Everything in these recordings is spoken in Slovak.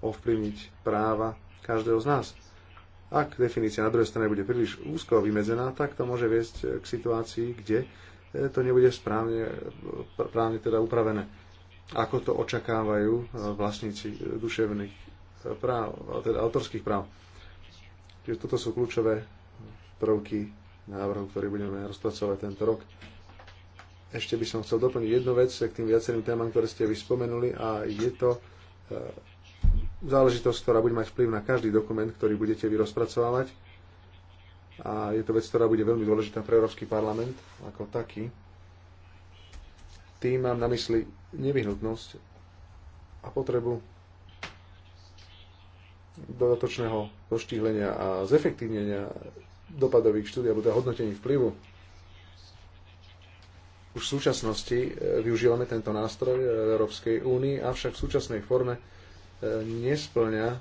ovplyvniť práva každého z nás. Ak definícia na druhej strane bude príliš úzko vymedzená, tak to môže viesť eh, k situácii, kde eh, to nebude správne, právne teda upravené. Ako to očakávajú eh, vlastníci duševných práv, teda autorských práv. Čiže toto sú kľúčové prvky návrhu, ktorý budeme rozpracovať tento rok. Ešte by som chcel doplniť jednu vec k tým viacerým témam, ktoré ste vyspomenuli a je to záležitosť, ktorá bude mať vplyv na každý dokument, ktorý budete vy rozpracovávať. A je to vec, ktorá bude veľmi dôležitá pre Európsky parlament ako taký. Tým mám na mysli nevyhnutnosť a potrebu dodatočného doštíhlenia a zefektívnenia dopadových štúdí alebo teda hodnotení vplyvu. Už v súčasnosti e, využívame tento nástroj e, v Európskej únii, avšak v súčasnej forme E, nesplňa e,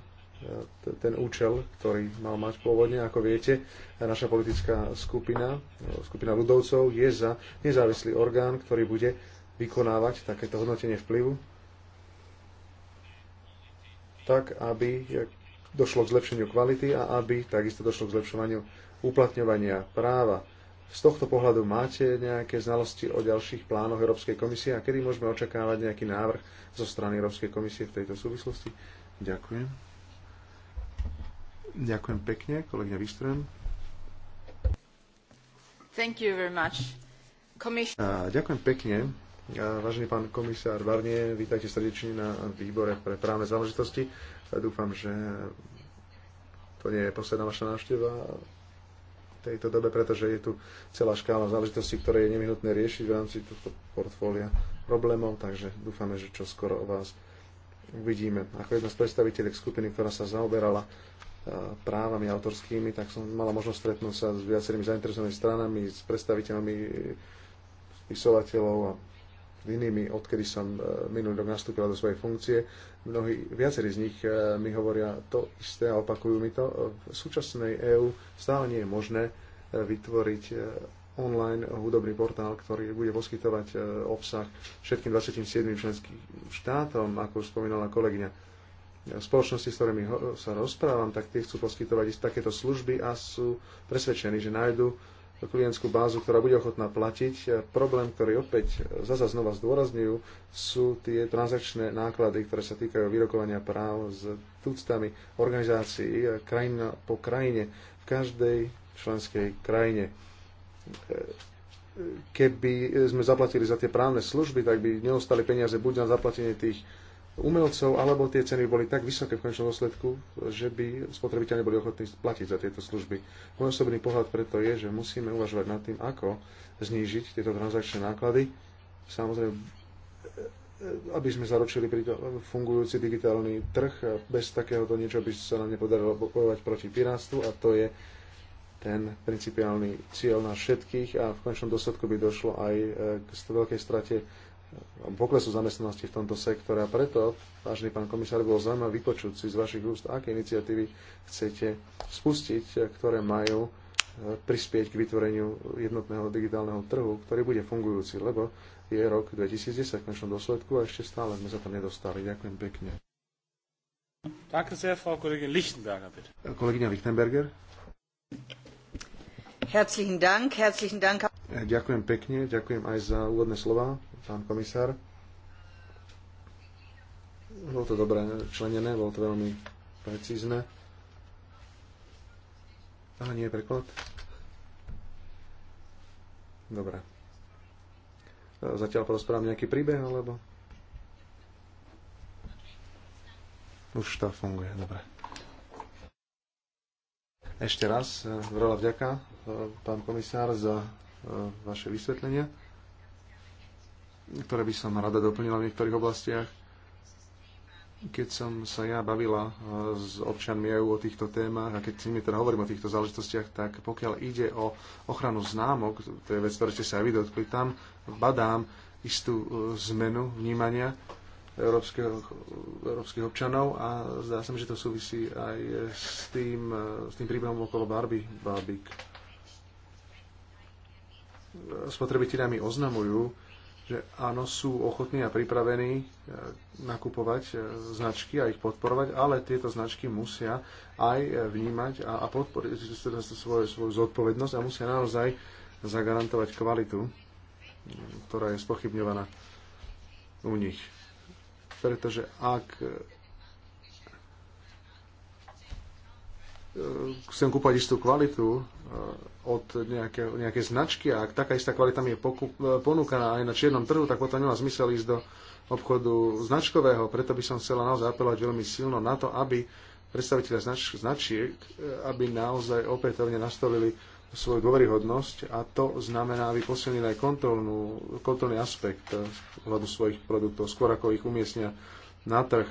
ten účel, ktorý mal mať pôvodne, ako viete. Naša politická skupina, e, skupina ľudovcov, je za nezávislý orgán, ktorý bude vykonávať takéto hodnotenie vplyvu, tak aby došlo k zlepšeniu kvality a aby takisto došlo k zlepšovaniu uplatňovania práva. Z tohto pohľadu máte nejaké znalosti o ďalších plánoch Európskej komisie a kedy môžeme očakávať nejaký návrh zo strany Európskej komisie v tejto súvislosti? Ďakujem. Ďakujem pekne, kolegyňa Vistrem. Thank you very much. ďakujem pekne. vážený pán komisár Barnier, vítajte srdečne na výbore pre právne záležitosti. dúfam, že to nie je posledná vaša návšteva tejto dobe, pretože je tu celá škála záležitostí, ktoré je nevyhnutné riešiť v rámci tohto portfólia problémov, takže dúfame, že čo skoro o vás uvidíme. Ako jedna z predstaviteľek skupiny, ktorá sa zaoberala e, právami autorskými, tak som mala možnosť stretnúť sa s viacerými zainteresovanými stranami, s predstaviteľmi e, spisovateľov a inými, odkedy som e, minulý rok nastúpila do svojej funkcie. Mnohí, viacerí z nich e, mi hovoria to isté a opakujú mi to. E, v súčasnej EÚ stále nie je možné vytvoriť online hudobný portál, ktorý bude poskytovať obsah všetkým 27 členským štátom, ako už spomínala kolegyňa. Spoločnosti, s ktorými sa rozprávam, tak tie chcú poskytovať takéto služby a sú presvedčení, že nájdu klientskú bázu, ktorá bude ochotná platiť. Problém, ktorý opäť zasa znova zdôrazňujú, sú tie transakčné náklady, ktoré sa týkajú vyrokovania práv s túctami organizácií krajina po krajine, v každej členskej krajine. E, keby sme zaplatili za tie právne služby, tak by neostali peniaze buď na zaplatenie tých umelcov, alebo tie ceny boli tak vysoké v konečnom dôsledku, že by spotrebiteľ neboli ochotní platiť za tieto služby. Môj osobný pohľad preto je, že musíme uvažovať nad tým, ako znížiť tieto transakčné náklady. Samozrejme, aby sme zaručili fungujúci digitálny trh. Bez takéhoto niečo by sa nám nepodarilo bojovať proti pirátstvu a to je ten principiálny cieľ na všetkých a v konečnom dôsledku by došlo aj e, k veľkej strate poklesu zamestnanosti v tomto sektore. A preto, vážený pán komisár, bolo zaujímavé vypočuť si z vašich úst, aké iniciatívy chcete spustiť, ktoré majú e, prispieť k vytvoreniu jednotného digitálneho trhu, ktorý bude fungujúci, lebo je rok 2010 v našom dôsledku a ešte stále sme sa tam nedostali. Ďakujem pekne. Danke sehr, Frau Kollegin Lichtenberger, bitte. Kolegyňa Lichtenberger. Herzlichen Dank, herzlichen Dank. Ďakujem pekne, ďakujem aj za úvodné slova, pán komisár. Bolo to dobre členené, bolo to veľmi precízne. A nie je preklad. Dobre. Zatiaľ porozprávam nejaký príbeh, alebo... Už to funguje, dobre. Ešte raz veľa vďaka, pán komisár, za E, vaše vysvetlenia, ktoré by som rada doplnila v niektorých oblastiach. Keď som sa ja bavila e, s občanmi EU o týchto témach a keď s nimi teda hovorím o týchto záležitostiach, tak pokiaľ ide o ochranu známok, to je vec, ktoré ste sa aj vy dotkli, tam badám istú e, zmenu vnímania európskych občanov a zdá sa mi, že to súvisí aj s tým, s tým príbehom okolo Barbie, Barbie spotrebiteľami oznamujú, že áno, sú ochotní a pripravení e, nakupovať e, značky a ich podporovať, ale tieto značky musia aj e, vnímať a, a podporiť teda svoju, svoju zodpovednosť a musia naozaj zagarantovať kvalitu, ktorá je spochybňovaná u nich. Pretože ak Eh, chcem kúpať istú kvalitu eh, od nejaké, nejakej značky a ak taká istá kvalita mi je eh, ponúkaná aj na čiernom trhu, tak potom nemá zmysel ísť do obchodu značkového. Preto by som chcela naozaj apelovať veľmi silno na to, aby predstaviteľe znač- značiek, aby naozaj opätovne nastolili svoju dôveryhodnosť a to znamená, aby posilnili aj kontrolnú, kontrolný aspekt hľadu svojich produktov, skôr ako ich umiestnia na trh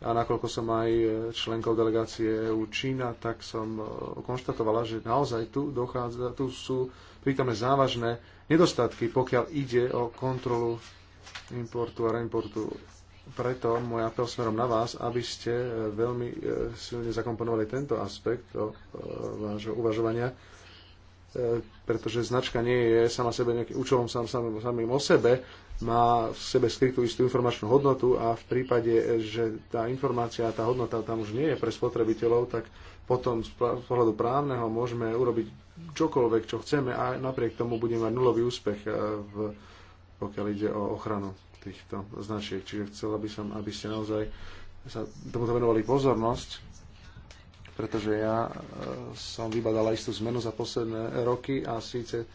a nakoľko som aj členkou delegácie EU Čína, tak som e, konštatovala, že naozaj tu, dochádza, tu sú prítomné závažné nedostatky, pokiaľ ide o kontrolu importu a reimportu. Preto môj apel smerom na vás, aby ste e, veľmi e, silne zakomponovali tento aspekt do vášho uvažovania, pretože značka nie je sama sebe nejakým účelom sám, samým o sebe, má v sebe skrytú istú informačnú hodnotu a v prípade, že tá informácia tá hodnota tam už nie je pre spotrebiteľov, tak potom z pohľadu právneho môžeme urobiť čokoľvek, čo chceme a napriek tomu budeme mať nulový úspech, e, v, pokiaľ ide o ochranu týchto značiek. Čiže chcela by som, aby ste naozaj sa tomuto venovali pozornosť, pretože ja e, som vybadala istú zmenu za posledné roky a síce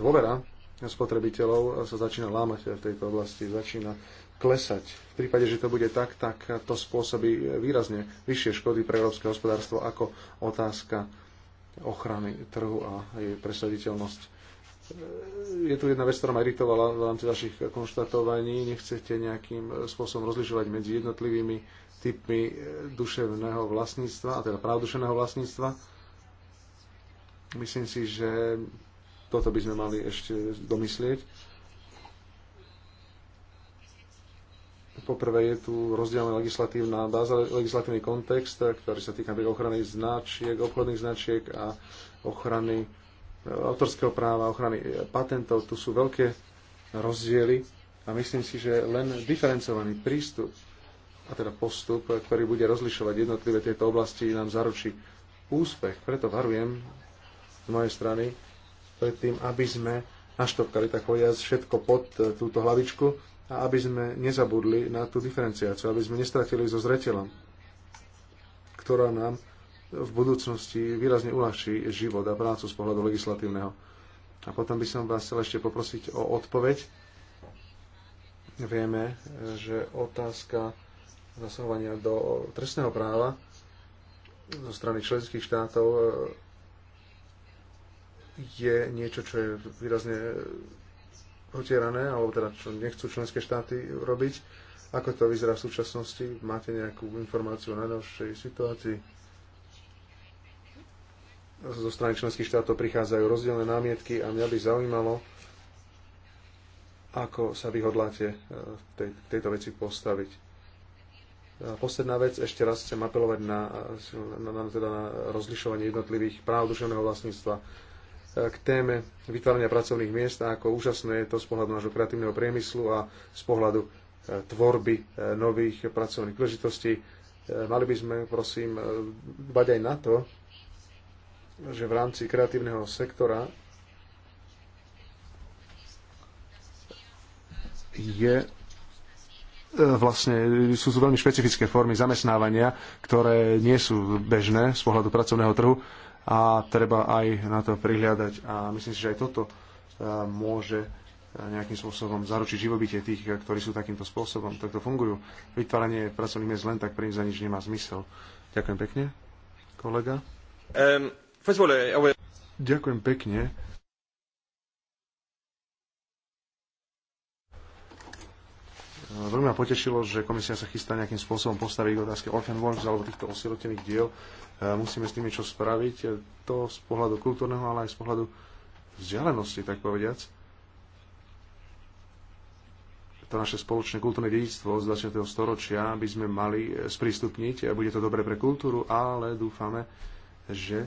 dôvera spotrebiteľov sa začína lámať v tejto oblasti, začína klesať. V prípade, že to bude tak, tak to spôsobí výrazne vyššie škody pre európske hospodárstvo ako otázka ochrany trhu a jej presaditeľnosť. Je tu jedna vec, ktorá ma iritovala v rámci vašich konštatovaní. Nechcete nejakým spôsobom rozlišovať medzi jednotlivými typmi duševného vlastníctva, a teda práv vlastníctva. Myslím si, že toto by sme mali ešte domyslieť. Poprvé je tu rozdielna legislatívna báza, legislatívny kontext, ktorý sa týka ochrany značiek, obchodných značiek a ochrany e, autorského práva, ochrany e, patentov. Tu sú veľké rozdiely a myslím si, že len diferencovaný prístup a teda postup, ktorý bude rozlišovať jednotlivé tieto oblasti, nám zaručí úspech. Preto varujem z mojej strany predtým, aby sme naštokali tak povedať všetko pod e, túto hlavičku a aby sme nezabudli na tú diferenciáciu, aby sme nestratili so zreteľom, ktorá nám v budúcnosti výrazne uľahčí život a prácu z pohľadu legislatívneho. A potom by som vás chcel ešte poprosiť o odpoveď. Vieme, e, že otázka zasahovania do trestného práva zo strany členských štátov e, je niečo, čo je výrazne potierané, alebo teda čo nechcú členské štáty robiť. Ako to vyzerá v súčasnosti? Máte nejakú informáciu o najnovšej situácii? Zo strany členských štátov prichádzajú rozdielne námietky a mňa by zaujímalo, ako sa vyhodláte e, tej, tejto veci postaviť. Posledná vec, ešte raz chcem apelovať na, na, na, teda na rozlišovanie jednotlivých práv duševného vlastníctva k téme vytvárania pracovných miest a ako úžasné je to z pohľadu nášho kreatívneho priemyslu a z pohľadu e, tvorby e, nových pracovných príležitostí. E, mali by sme, prosím, dbať aj na to, že v rámci kreatívneho sektora je vlastne sú, sú veľmi špecifické formy zamestnávania, ktoré nie sú bežné z pohľadu pracovného trhu a treba aj na to prihľadať. A myslím si, že aj toto e, môže e, nejakým spôsobom zaručiť živobytie tých, ktorí sú takýmto spôsobom, takto fungujú. Vytváranie pracovných miest len tak pre nich za nič nemá zmysel. Ďakujem pekne, kolega. Um, Ďakujem pekne. Veľmi ma potešilo, že komisia sa chystá nejakým spôsobom postaviť k otázke orphan works alebo týchto osirotených diel. E, musíme s nimi čo spraviť. E, to z pohľadu kultúrneho, ale aj z pohľadu vzdialenosti, tak povediac. To naše spoločné kultúrne dedictvo z 20. storočia by sme mali e, sprístupniť. Bude to dobre pre kultúru, ale dúfame, že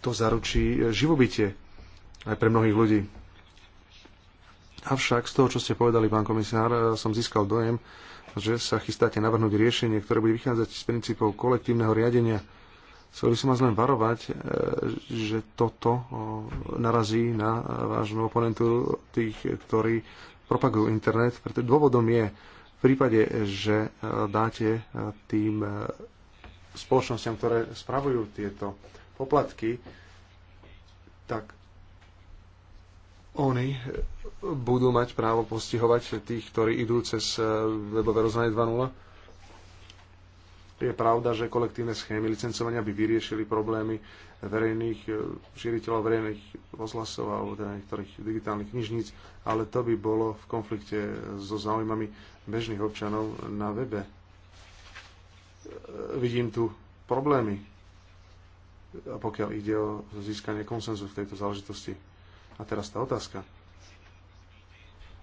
to zaručí živobytie aj pre mnohých ľudí. Avšak z toho, čo ste povedali, pán komisár, som získal dojem, že sa chystáte navrhnúť riešenie, ktoré bude vychádzať z princípov kolektívneho riadenia. Chcel by som vás len varovať, e, že toto e, narazí na vážnu oponentu tých, ktorí propagujú internet. Preto dôvodom je, v prípade, že e, dáte tým spoločnosťam, ktoré spravujú tieto poplatky, tak oni budú mať právo postihovať tých, ktorí idú cez eh, webové rozhranie 2.0? Je pravda, že kolektívne schémy licencovania by vyriešili problémy verejných eh, širiteľov, verejných rozhlasov alebo teda niektorých digitálnych knižníc, ale to by bolo v konflikte eh, so záujmami bežných občanov na webe. Vidím tu problémy, pokiaľ ide o získanie konsenzu v tejto záležitosti. A teraz tá otázka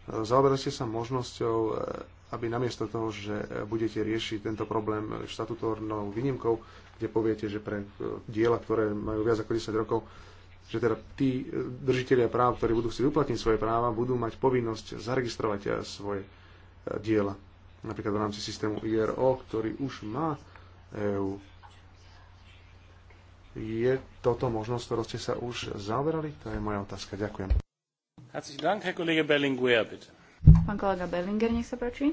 Zaoberali ste sa možnosťou, e, aby namiesto toho, že budete riešiť tento problém štatutórnou výnimkou, kde poviete, že pre e, diela, ktoré majú viac ako 10 rokov, že teda tí e, držiteľia práv, ktorí budú chcieť uplatniť svoje práva, budú mať povinnosť zaregistrovať svoje diela. Napríklad v rámci systému IRO, ktorý už má EU. Je toto možnosť, ktorou ste sa už zaoberali? To je moja otázka. Ďakujem. Pán kolega Berlinger, nech sa páči.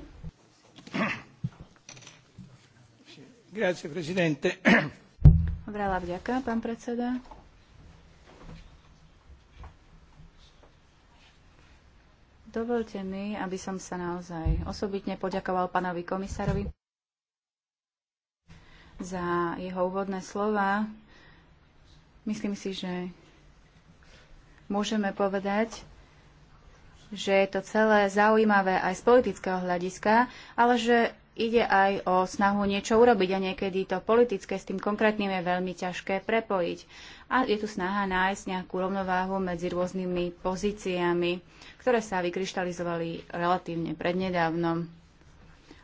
Veľa vďaka, pán predseda. Dovolte mi, aby som sa naozaj osobitne poďakoval pánovi komisárovi za jeho úvodné slova. Myslím si, že môžeme povedať, že je to celé zaujímavé aj z politického hľadiska, ale že ide aj o snahu niečo urobiť a niekedy to politické s tým konkrétnym je veľmi ťažké prepojiť. A je tu snaha nájsť nejakú rovnováhu medzi rôznymi pozíciami, ktoré sa vykryštalizovali relatívne prednedávnom.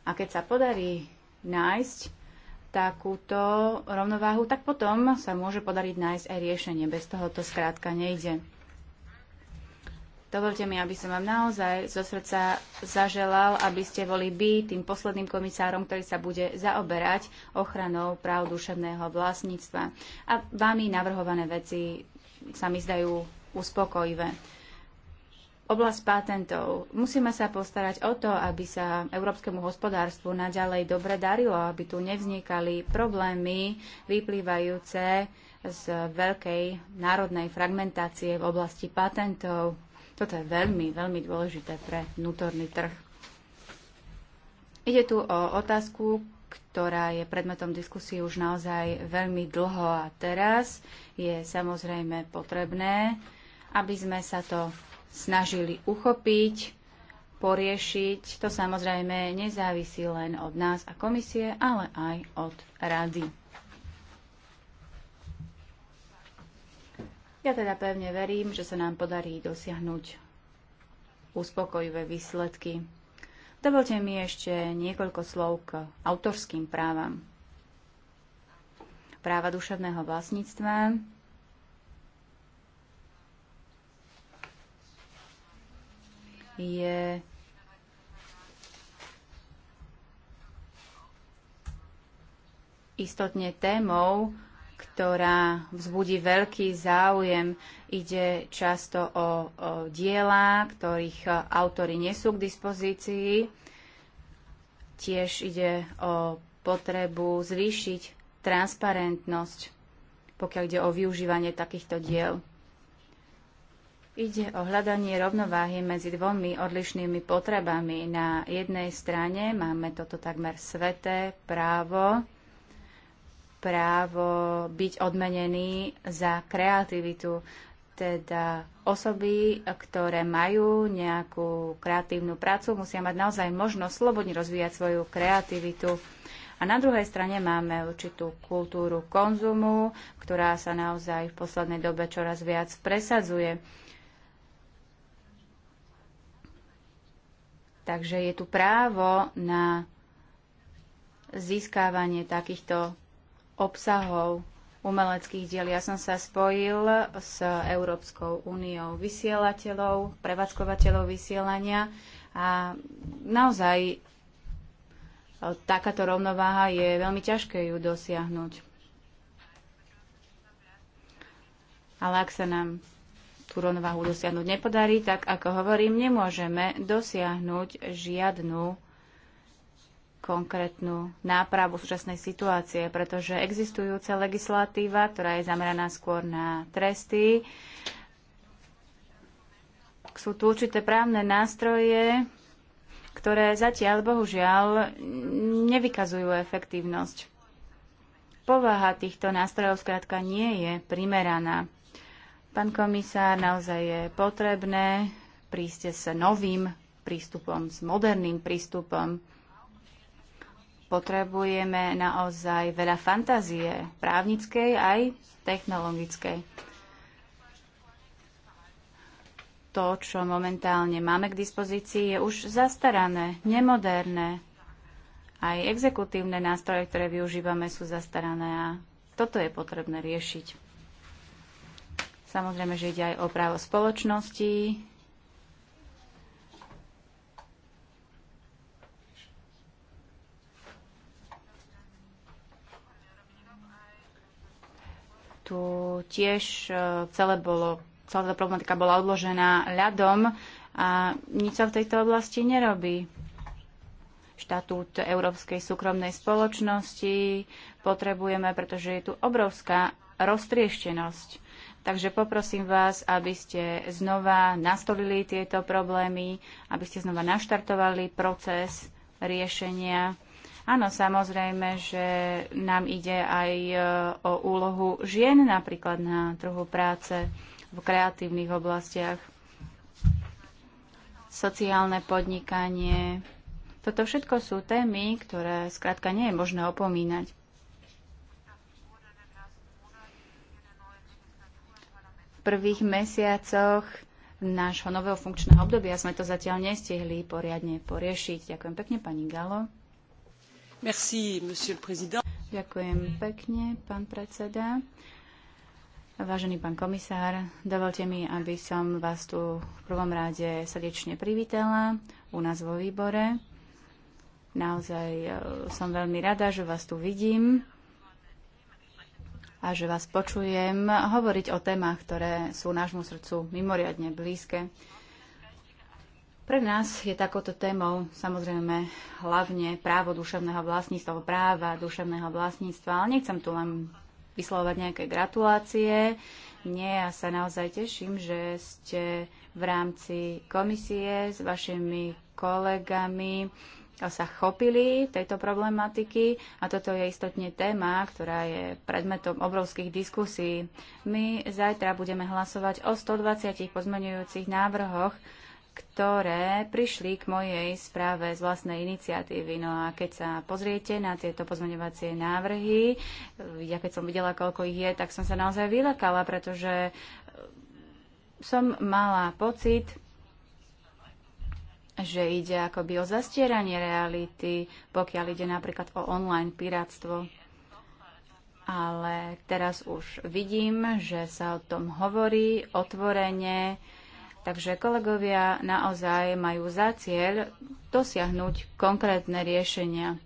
A keď sa podarí nájsť takúto rovnováhu, tak potom sa môže podariť nájsť aj riešenie. Bez toho to skrátka nejde. Dovolte mi, aby som vám naozaj zo srdca zaželal, aby ste boli by tým posledným komisárom, ktorý sa bude zaoberať ochranou práv duševného vlastníctva. A vámi navrhované veci sa mi zdajú uspokojivé. Oblasť patentov. Musíme sa postarať o to, aby sa európskemu hospodárstvu naďalej dobre darilo, aby tu nevznikali problémy vyplývajúce z veľkej národnej fragmentácie v oblasti patentov toto je veľmi, veľmi dôležité pre vnútorný trh. Ide tu o otázku, ktorá je predmetom diskusie už naozaj veľmi dlho a teraz je samozrejme potrebné, aby sme sa to snažili uchopiť, poriešiť. To samozrejme nezávisí len od nás a komisie, ale aj od rady. Ja teda pevne verím, že sa nám podarí dosiahnuť uspokojivé výsledky. Dovolte mi ešte niekoľko slov k autorským právam. Práva duševného vlastníctva je istotne témou, ktorá vzbudí veľký záujem. Ide často o, o diela, ktorých e, autory nie sú k dispozícii. Tiež ide o potrebu zvýšiť transparentnosť, pokiaľ ide o využívanie takýchto diel. Ide o hľadanie rovnováhy medzi dvomi odlišnými potrebami. Na jednej strane máme toto takmer sveté právo, právo byť odmenený za kreativitu, teda osoby, ktoré majú nejakú kreatívnu prácu, musia mať naozaj možnosť slobodne rozvíjať svoju kreativitu. A na druhej strane máme určitú kultúru konzumu, ktorá sa naozaj v poslednej dobe čoraz viac presadzuje. Takže je tu právo na získávanie takýchto obsahov umeleckých diel. Ja som sa spojil s Európskou úniou vysielateľov, prevádzkovateľov vysielania a naozaj e, takáto rovnováha je veľmi ťažké ju dosiahnuť. Ale ak sa nám tú rovnováhu dosiahnuť nepodarí, tak ako hovorím, nemôžeme dosiahnuť žiadnu konkrétnu nápravu súčasnej situácie, pretože existujúca legislatíva, ktorá je zameraná skôr na tresty, sú tu určité právne nástroje, ktoré zatiaľ, bohužiaľ, nevykazujú efektívnosť. Povaha týchto nástrojov zkrátka nie je primeraná. Pán komisár, naozaj je potrebné príste sa novým prístupom, s moderným prístupom potrebujeme naozaj veľa fantázie právnickej aj technologickej. To, čo momentálne máme k dispozícii, je už zastarané, nemoderné. Aj exekutívne nástroje, ktoré využívame, sú zastarané a toto je potrebné riešiť. Samozrejme, že ide aj o právo spoločnosti, tu tiež e, celé bolo, celá tá problematika bola odložená ľadom a nič sa v tejto oblasti nerobí. Štatút Európskej súkromnej spoločnosti potrebujeme, pretože je tu obrovská roztrieštenosť. Takže poprosím vás, aby ste znova nastolili tieto problémy, aby ste znova naštartovali proces riešenia Áno, samozrejme, že nám ide aj e, o úlohu žien napríklad na trhu práce v kreatívnych oblastiach, sociálne podnikanie. Toto všetko sú témy, ktoré skrátka nie je možné opomínať. V prvých mesiacoch nášho nového funkčného obdobia sme to zatiaľ nestihli poriadne poriešiť. Ďakujem pekne, pani Galo. Merci, monsieur le président. Ďakujem pekne, pán predseda. Vážený pán komisár, dovolte mi, aby som vás tu v prvom rade srdečne privítala u nás vo výbore. Naozaj e, som veľmi rada, že vás tu vidím a že vás počujem hovoriť o témach, ktoré sú nášmu srdcu mimoriadne blízke. Pre nás je takouto témou samozrejme hlavne právo duševného vlastníctva, práva duševného vlastníctva, ale nechcem tu len vyslovať nejaké gratulácie. Nie, ja sa naozaj teším, že ste v rámci komisie s vašimi kolegami sa chopili tejto problematiky a toto je istotne téma, ktorá je predmetom obrovských diskusí. My zajtra budeme hlasovať o 120 pozmeňujúcich návrhoch, ktoré prišli k mojej správe z vlastnej iniciatívy. No a keď sa pozriete na tieto pozmeňovacie návrhy, ja keď som videla, koľko ich je, tak som sa naozaj vylekala, pretože som mala pocit, že ide akoby o zastieranie reality, pokiaľ ide napríklad o online piráctvo ale teraz už vidím, že sa o tom hovorí otvorene, Takže kolegovia naozaj majú za cieľ dosiahnuť konkrétne riešenia.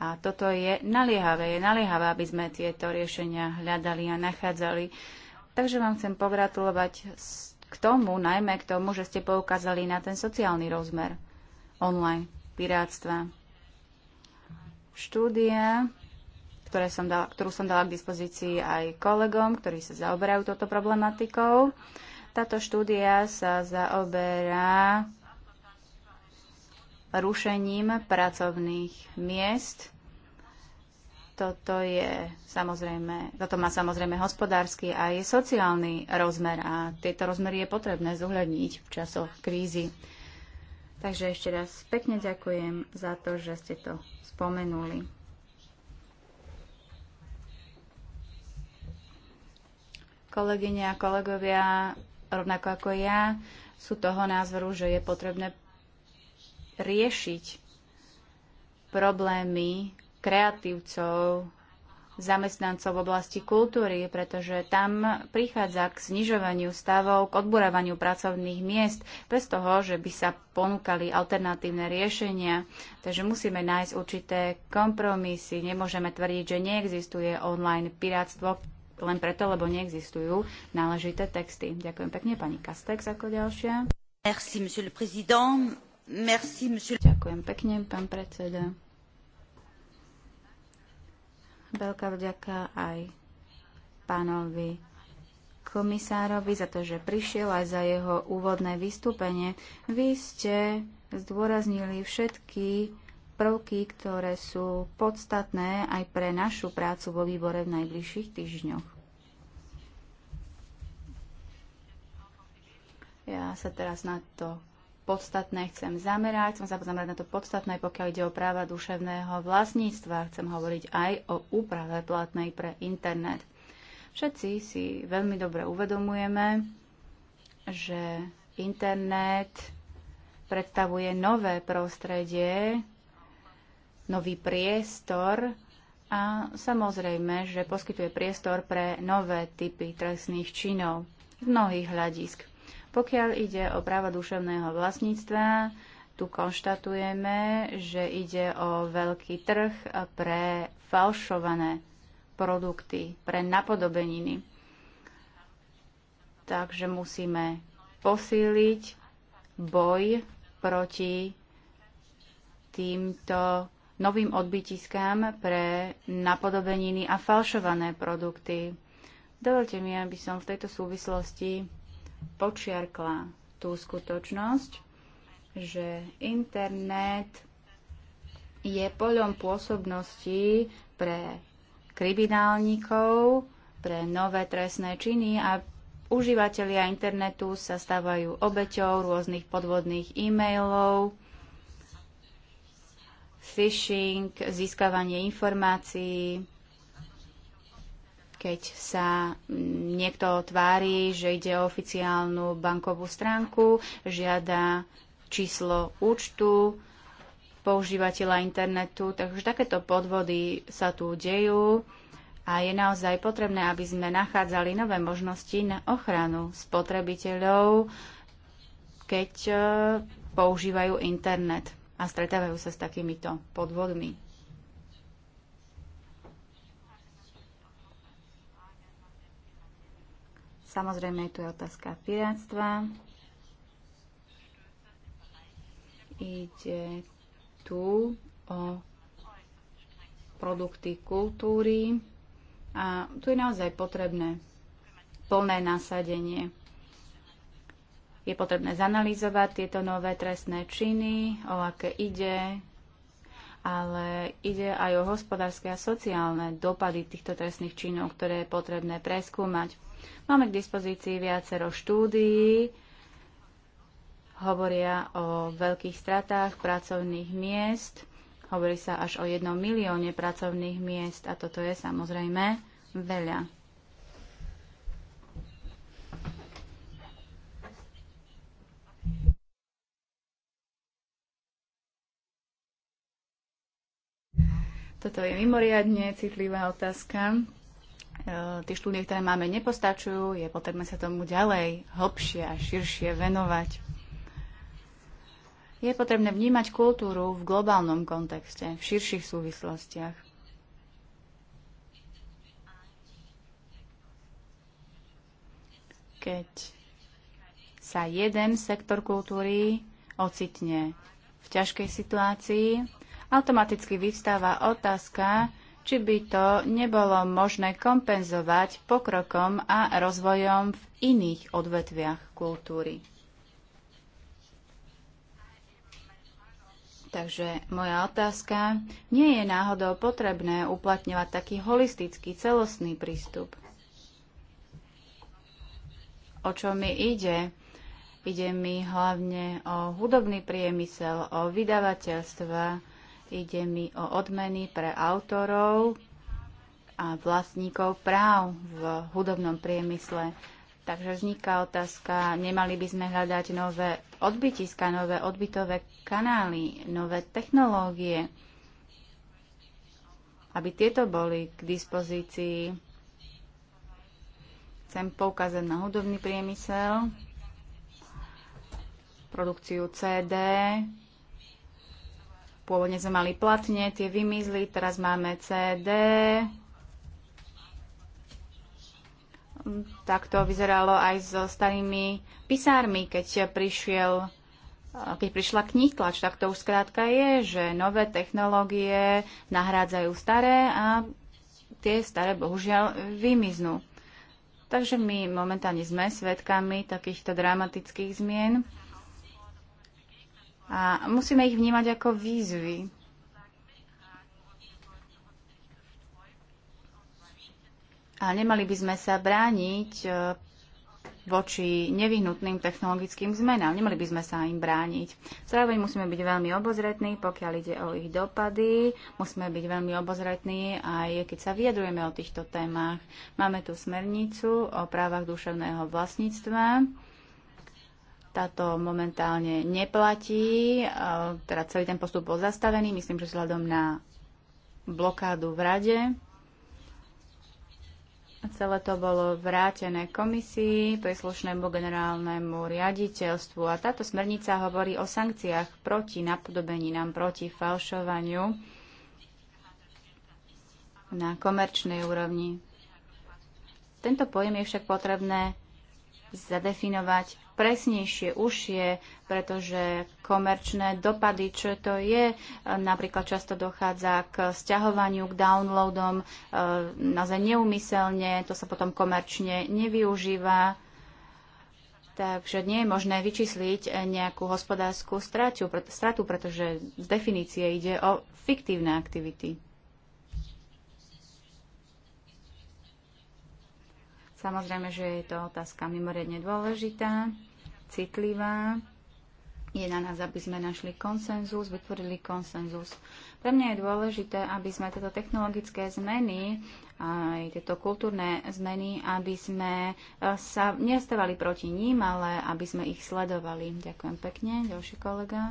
A toto je naliehavé. Je naliehavé, aby sme tieto riešenia hľadali a nachádzali. Takže vám chcem pogratulovať k tomu, najmä k tomu, že ste poukázali na ten sociálny rozmer online pirátstva. Štúdia, ktoré som dala, ktorú som dala k dispozícii aj kolegom, ktorí sa zaoberajú touto problematikou táto štúdia sa zaoberá rušením pracovných miest. Toto je samozrejme, toto má samozrejme hospodársky a je sociálny rozmer a tieto rozmery je potrebné zohľadniť v časoch krízy. Takže ešte raz pekne ďakujem za to, že ste to spomenuli. Kolegyne a kolegovia, rovnako ako ja, sú toho názoru, že je potrebné riešiť problémy kreatívcov, zamestnancov v oblasti kultúry, pretože tam prichádza k znižovaniu stavov, k odburávaniu pracovných miest, bez toho, že by sa ponúkali alternatívne riešenia. Takže musíme nájsť určité kompromisy. Nemôžeme tvrdiť, že neexistuje online piráctvo, len preto, lebo neexistujú náležité texty. Ďakujem pekne pani Kastex ako ďalšia. Merci, monsieur le président. Merci, monsieur... Ďakujem pekne, pán predseda. Veľká vďaka aj pánovi komisárovi za to, že prišiel aj za jeho úvodné vystúpenie. Vy ste zdôraznili všetky prvky, ktoré sú podstatné aj pre našu prácu vo výbore v najbližších týždňoch. Ja sa teraz na to podstatné chcem zamerať. Chcem sa zamerať na to podstatné, pokiaľ ide o práva duševného vlastníctva. Chcem hovoriť aj o úprave platnej pre internet. Všetci si veľmi dobre uvedomujeme, že internet predstavuje nové prostredie, nový priestor a samozrejme, že poskytuje priestor pre nové typy trestných činov z mnohých hľadisk. Pokiaľ ide o práva duševného vlastníctva, tu konštatujeme, že ide o veľký trh pre falšované produkty, pre napodobeniny. Takže musíme posíliť boj proti týmto novým odbytiskám pre napodobeniny a falšované produkty. Dovolte mi, aby som v tejto súvislosti počiarkla tú skutočnosť, že internet je poľom pôsobnosti pre kriminálnikov, pre nové trestné činy a užívateľia internetu sa stávajú obeťou rôznych podvodných e-mailov, phishing, získavanie informácií, keď sa niekto tvári, že ide o oficiálnu bankovú stránku, žiada číslo účtu používateľa internetu. Takže takéto podvody sa tu dejú a je naozaj potrebné, aby sme nachádzali nové možnosti na ochranu spotrebiteľov, keď eh, používajú internet a stretávajú sa s takýmito podvodmi. Samozrejme, tu je otázka piráctva. Ide tu o produkty kultúry a tu je naozaj potrebné plné nasadenie je potrebné zanalýzovať tieto nové trestné činy, o aké ide, ale ide aj o hospodárske a sociálne dopady týchto trestných činov, ktoré je potrebné preskúmať. Máme k dispozícii viacero štúdií, hovoria o veľkých stratách pracovných miest, hovorí sa až o jednom milióne pracovných miest a toto je samozrejme veľa. Toto je mimoriadne citlivá otázka. E, tie štúdie, ktoré máme, nepostačujú. Je potrebné sa tomu ďalej, hlbšie a širšie venovať. Je potrebné vnímať kultúru v globálnom kontexte, v širších súvislostiach. Keď sa jeden sektor kultúry ocitne v ťažkej situácii, automaticky vyvstáva otázka, či by to nebolo možné kompenzovať pokrokom a rozvojom v iných odvetviach kultúry. Takže moja otázka, nie je náhodou potrebné uplatňovať taký holistický, celostný prístup? O čo mi ide? Ide mi hlavne o hudobný priemysel, o vydavateľstva, Ide mi o odmeny pre autorov a vlastníkov práv v hudobnom priemysle. Takže vzniká otázka, nemali by sme hľadať nové odbytiska, nové odbytové kanály, nové technológie, aby tieto boli k dispozícii chcem poukázať na hudobný priemysel, produkciu CD, Pôvodne sme mali platne, tie vymizli, teraz máme CD. Tak to vyzeralo aj so starými pisármi, keď prišiel keď prišla kníh tlač, tak to už skrátka je, že nové technológie nahrádzajú staré a tie staré bohužiaľ vymiznú. Takže my momentálne sme svedkami takýchto dramatických zmien a musíme ich vnímať ako výzvy. A nemali by sme sa brániť e, voči nevyhnutným technologickým zmenám. Nemali by sme sa im brániť. Zároveň musíme byť veľmi obozretní, pokiaľ ide o ich dopady. Musíme byť veľmi obozretní aj keď sa vyjadrujeme o týchto témach. Máme tu smernicu o právach duševného vlastníctva. Táto momentálne neplatí, e, teda celý ten postup bol zastavený, myslím, že vzhľadom na blokádu v rade. Celé to bolo vrátené komisii, príslušnému generálnemu riaditeľstvu a táto smernica hovorí o sankciách proti napodobení nám proti falšovaniu na komerčnej úrovni. Tento pojem je však potrebné zadefinovať presnejšie, užšie, pretože komerčné dopady, čo to je, e, napríklad často dochádza k sťahovaniu, k downloadom, e, naozaj neumyselne, to sa potom komerčne nevyužíva. Takže nie je možné vyčísliť e, nejakú hospodárskú stratu, pretože z definície ide o fiktívne aktivity. Samozrejme, že je to otázka mimoriadne dôležitá, citlivá. Je na nás, aby sme našli konsenzus, vytvorili konsenzus. Pre mňa je dôležité, aby sme tieto technologické zmeny, aj tieto kultúrne zmeny, aby sme eh, sa nestávali proti ním, ale aby sme ich sledovali. Ďakujem pekne. Ďalší kolega.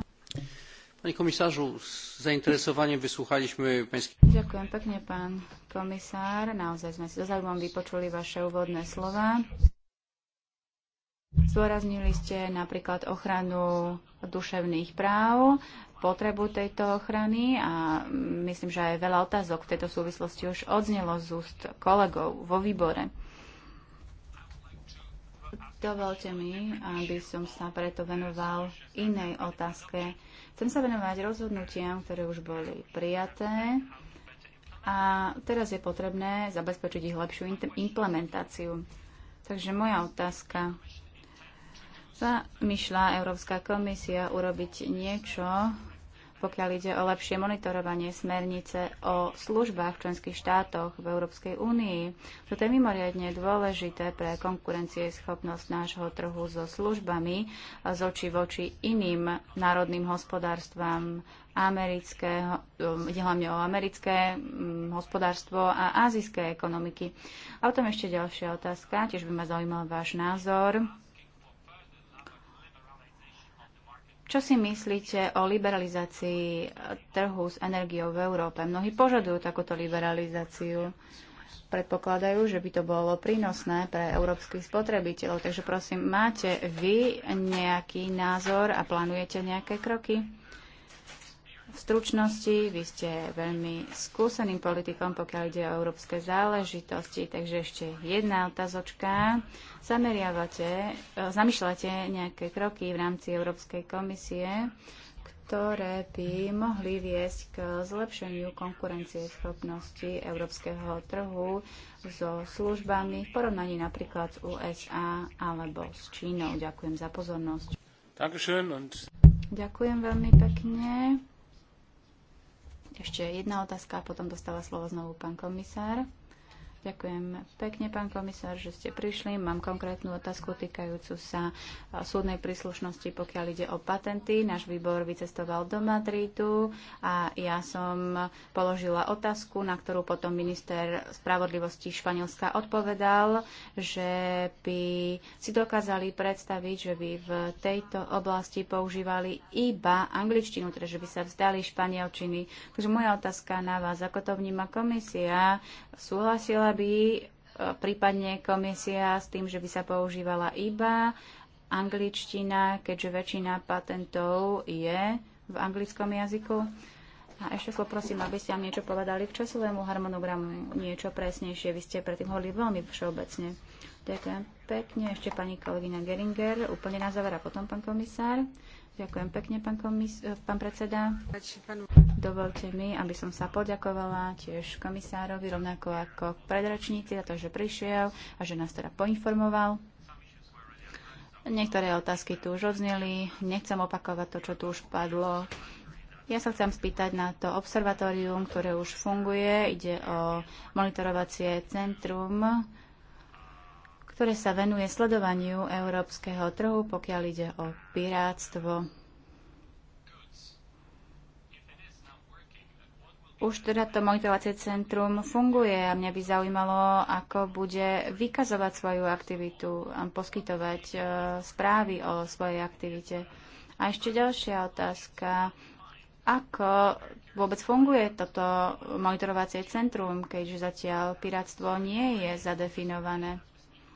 Panie komisarzu, z zainteresowaniem wysłuchaliśmy pańskich... Ďakujem pekne, pán komisár. Naozaj sme si so zaujímavom vypočuli vaše úvodné slova. Zdôraznili ste napríklad ochranu duševných práv, potrebu tejto ochrany a myslím, že aj veľa otázok v tejto súvislosti už odznelo z úst kolegov vo výbore. Dovolte mi, aby som sa preto venoval inej otázke, Chcem sa venovať rozhodnutiam, ktoré už boli prijaté a teraz je potrebné zabezpečiť ich lepšiu implementáciu. Takže moja otázka. Zamýšľa Európska komisia urobiť niečo, pokiaľ ide o lepšie monitorovanie smernice o službách v členských štátoch v Európskej únii. Toto je mimoriadne dôležité pre konkurencieschopnosť nášho trhu so službami z oči voči iným národným hospodárstvam americké, um, ide hlavne o americké hm, hospodárstvo a azijské ekonomiky. A potom ešte ďalšia otázka, tiež by ma zaujímal váš názor Čo si myslíte o liberalizácii trhu s energiou v Európe? Mnohí požadujú takúto liberalizáciu. Predpokladajú, že by to bolo prínosné pre európskych spotrebiteľov. Takže prosím, máte vy nejaký názor a plánujete nejaké kroky? V stručnosti, vy ste veľmi skúseným politikom, pokiaľ ide o európske záležitosti, takže ešte jedna otázočka. Zameriavate, e, zamýšľate nejaké kroky v rámci Európskej komisie, ktoré by mohli viesť k zlepšeniu konkurencie schopnosti európskeho trhu so službami v porovnaní napríklad s USA alebo s Čínou. Ďakujem za pozornosť. Ďakujem veľmi pekne. Ešte jedna otázka a potom dostáva slovo znovu pán komisár. Ďakujem pekne, pán komisár, že ste prišli. Mám konkrétnu otázku týkajúcu sa súdnej príslušnosti, pokiaľ ide o patenty. Náš výbor vycestoval do Madridu a ja som položila otázku, na ktorú potom minister spravodlivosti Španielska odpovedal, že by si dokázali predstaviť, že by v tejto oblasti používali iba angličtinu, teda že by sa vzdali španielčiny. Takže moja otázka na vás, ako to vníma komisia, súhlasila by e, prípadne komisia s tým, že by sa používala iba angličtina, keďže väčšina patentov je v anglickom jazyku. A ešte poprosím, aby ste vám niečo povedali k časovému harmonogramu, niečo presnejšie. Vy ste predtým hovorili veľmi všeobecne. Ďakujem pekne. Ešte pani kolegyňa Geringer, úplne na záver a potom pán komisár. Ďakujem pekne, pán, komis- pán predseda dovolte mi, aby som sa poďakovala tiež komisárovi, rovnako ako predračníci, za to, že prišiel a že nás teda poinformoval. Niektoré otázky tu už odzneli, nechcem opakovať to, čo tu už padlo. Ja sa chcem spýtať na to observatórium, ktoré už funguje. Ide o monitorovacie centrum, ktoré sa venuje sledovaniu európskeho trhu, pokiaľ ide o pirátstvo. Už teda to monitorovacie centrum funguje a mňa by zaujímalo, ako bude vykazovať svoju aktivitu a poskytovať e, správy o svojej aktivite. A ešte ďalšia otázka. Ako vôbec funguje toto monitorovacie centrum, keďže zatiaľ piráctvo nie je zadefinované?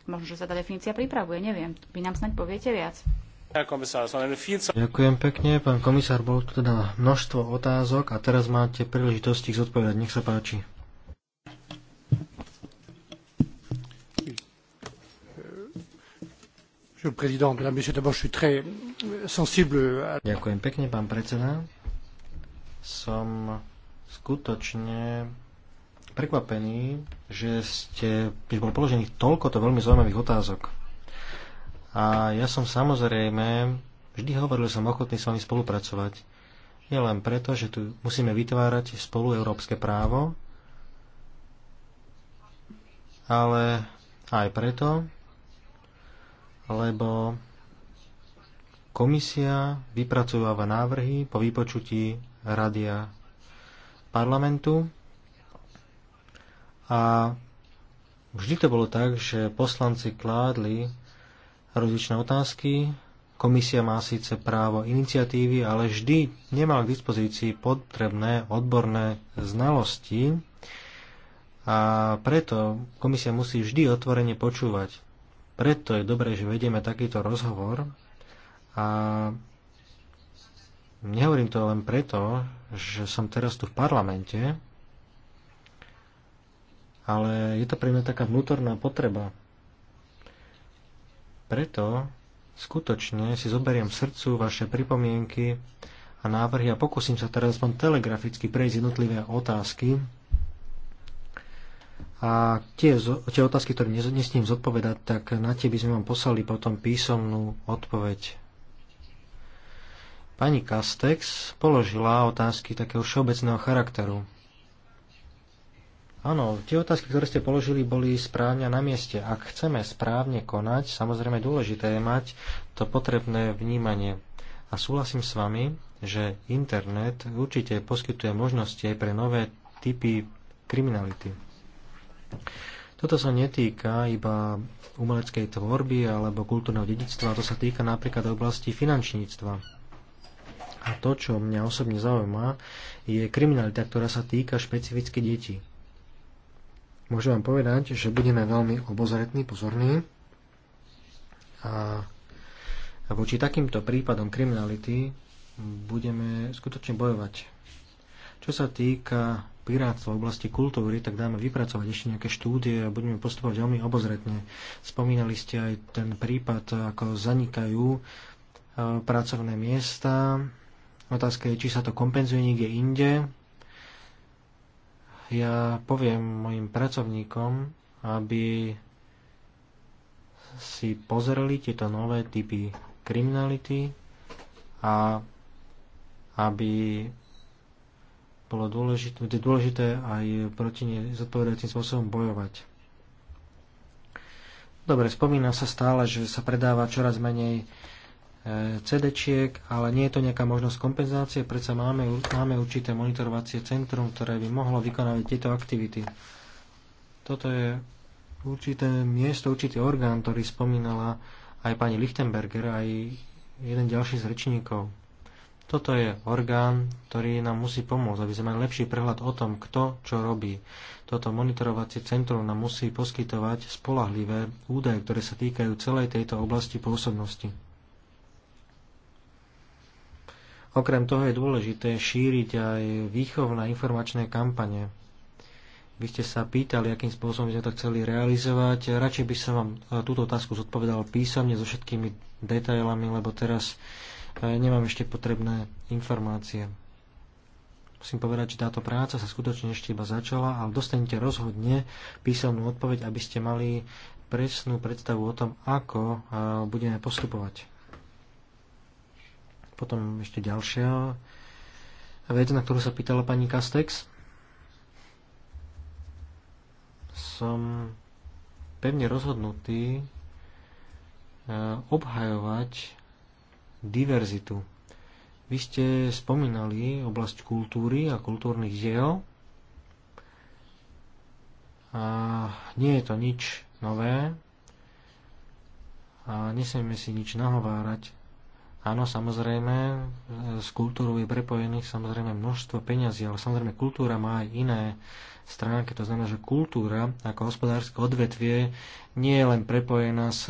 Možno, že sa tá definícia pripravuje, neviem. Vy nám snáď poviete viac. Ďakujem pekne, pán komisár, bolo tu teda množstvo otázok a teraz máte príležitosť ich zodpovedať. Nech sa páči. Ďakujem pekne, pán predseda. Som skutočne prekvapený, že ste, že bol položených toľkoto veľmi zaujímavých otázok. A ja som samozrejme, vždy hovoril som ochotný s vami spolupracovať. Je len preto, že tu musíme vytvárať spolu európske právo, ale aj preto, lebo komisia vypracováva návrhy po vypočutí radia parlamentu a vždy to bolo tak, že poslanci kládli rozličné otázky. Komisia má síce právo iniciatívy, ale vždy nemá k dispozícii potrebné odborné znalosti a preto komisia musí vždy otvorene počúvať. Preto je dobré, že vedieme takýto rozhovor a nehovorím to len preto, že som teraz tu v parlamente, ale je to pre mňa taká vnútorná potreba preto skutočne si zoberiem srdcu vaše pripomienky a návrhy a pokúsim sa teraz aspoň telegraficky prejsť jednotlivé otázky a tie, tie otázky, ktoré nesním zodpovedať, tak na tie by sme vám poslali potom písomnú odpoveď. Pani Kastex položila otázky takého všeobecného charakteru. Áno, tie otázky, ktoré ste položili, boli správne na mieste. Ak chceme správne konať, samozrejme dôležité je mať to potrebné vnímanie. A súhlasím s vami, že internet určite poskytuje možnosti aj pre nové typy kriminality. Toto sa netýka iba umeleckej tvorby alebo kultúrneho dedictva, to sa týka napríklad oblasti finančníctva. A to, čo mňa osobne zaujíma, je kriminalita, ktorá sa týka špecificky detí. Môžem vám povedať, že budeme veľmi obozretní, pozorní a voči takýmto prípadom kriminality budeme skutočne bojovať. Čo sa týka pirátstva v oblasti kultúry, tak dáme vypracovať ešte nejaké štúdie a budeme postupovať veľmi obozretne. Spomínali ste aj ten prípad, ako zanikajú e, pracovné miesta. Otázka je, či sa to kompenzuje niekde inde. Ja poviem mojim pracovníkom, aby si pozreli tieto nové typy kriminality a aby bolo dôležité, dôležité aj proti nezodpovedajúcim spôsobom bojovať. Dobre, spomína sa stále, že sa predáva čoraz menej CD-čiek, ale nie je to nejaká možnosť kompenzácie, predsa máme, máme určité monitorovacie centrum, ktoré by mohlo vykonávať tieto aktivity. Toto je určité miesto, určitý orgán, ktorý spomínala aj pani Lichtenberger, aj jeden ďalší z rečníkov. Toto je orgán, ktorý nám musí pomôcť, aby sme mali lepší prehľad o tom, kto čo robí. Toto monitorovacie centrum nám musí poskytovať spolahlivé údaje, ktoré sa týkajú celej tejto oblasti pôsobnosti. Okrem toho je dôležité šíriť aj výchovné informačné kampane. Vy ste sa pýtali, akým spôsobom sme to chceli realizovať. Radšej by som vám e, túto otázku zodpovedal písomne so všetkými detailami, lebo teraz e, nemám ešte potrebné informácie. Musím povedať, že táto práca sa skutočne ešte iba začala, ale dostanete rozhodne písomnú odpoveď, aby ste mali presnú predstavu o tom, ako e, budeme postupovať. Potom ešte ďalšia vec, na ktorú sa pýtala pani Kastex. Som pevne rozhodnutý e, obhajovať diverzitu. Vy ste spomínali oblasť kultúry a kultúrnych diel. A nie je to nič nové. A nesmieme si nič nahovárať Áno, samozrejme, s kultúrou je prepojených samozrejme množstvo peňazí, ale samozrejme kultúra má aj iné stránky. To znamená, že kultúra ako hospodárske odvetvie nie je len prepojená s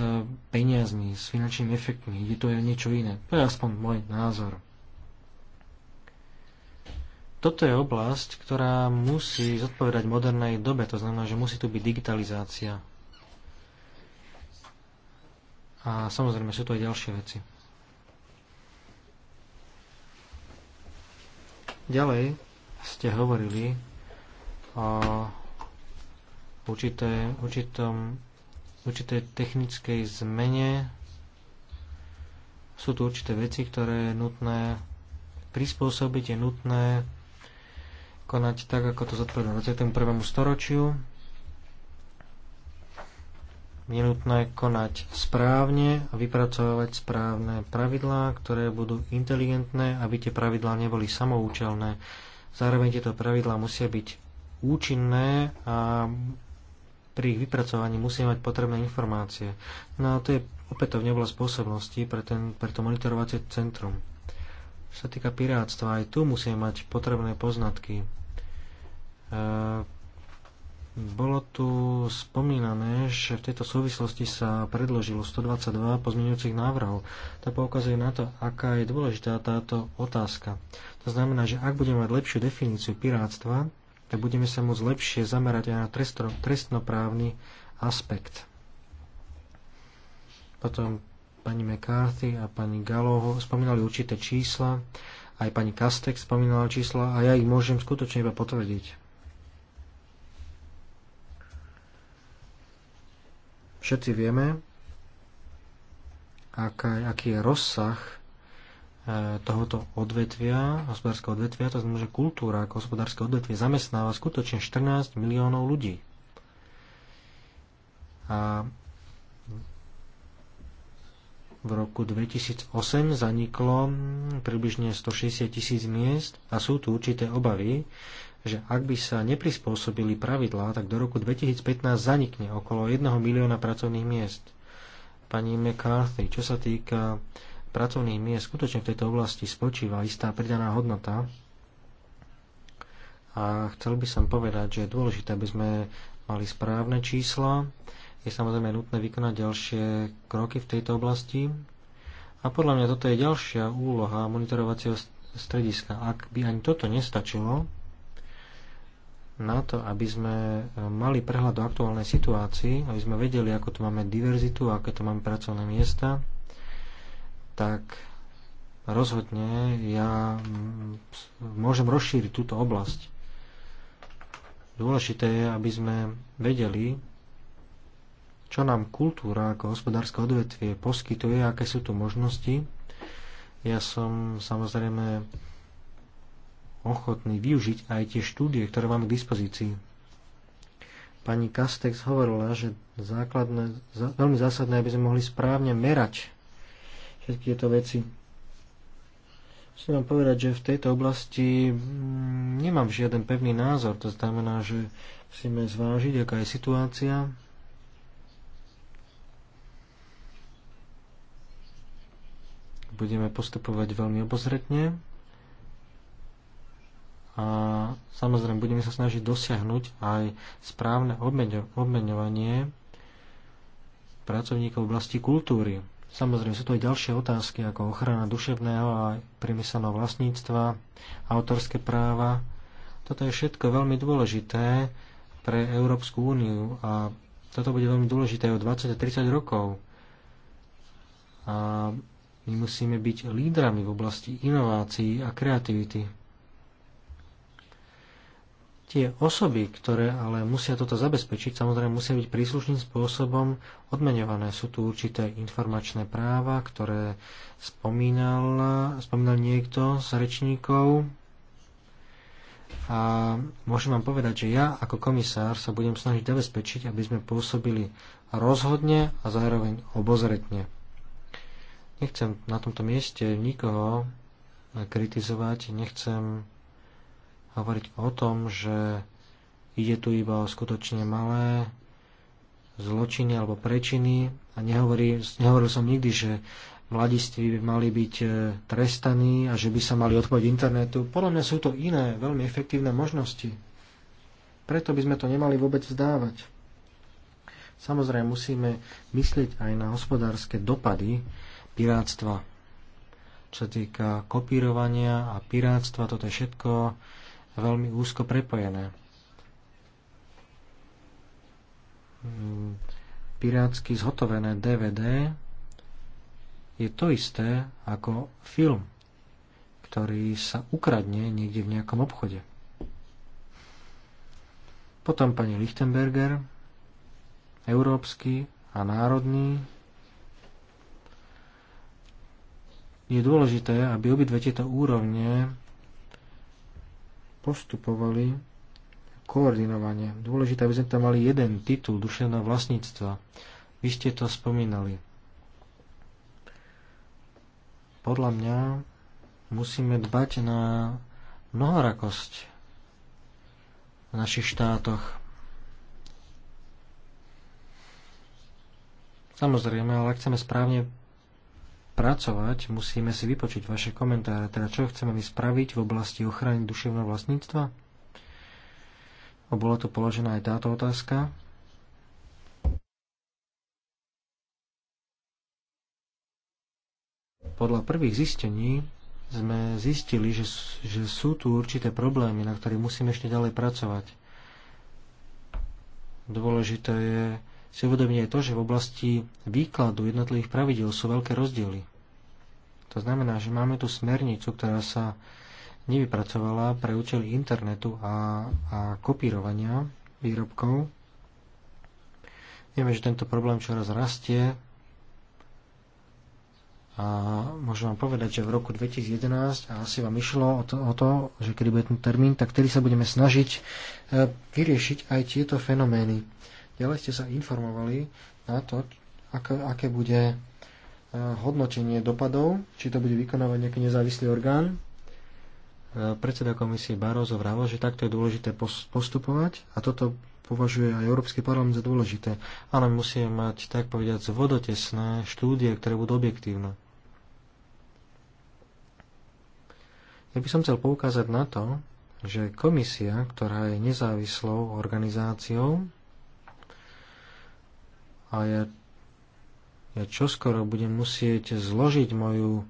peniazmi, s finančnými efektmi. Je to aj niečo iné. To je aspoň môj názor. Toto je oblasť, ktorá musí zodpovedať modernej dobe. To znamená, že musí tu byť digitalizácia. A samozrejme sú tu aj ďalšie veci. Ďalej ste hovorili o určité, určitom, určitej technickej zmene. Sú tu určité veci, ktoré je nutné prispôsobiť, je nutné konať tak, ako to zodpovedá 21. storočiu je nutné konať správne a vypracovať správne pravidlá, ktoré budú inteligentné, aby tie pravidlá neboli samoučelné. Zároveň tieto pravidlá musia byť účinné a pri ich vypracovaní musia mať potrebné informácie. No a to je opätovne bola spôsobnosti pre, ten, pre to monitorovacie centrum. Čo sa týka piráctva, aj tu musia mať potrebné poznatky. E bolo tu spomínané, že v tejto súvislosti sa predložilo 122 pozmeňujúcich návrhov. To poukazuje na to, aká je dôležitá táto otázka. To znamená, že ak budeme mať lepšiu definíciu pirátstva, tak budeme sa môcť lepšie zamerať aj na trestno, trestnoprávny aspekt. Potom pani McCarthy a pani Galo spomínali určité čísla, aj pani Kastek spomínala čísla a ja ich môžem skutočne iba potvrdiť. Všetci vieme, aká, aký je rozsah e, tohoto odvetvia, hospodárskeho odvetvia, to znamená, že kultúra ako hospodárske odvetvie zamestnáva skutočne 14 miliónov ľudí. A v roku 2008 zaniklo približne 160 tisíc miest a sú tu určité obavy, že ak by sa neprispôsobili pravidlá, tak do roku 2015 zanikne okolo 1 milióna pracovných miest. Pani McCarthy, čo sa týka pracovných miest, skutočne v tejto oblasti spočíva istá pridaná hodnota. A chcel by som povedať, že je dôležité, aby sme mali správne čísla. Je samozrejme nutné vykonať ďalšie kroky v tejto oblasti. A podľa mňa toto je ďalšia úloha monitorovacieho strediska. Ak by ani toto nestačilo, na to, aby sme e, mali prehľad o aktuálnej situácii, aby sme vedeli, ako tu máme diverzitu, aké tu máme pracovné miesta, tak rozhodne ja môžem rozšíriť túto oblasť. Dôležité je, aby sme vedeli, čo nám kultúra ako hospodárske odvetvie poskytuje, aké sú tu možnosti. Ja som samozrejme ochotní využiť aj tie štúdie, ktoré máme k dispozícii. Pani Kastex hovorila, že základné, veľmi zásadné, aby sme mohli správne merať všetky tieto veci. Musím vám povedať, že v tejto oblasti mm, nemám žiaden pevný názor. To znamená, že musíme zvážiť, aká je situácia, budeme postupovať veľmi obozretne a samozrejme budeme sa snažiť dosiahnuť aj správne obmeňovanie pracovníkov v oblasti kultúry. Samozrejme sú to aj ďalšie otázky ako ochrana duševného a priemyselného vlastníctva, autorské práva. Toto je všetko veľmi dôležité pre Európsku úniu a toto bude veľmi dôležité o 20 a 30 rokov. A my musíme byť lídrami v oblasti inovácií a kreativity. Tie osoby, ktoré ale musia toto zabezpečiť, samozrejme musia byť príslušným spôsobom odmenované. Sú tu určité informačné práva, ktoré spomínal, spomínal niekto z rečníkov. A môžem vám povedať, že ja ako komisár sa budem snažiť zabezpečiť, aby sme pôsobili rozhodne a zároveň obozretne. Nechcem na tomto mieste nikoho kritizovať, nechcem hovoriť o tom, že ide tu iba o skutočne malé zločiny alebo prečiny a nehovorí, nehovoril som nikdy, že mladiství by mali byť e, trestaní a že by sa mali odpojiť internetu. Podľa mňa sú to iné, veľmi efektívne možnosti. Preto by sme to nemali vôbec vzdávať. Samozrejme musíme myslieť aj na hospodárske dopady piráctva. Čo sa týka kopírovania a pirátstva, toto je všetko veľmi úzko prepojené. Mm, pirátsky zhotovené DVD je to isté ako film, ktorý sa ukradne niekde v nejakom obchode. Potom pani Lichtenberger, európsky a národný. Je dôležité, aby obidve tieto úrovne postupovali koordinovane. Dôležité, aby sme tam mali jeden titul duševného vlastníctva. Vy ste to spomínali. Podľa mňa musíme dbať na mnohorakosť v našich štátoch. Samozrejme, ale ak chceme správne pracovať, musíme si vypočiť vaše komentáre, teda čo chceme my spraviť v oblasti ochrany duševného vlastníctva? O no, bola tu položená aj táto otázka. Podľa prvých zistení sme zistili, že, že sú tu určité problémy, na ktorých musíme ešte ďalej pracovať. Dôležité je si uvedomiť aj to, že v oblasti výkladu jednotlivých pravidel sú veľké rozdiely. To znamená, že máme tu smernicu, ktorá sa nevypracovala pre účely internetu a, a kopírovania výrobkov. Vieme, že tento problém čoraz rastie a môžem vám povedať, že v roku 2011, a asi vám išlo o to, o to že kedy bude ten termín, tak tedy sa budeme snažiť e, vyriešiť aj tieto fenomény. Ďalej ste sa informovali na to, aké, aké bude hodnotenie dopadov, či to bude vykonávať nejaký nezávislý orgán. Predseda komisie Barroso vravil, že takto je dôležité postupovať a toto považuje aj Európsky parlament za dôležité. Ale musíme mať, tak povediať, vodotesné štúdie, ktoré budú objektívne. Ja by som chcel poukázať na to, že komisia, ktorá je nezávislou organizáciou a je ja čoskoro budem musieť zložiť moju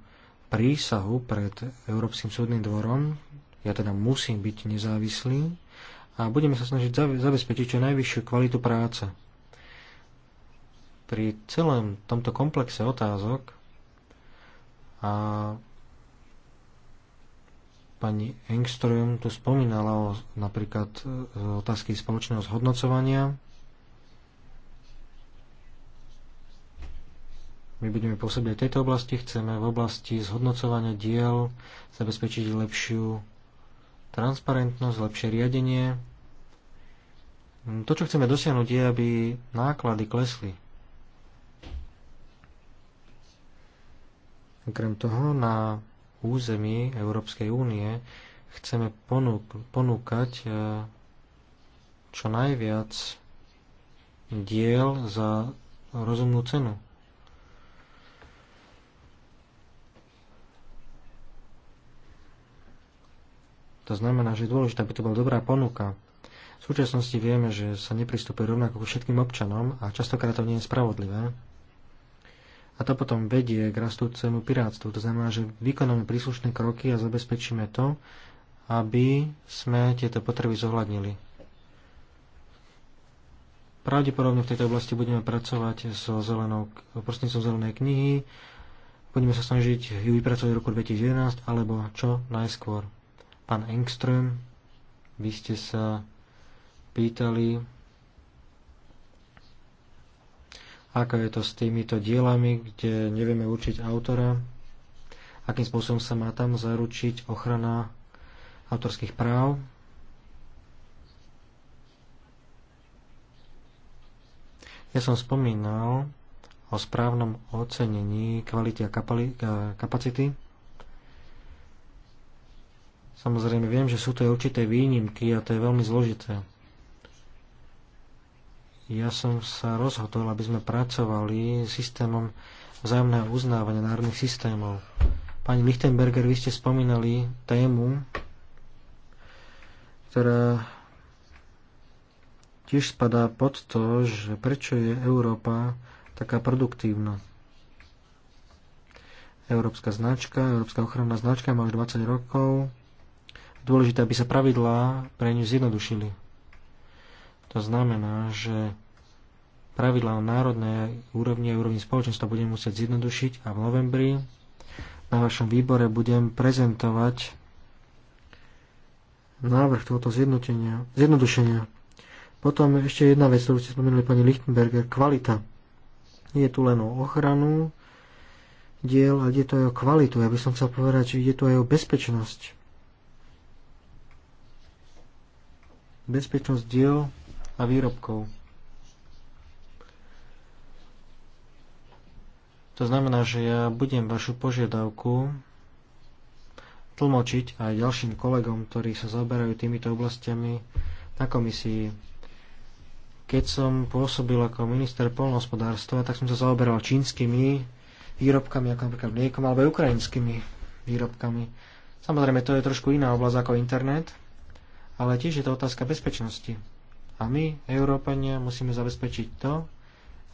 prísahu pred Európskym súdnym dvorom. Ja teda musím byť nezávislý a budeme sa snažiť zabezpečiť čo najvyššiu kvalitu práce. Pri celom tomto komplexe otázok a pani Engström tu spomínala o napríklad e, otázky spoločného zhodnocovania, My budeme pôsobiť v tejto oblasti, chceme v oblasti zhodnocovania diel zabezpečiť lepšiu transparentnosť, lepšie riadenie. To, čo chceme dosiahnuť, je, aby náklady klesli. Okrem toho, na území Európskej únie chceme ponúk- ponúkať e, čo najviac diel za rozumnú cenu. To znamená, že je dôležité, aby to bola dobrá ponuka. V súčasnosti vieme, že sa nepristupuje rovnako ku všetkým občanom a častokrát to nie je spravodlivé. A to potom vedie k rastúcemu pirátstvu. To znamená, že vykonáme príslušné kroky a zabezpečíme to, aby sme tieto potreby zohľadnili. Pravdepodobne v tejto oblasti budeme pracovať so zelenou, prostredníctvom zelenej knihy. Budeme sa snažiť ju vypracovať v roku 2011 alebo čo najskôr. Pán Engström, vy ste sa pýtali, ako je to s týmito dielami, kde nevieme určiť autora, akým spôsobom sa má tam zaručiť ochrana autorských práv. Ja som spomínal o správnom ocenení kvality a kapacity Samozrejme, viem, že sú to aj určité výnimky a to je veľmi zložité. Ja som sa rozhodol, aby sme pracovali systémom vzájomného uznávania národných systémov. Pani Lichtenberger, vy ste spomínali tému, ktorá tiež spadá pod to, že prečo je Európa taká produktívna. Európska značka, európska ochranná značka má už 20 rokov, dôležité, aby sa pravidlá pre ňu zjednodušili. To znamená, že pravidlá na národnej úrovni a úrovni spoločenstva budem musieť zjednodušiť a v novembri na vašom výbore budem prezentovať návrh tohoto zjednodušenia. Potom ešte jedna vec, ktorú ste spomenuli pani Lichtenberger, kvalita. Je tu len o ochranu diel, ale je to aj o kvalitu. Ja by som chcel povedať, že ide tu aj o bezpečnosť. bezpečnosť diel a výrobkov. To znamená, že ja budem vašu požiadavku tlmočiť aj ďalším kolegom, ktorí sa zaoberajú týmito oblastiami na komisii. Keď som pôsobil ako minister polnohospodárstva, tak som sa zaoberal čínskymi výrobkami, ako napríklad mliekom, alebo aj ukrajinskými výrobkami. Samozrejme, to je trošku iná oblasť ako internet, ale tiež je to otázka bezpečnosti. A my, Európania, musíme zabezpečiť to,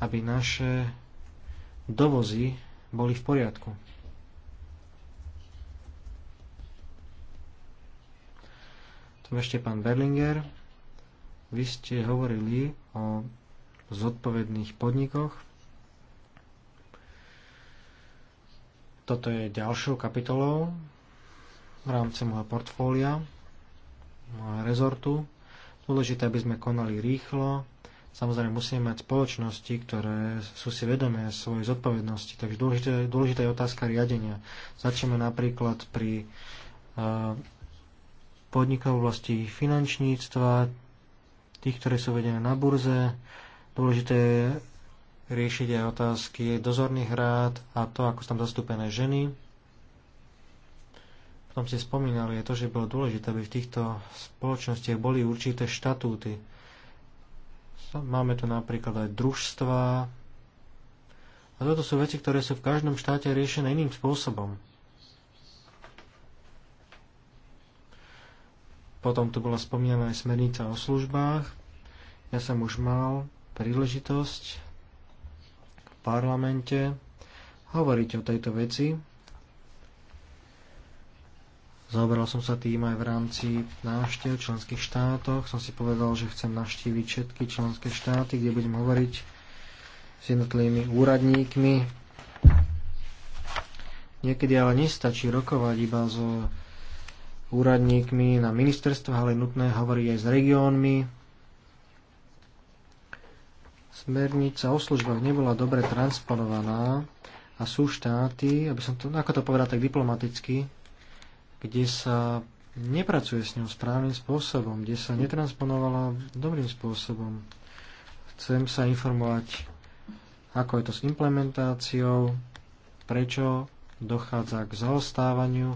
aby naše dovozy boli v poriadku. Tu ešte pán Berlinger. Vy ste hovorili o zodpovedných podnikoch. Toto je ďalšou kapitolou v rámci môjho portfólia rezortu. Dôležité, aby sme konali rýchlo. Samozrejme, musíme mať spoločnosti, ktoré sú si vedomé svojej zodpovednosti. Takže dôležité, dôležitá je otázka riadenia. Začneme napríklad pri uh, eh, podnikov vlasti finančníctva, tých, ktoré sú vedené na burze. Dôležité je riešiť aj otázky dozorných rád a to, ako sú tam zastúpené ženy som ste spomínal je to, že bolo dôležité, aby v týchto spoločnostiach boli určité štatúty. Máme tu napríklad aj družstva. A toto sú veci, ktoré sú v každom štáte riešené iným spôsobom. Potom tu bola spomínaná aj smernica o službách. Ja som už mal príležitosť v parlamente hovoriť o tejto veci, Zaoberal som sa tým aj v rámci návštev v členských štátoch. Som si povedal, že chcem navštíviť všetky členské štáty, kde budem hovoriť s jednotlivými úradníkmi. Niekedy ale nestačí rokovať iba so úradníkmi na ministerstvách, ale je nutné hovoriť aj s regiónmi. Smernica o službách nebola dobre transponovaná a sú štáty, aby som to, ako to povedal tak diplomaticky, kde sa nepracuje s ňou správnym spôsobom, kde sa netransponovala dobrým spôsobom. Chcem sa informovať, ako je to s implementáciou, prečo dochádza k zaostávaniu.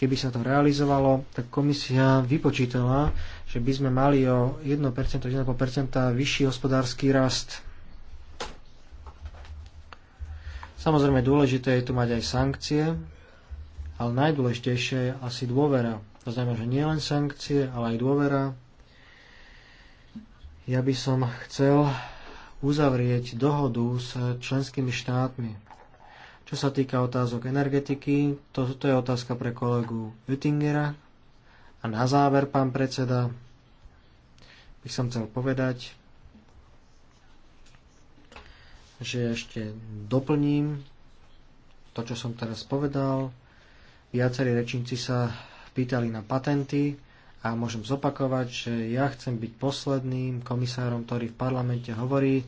Keby sa to realizovalo, tak komisia vypočítala, že by sme mali o 1%, 1,5% vyšší hospodársky rast. Samozrejme, dôležité je tu mať aj sankcie, ale najdôležitejšie je asi dôvera. To znamená, že nie len sankcie, ale aj dôvera. Ja by som chcel uzavrieť dohodu s členskými štátmi. Čo sa týka otázok energetiky, toto to je otázka pre kolegu Oettingera. A na záver, pán predseda, by som chcel povedať, že ešte doplním to, čo som teraz povedal. Viacerí rečníci sa pýtali na patenty a môžem zopakovať, že ja chcem byť posledným komisárom, ktorý v parlamente hovorí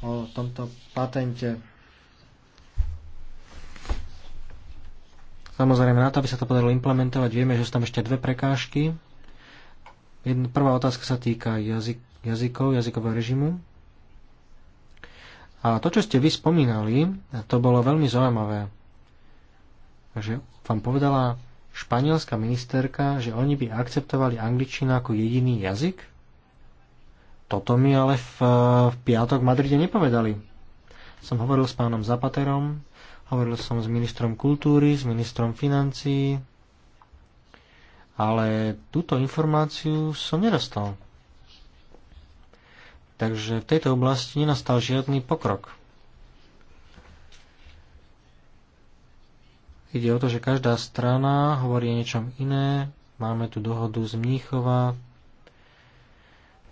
o tomto patente. Samozrejme, na to, aby sa to podarilo implementovať, vieme, že sú tam ešte dve prekážky. Jedna, prvá otázka sa týka jazyk, jazykov, jazykového režimu. A to, čo ste vy spomínali, to bolo veľmi zaujímavé že vám povedala španielská ministerka, že oni by akceptovali angličtinu ako jediný jazyk? Toto mi ale v, v piatok v Madride nepovedali. Som hovoril s pánom Zapaterom, hovoril som s ministrom kultúry, s ministrom financií, ale túto informáciu som nedostal. Takže v tejto oblasti nenastal žiadny pokrok. Ide o to, že každá strana hovorí o niečom iné. Máme tu dohodu z Mníchova.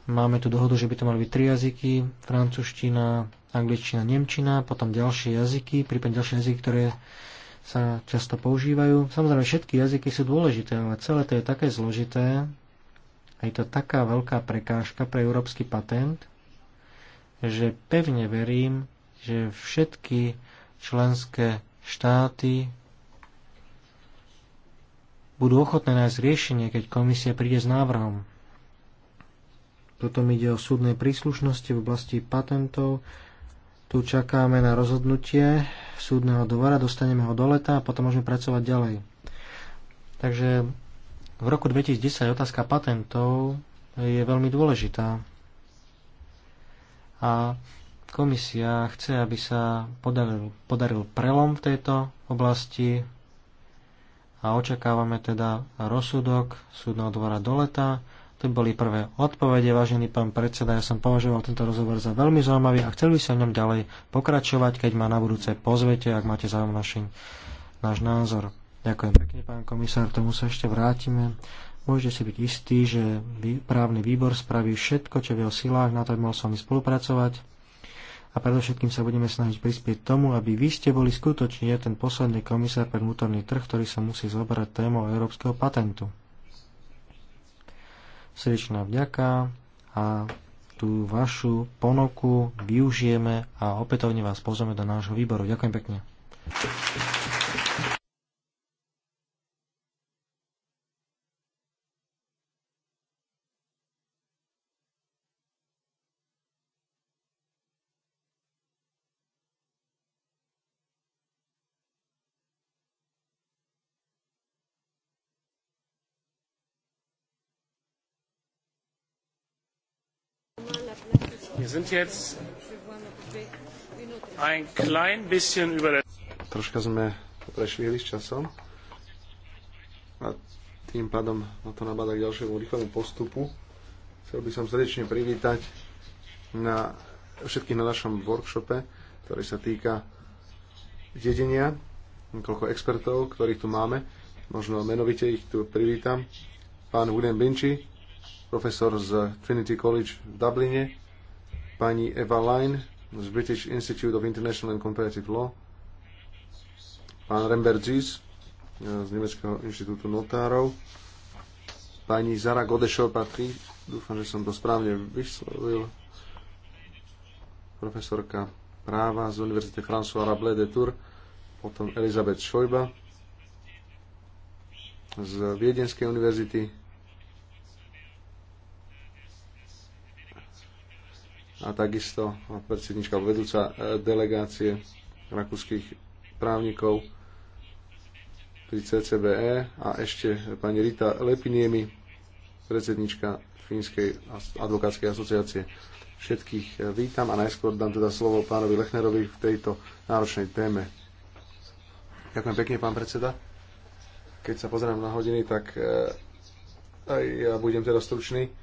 Máme tu dohodu, že by to mali byť tri jazyky. Francúzština, angličtina, nemčina, potom ďalšie jazyky, prípadne ďalšie jazyky, ktoré sa často používajú. Samozrejme, všetky jazyky sú dôležité, ale celé to je také zložité, a je to taká veľká prekážka pre európsky patent, že pevne verím, že všetky členské štáty budú ochotné nájsť riešenie, keď komisia príde s návrhom. Potom ide o súdnej príslušnosti v oblasti patentov. Tu čakáme na rozhodnutie súdneho dvora, dostaneme ho do leta a potom môžeme pracovať ďalej. Takže v roku 2010 otázka patentov je veľmi dôležitá. A komisia chce, aby sa podaril, podaril prelom v tejto oblasti, a očakávame teda rozsudok súdneho dvora do leta. To boli prvé odpovede, vážený pán predseda. Ja som považoval tento rozhovor za veľmi zaujímavý a chcel by som v ňom ďalej pokračovať, keď ma na budúce pozvete, ak máte záujem naši, náš názor. Ďakujem pekne, pán komisár, tomu sa ešte vrátime. Môžete si byť istí, že právny výbor spraví všetko, čo v jeho silách, na to by mohol s vami spolupracovať a predovšetkým sa budeme snažiť prispieť tomu, aby vy ste boli skutočne ten posledný komisár pre vnútorný trh, ktorý sa musí zoberať témou európskeho patentu. Srdečná vďaka a tú vašu ponuku využijeme a opätovne vás pozveme do nášho výboru. Ďakujem pekne. Troška sme prešvihli s časom a tým pádom ma to nabáda k ďalšiemu rýchlemu postupu. Chcel by som srdečne privítať na všetkých na našom workshope, ktorý sa týka dedenia, koľko expertov, ktorých tu máme. Možno menovite ich tu privítam. Pán William Binči, profesor z Trinity College v Dubline, pani Eva Line z British Institute of International and Comparative Law, pán Rembert Zies z Nemeckého inštitútu notárov, pani Zara Godešov patry dúfam, že som to správne vyslovil, profesorka práva z Univerzity François Rabelais de Tour, potom Elizabeth Schoiba z Viedenskej univerzity, a takisto predsednička vedúca e, delegácie rakúskych právnikov pri CCBE a ešte pani Rita Lepiniemi, predsednička Fínskej advokátskej asociácie. Všetkých e, vítam a najskôr dám teda slovo pánovi Lechnerovi v tejto náročnej téme. Ďakujem pekne, pán predseda. Keď sa pozerám na hodiny, tak e, aj ja budem teda stručný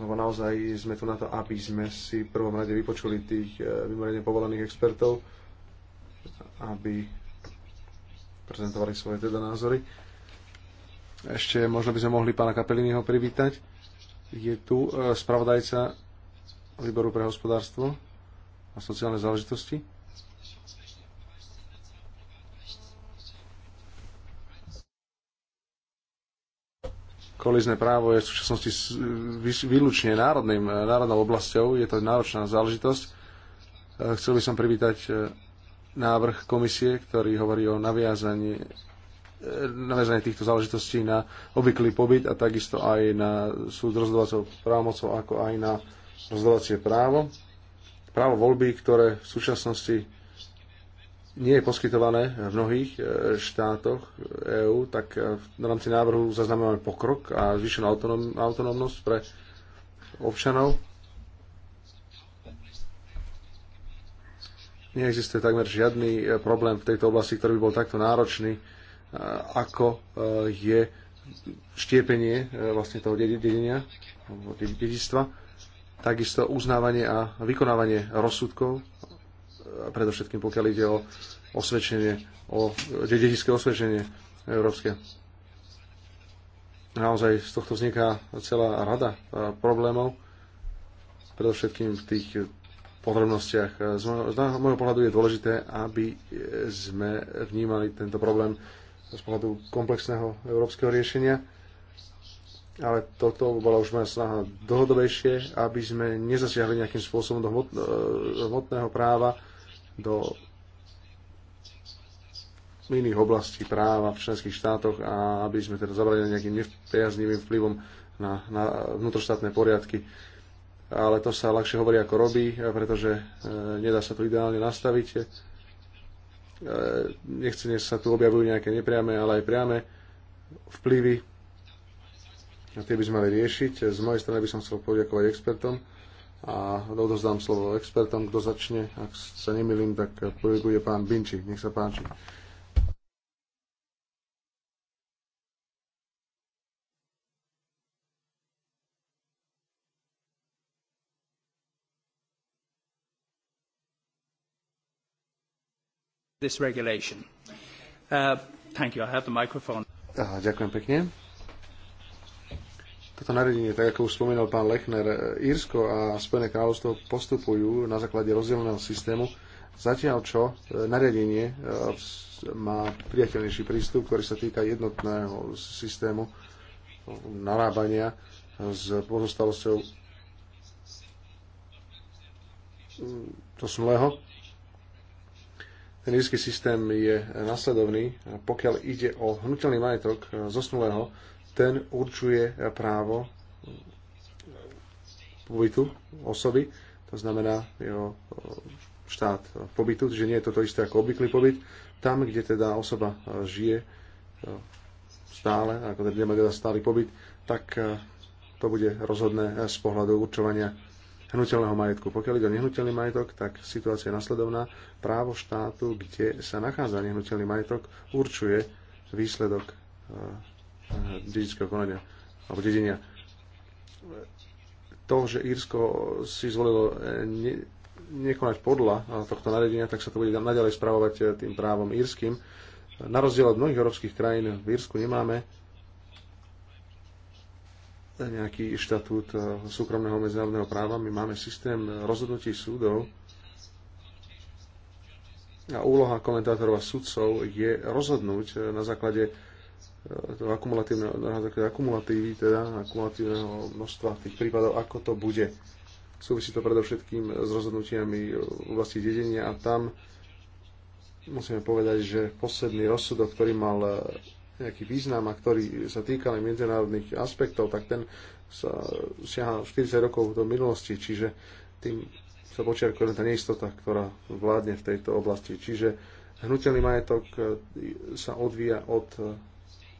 lebo naozaj sme tu na to, aby sme si v prvom rade vypočuli tých e, mimoriadne povolaných expertov, aby prezentovali svoje teda názory. Ešte možno by sme mohli pána Kapeliniho privítať. Je tu e, spravodajca výboru pre hospodárstvo a sociálne záležitosti. kolizné právo je v súčasnosti výlučne národným, národnou oblasťou, je to náročná záležitosť. E, chcel by som privítať e, návrh komisie, ktorý hovorí o naviazaní e, naviazaní týchto záležitostí na obvyklý pobyt a takisto aj na súd rozhodovacou právomocou, ako aj na rozhodovacie právo. Právo voľby, ktoré v súčasnosti nie je poskytované v mnohých e, štátoch EÚ, tak e, v rámci návrhu zaznamenáme pokrok a zvýšenú autonómnosť pre občanov. Neexistuje takmer žiadny e, problém v tejto oblasti, ktorý by bol takto náročný, ako je štiepenie vlastne toho dedenia, dedičstva, takisto uznávanie a vykonávanie rozsudkov predovšetkým pokiaľ ide o osvedčenie, o dedičské osvedčenie európske. Naozaj z tohto vzniká celá rada e, problémov, predovšetkým v tých podrobnostiach. Z môjho, z môjho pohľadu je dôležité, aby sme vnímali tento problém z pohľadu komplexného európskeho riešenia. Ale toto bola už moja snaha dlhodobejšie, aby sme nezasiahli nejakým spôsobom do e, hmotného práva do iných oblastí práva v členských štátoch a aby sme teda zabranili nejakým nepriaznivým vplyvom na, na vnútroštátne poriadky. Ale to sa ľahšie hovorí ako robí, pretože e, nedá sa to ideálne nastaviť. E, než sa tu objavujú nejaké nepriame, ale aj priame vplyvy. A tie by sme mali riešiť. Z mojej strany by som chcel poďakovať expertom a odozdám slovo expertom, kto začne. Ak sa nemýlim, tak prvý bude pán Binči. Nech sa páči. This regulation. Uh, thank you. I have the microphone. Ah, ďakujem pekne toto nariadenie, tak ako už spomínal pán Lechner, e, Írsko a Spojené kráľovstvo postupujú na základe rozdielného systému, zatiaľ čo e, nariadenie e, má priateľnejší prístup, ktorý sa týka jednotného systému narábania s pozostalosťou zosnulého. Mm, Ten írsky systém je nasledovný. Pokiaľ ide o hnutelný majetok zosnulého, ten určuje právo pobytu osoby, to znamená jeho e, štát pobytu, že nie je toto isté ako obvyklý pobyt, tam, kde teda osoba e, žije e, stále, ako teda nemá teda stály pobyt, tak to bude rozhodné z pohľadu určovania hnutelného majetku. Pokiaľ ide o nehnuteľný majetok, tak situácia je nasledovná. Právo štátu, kde sa nachádza nehnuteľný majetok, určuje výsledok dedičského konania alebo dedenia. To, že Írsko si zvolilo eh, ne, nekonať podľa eh, tohto nariadenia, tak sa to bude naďalej spravovať eh, tým právom írským. Na rozdiel od mnohých európskych krajín v Írsku nemáme nejaký štatút súkromného medzinárodného práva. My máme systém rozhodnutí súdov a úloha komentátorov a sudcov je rozhodnúť na základe to e, akumulatívne, na základe akumulatívy, teda akumulatívneho množstva tých prípadov, ako to bude. Súvisí to predovšetkým s rozhodnutiami v oblasti dedenia a tam musíme povedať, že posledný rozsudok, ktorý mal e, nejaký význam a ktorý sa týkal aj medzinárodných aspektov, tak ten sa siaha 40 rokov do minulosti, čiže tým sa počiarkuje tá neistota, ktorá vládne v tejto oblasti. Čiže hnutelný majetok e, sa odvíja od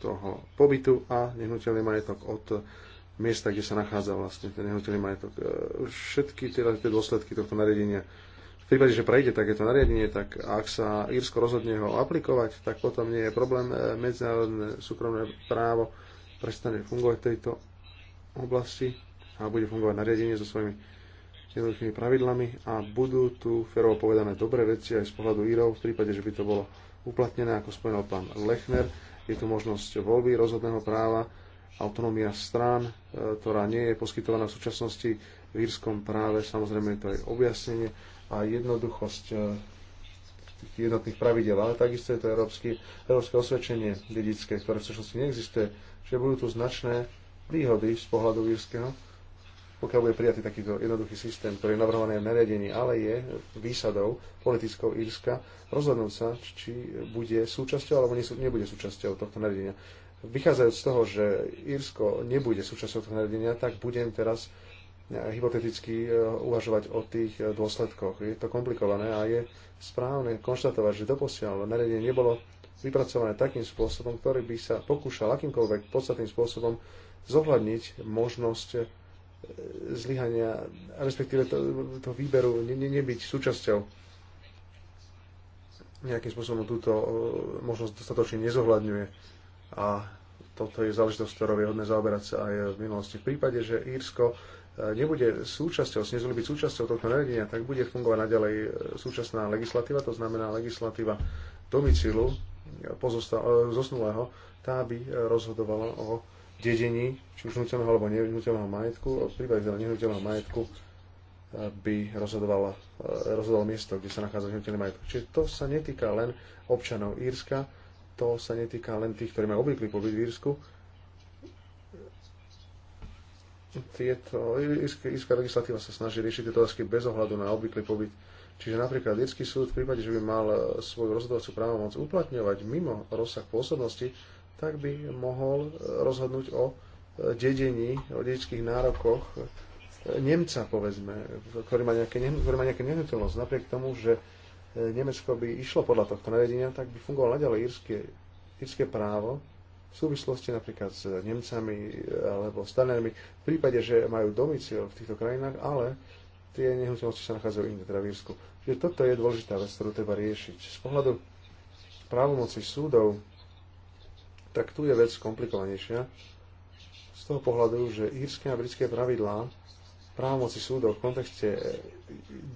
toho pobytu a nehnuteľný majetok od miesta, kde sa nachádza vlastne ten nehnuteľný majetok. E, všetky tie, tie dôsledky tohto nariadenia v prípade, že prejde takéto nariadenie, tak ak sa Írsko rozhodne ho aplikovať, tak potom nie je problém. E, medzinárodné súkromné právo prestane fungovať v tejto oblasti a bude fungovať nariadenie so svojimi jednoduchými pravidlami a budú tu ferovo povedané dobré veci aj z pohľadu Írov v prípade, že by to bolo uplatnené, ako spomenul pán Lechner. Je tu možnosť voľby rozhodného práva, autonómia strán, e, ktorá nie je poskytovaná v súčasnosti v írskom práve. Samozrejme je to aj objasnenie a jednoduchosť e, tých jednotných pravidel, ale takisto je to európsky, európske osvedčenie dedické, ktoré v súčasnosti neexistuje, že budú tu značné výhody z pohľadu írskeho pokiaľ bude prijatý takýto jednoduchý systém, ktorý je navrhovaný v nariadení, ale je výsadou politickou Írska rozhodnúť sa, či bude súčasťou alebo nebude súčasťou tohto nariadenia. Vychádzajúc z toho, že Írsko nebude súčasťou tohto nariadenia, tak budem teraz e, hypoteticky e, uvažovať o tých e, dôsledkoch. Je to komplikované a je správne konštatovať, že doposiaľ nariadenie nebolo vypracované takým spôsobom, ktorý by sa pokúšal akýmkoľvek podstatným spôsobom zohľadniť možnosť zlyhania, respektíve toho to výberu, ne, ne, nebyť súčasťou nejakým spôsobom túto e, možnosť dostatočne nezohľadňuje. A toto je záležitosť, ktorou je hodné zaoberať sa aj v minulosti. V prípade, že Írsko e, nebude súčasťou, snezuli byť súčasťou tohto nariadenia, tak bude fungovať naďalej e, súčasná legislatíva, to znamená legislatíva domicilu zosnulého, tá by rozhodovala o dedení, či už nutelného alebo nehnuteľného majetku, o prípade teda nehnuteľného majetku eh, by rozhodovalo, eh, rozhodovalo miesto, kde sa nachádza nehnuteľný majetok. Čiže to sa netýka len občanov Írska, to sa netýka len tých, ktorí majú obvyklý pobyt v Írsku. Tieto, írska, írska legislatíva sa snaží riešiť tieto otázky bez ohľadu na obvyklý pobyt. Čiže napríklad Írsky súd v prípade, že by mal eh, svoju rozhodovacú právomoc uplatňovať mimo rozsah pôsobnosti tak by mohol e, rozhodnúť o e, dedení, o dedických nárokoch e, Nemca, povedzme, ktorý má, nejaké, ktorý má nejaké nehnuteľnosť. Napriek tomu, že Nemecko by išlo podľa tohto nariadenia, tak by fungovalo naďalej írske, írske právo v súvislosti napríklad s Nemcami alebo s Talianmi, v prípade, že majú domicil v týchto krajinách, ale tie nehnuteľnosti sa nachádzajú inde, teda v Írsku. Čiže toto je dôležitá vec, ktorú treba riešiť. Z pohľadu právomoci súdov tak tu je vec komplikovanejšia. Z toho pohľadu, že írske a britské pravidlá právomoci súdov v kontexte e,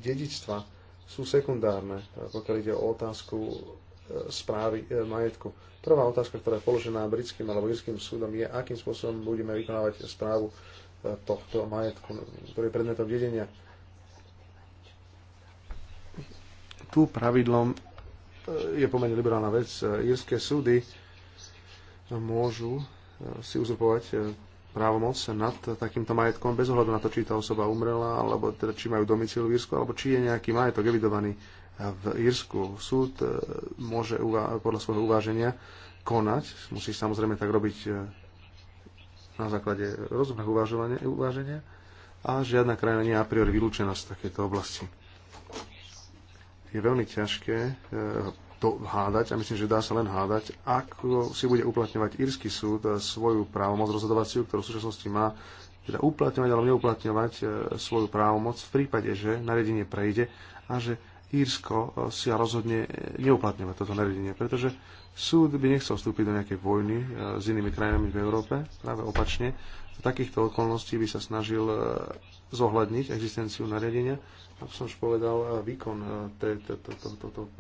dedičstva sú sekundárne, e, pokiaľ ide o otázku e, správy majetku. Prvá otázka, ktorá je položená britským alebo írským súdom, je, akým spôsobom budeme vykonávať správu tohto majetku, ktorý je predmetom dedenia. Tu pravidlom je pomerne liberálna vec. Írske súdy môžu e, si uzurpovať e, právomoc nad takýmto majetkom bez ohľadu na to, či tá osoba umrela, alebo teda, či majú domicil v Írsku, alebo či je nejaký majetok evidovaný v Írsku. Súd e, môže podľa svojho uváženia konať, musí samozrejme tak robiť na základe rozumného uvažovania, uváženia a žiadna krajina nie je a priori vylúčená z takéto oblasti. Je veľmi ťažké to hádať a myslím, že dá sa len hádať, ako si bude uplatňovať írsky súd eh, svoju právomoc rozhodovaciu, ktorú v súčasnosti má, teda uplatňovať alebo neuplatňovať eh, svoju právomoc v prípade, že nariadenie prejde a že Írsko eh, si rozhodne neuplatňovať toto nariadenie, pretože súd by nechcel vstúpiť do nejakej vojny s inými krajinami v Európe, práve opačne. V takýchto okolností by sa snažil zohľadniť existenciu nariadenia, ako som už povedal, výkon tohto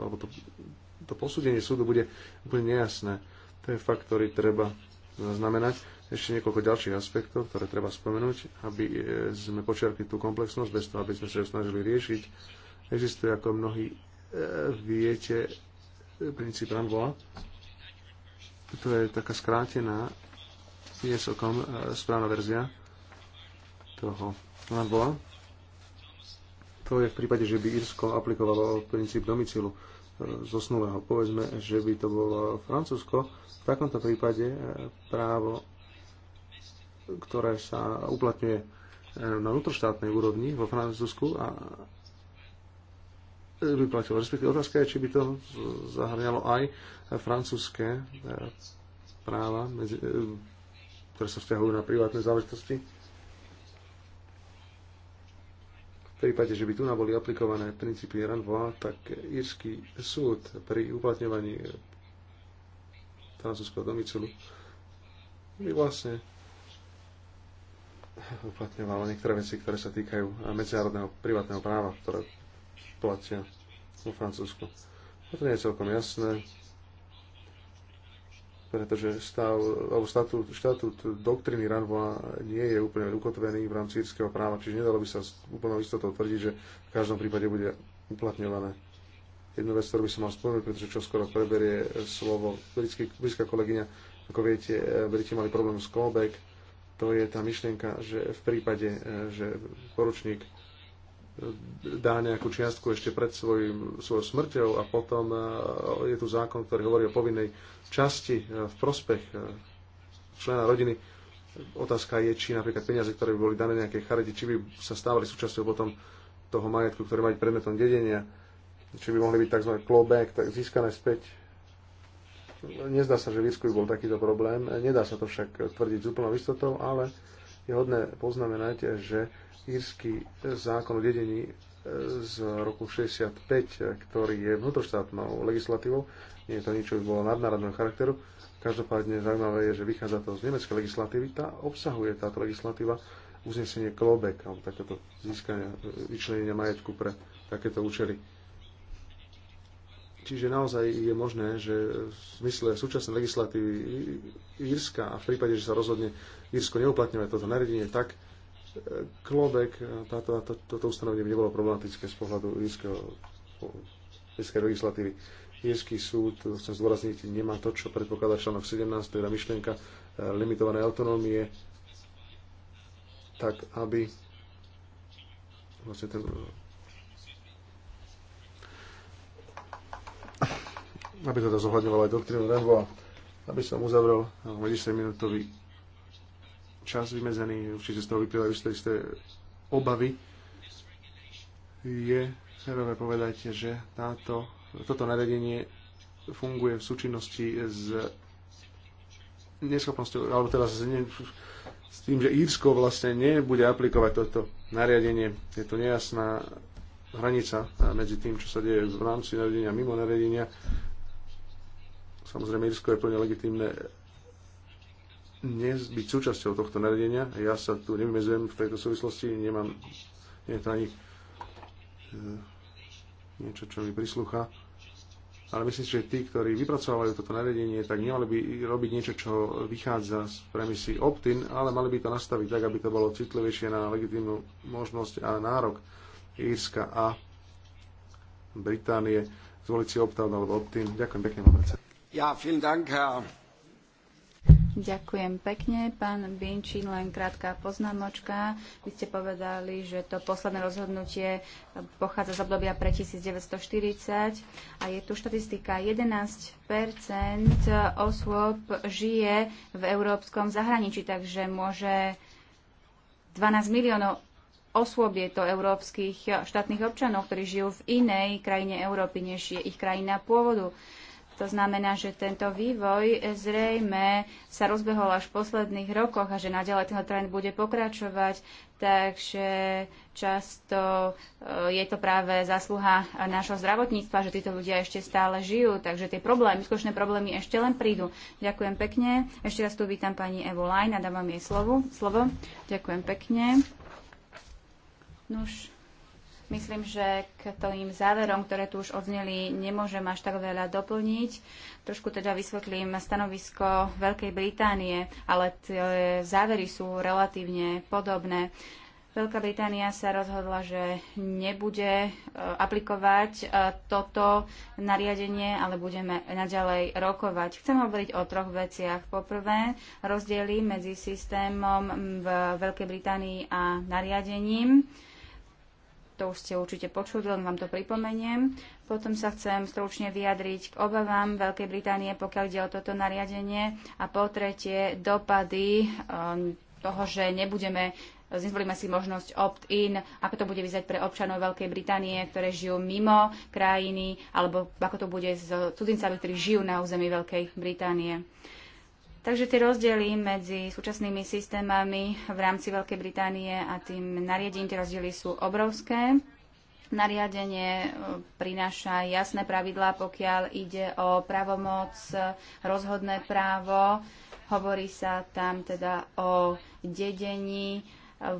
to posúdenie súdu bude úplne nejasné. To je fakt, ktorý treba zaznamenať. Ešte niekoľko ďalších aspektov, ktoré treba spomenúť, aby e, sme počerpli tú komplexnosť, bez toho, aby sme sa ju snažili riešiť. Existuje, ako mnohí e, viete, princíp Ramboa. To je taká skrátená, nie celkom e, správna verzia toho Ramboa. To je v prípade, že by Irsko aplikovalo princíp domicilu zosnulého. Povedzme, že by to bolo Francúzsko. V takomto prípade e, právo, ktoré sa uplatňuje e, na vnútroštátnej úrovni vo Francúzsku a by platilo. Respektíve otázka je, či by to zahrňalo aj francúzske e, práva, ktoré sa vzťahujú na privátne záležitosti prípade, že by tu boli aplikované princípy Ranvoa, tak írsky súd pri uplatňovaní francúzského domicilu by vlastne uplatňovalo niektoré veci, ktoré sa týkajú medzinárodného privátneho práva, ktoré platia vo Francúzsku. to nie je celkom jasné pretože stav, alebo štatút, štatút doktriny Ranvoa nie je úplne ukotvený v rámci írskeho práva, čiže nedalo by sa s úplnou istotou tvrdiť, že v každom prípade bude uplatňované. Jednu vec, ktorú by som mal spomenúť, pretože čo skoro preberie slovo britský, britská kolegyňa, ako viete, Briti mali problém s callback, to je tá myšlienka, že v prípade, že poručník dá nejakú čiastku ešte pred svojim, svojou smrťou a potom e, je tu zákon, ktorý hovorí o povinnej časti e, v prospech e, člena rodiny. Otázka je, či napríklad peniaze, ktoré by boli dané nejakej charite, či by sa stávali súčasťou potom toho majetku, ktorý má byť predmetom dedenia, či by mohli byť tzv. clawback, tak získané späť. Nezdá sa, že v by bol takýto problém. Nedá sa to však tvrdiť s úplnou istotou, ale je hodné poznamenať, že írsky zákon o dedení e, z roku 65, ktorý je vnútroštátnou legislatívou, nie je to nič, čo by bolo nadnárodného charakteru. Každopádne zaujímavé je, že vychádza to z nemeckej legislatívy. Tá obsahuje táto legislatíva uznesenie klobek, alebo takéto získania, vyčlenenia majetku pre takéto účely Čiže naozaj je možné, že v zmysle súčasnej legislatívy Írska a v prípade, že sa rozhodne Írsko neuplatňovať toto nariadenie, tak e, klobek e, táto, táto, toto ustanovenie by nebolo problematické z pohľadu írskej legislatívy. Írsky súd, chcem zdôrazniť, nemá to, čo predpokladá článok 17, teda myšlienka e, limitovanej autonómie, tak aby vlastne ten aby teda zohľadňovalo aj doktrínu a Aby som uzavrel 10-minútový čas vymedzený, určite z toho vyplývajú isté, isté obavy, je férové povedať, že táto, toto nariadenie funguje v súčinnosti s neschopnosťou, alebo teda s, ne, s tým, že Írsko vlastne nebude aplikovať toto nariadenie. Je to nejasná hranica medzi tým, čo sa deje v rámci nariadenia a mimo nariadenia. Samozrejme, Irsko je plne legitímne byť súčasťou tohto nariadenia. Ja sa tu nevymezujem v tejto súvislosti, nemám nie to ani e, niečo, čo mi prislúcha. Ale myslím si, že tí, ktorí vypracovávajú toto nariadenie, tak nemali by robiť niečo, čo vychádza z premisy opt-in, ale mali by to nastaviť tak, aby to bolo citlivejšie na legitímnu možnosť a nárok Írska a Británie zvoliť si opt-out alebo opt-in. Ďakujem pekne, pán predseda. Ďakujem pekne. Pán Binčín, len krátka poznámočka. Vy ste povedali, že to posledné rozhodnutie pochádza z obdobia pre 1940 a je tu štatistika 11 osôb žije v európskom zahraničí, takže môže 12 miliónov osôb je to európskych štátnych občanov, ktorí žijú v inej krajine Európy, než je ich krajina pôvodu. To znamená, že tento vývoj zrejme sa rozbehol až v posledných rokoch a že naďalej tento trend bude pokračovať, takže často e, je to práve zasluha nášho zdravotníctva, že títo ľudia ešte stále žijú, takže tie problémy, skutočné problémy ešte len prídu. Ďakujem pekne. Ešte raz tu vítam pani Evu Lajn a dávam jej slovo. slovo. Ďakujem pekne. Nuž. Myslím, že k tým záverom, ktoré tu už odzneli, nemôžem až tak veľa doplniť. Trošku teda vysvetlím stanovisko Veľkej Británie, ale tie závery sú relatívne podobné. Veľká Británia sa rozhodla, že nebude e, aplikovať e, toto nariadenie, ale budeme naďalej rokovať. Chcem hovoriť o troch veciach. Poprvé, rozdiely medzi systémom v Veľkej Británii a nariadením to už ste určite počuli, len vám to pripomeniem. Potom sa chcem stručne vyjadriť k obavám Veľkej Británie, pokiaľ ide o toto nariadenie. A po tretie, dopady um, toho, že nebudeme zvolíme si možnosť opt-in, ako to bude vyzerať pre občanov Veľkej Británie, ktoré žijú mimo krajiny, alebo ako to bude s cudzincami, ktorí žijú na území Veľkej Británie. Takže tie rozdiely medzi súčasnými systémami v rámci Veľkej Británie a tým nariadením, tie rozdiely sú obrovské. Nariadenie e, prináša jasné pravidlá, pokiaľ ide o pravomoc, e, rozhodné právo. Hovorí sa tam teda o dedení e,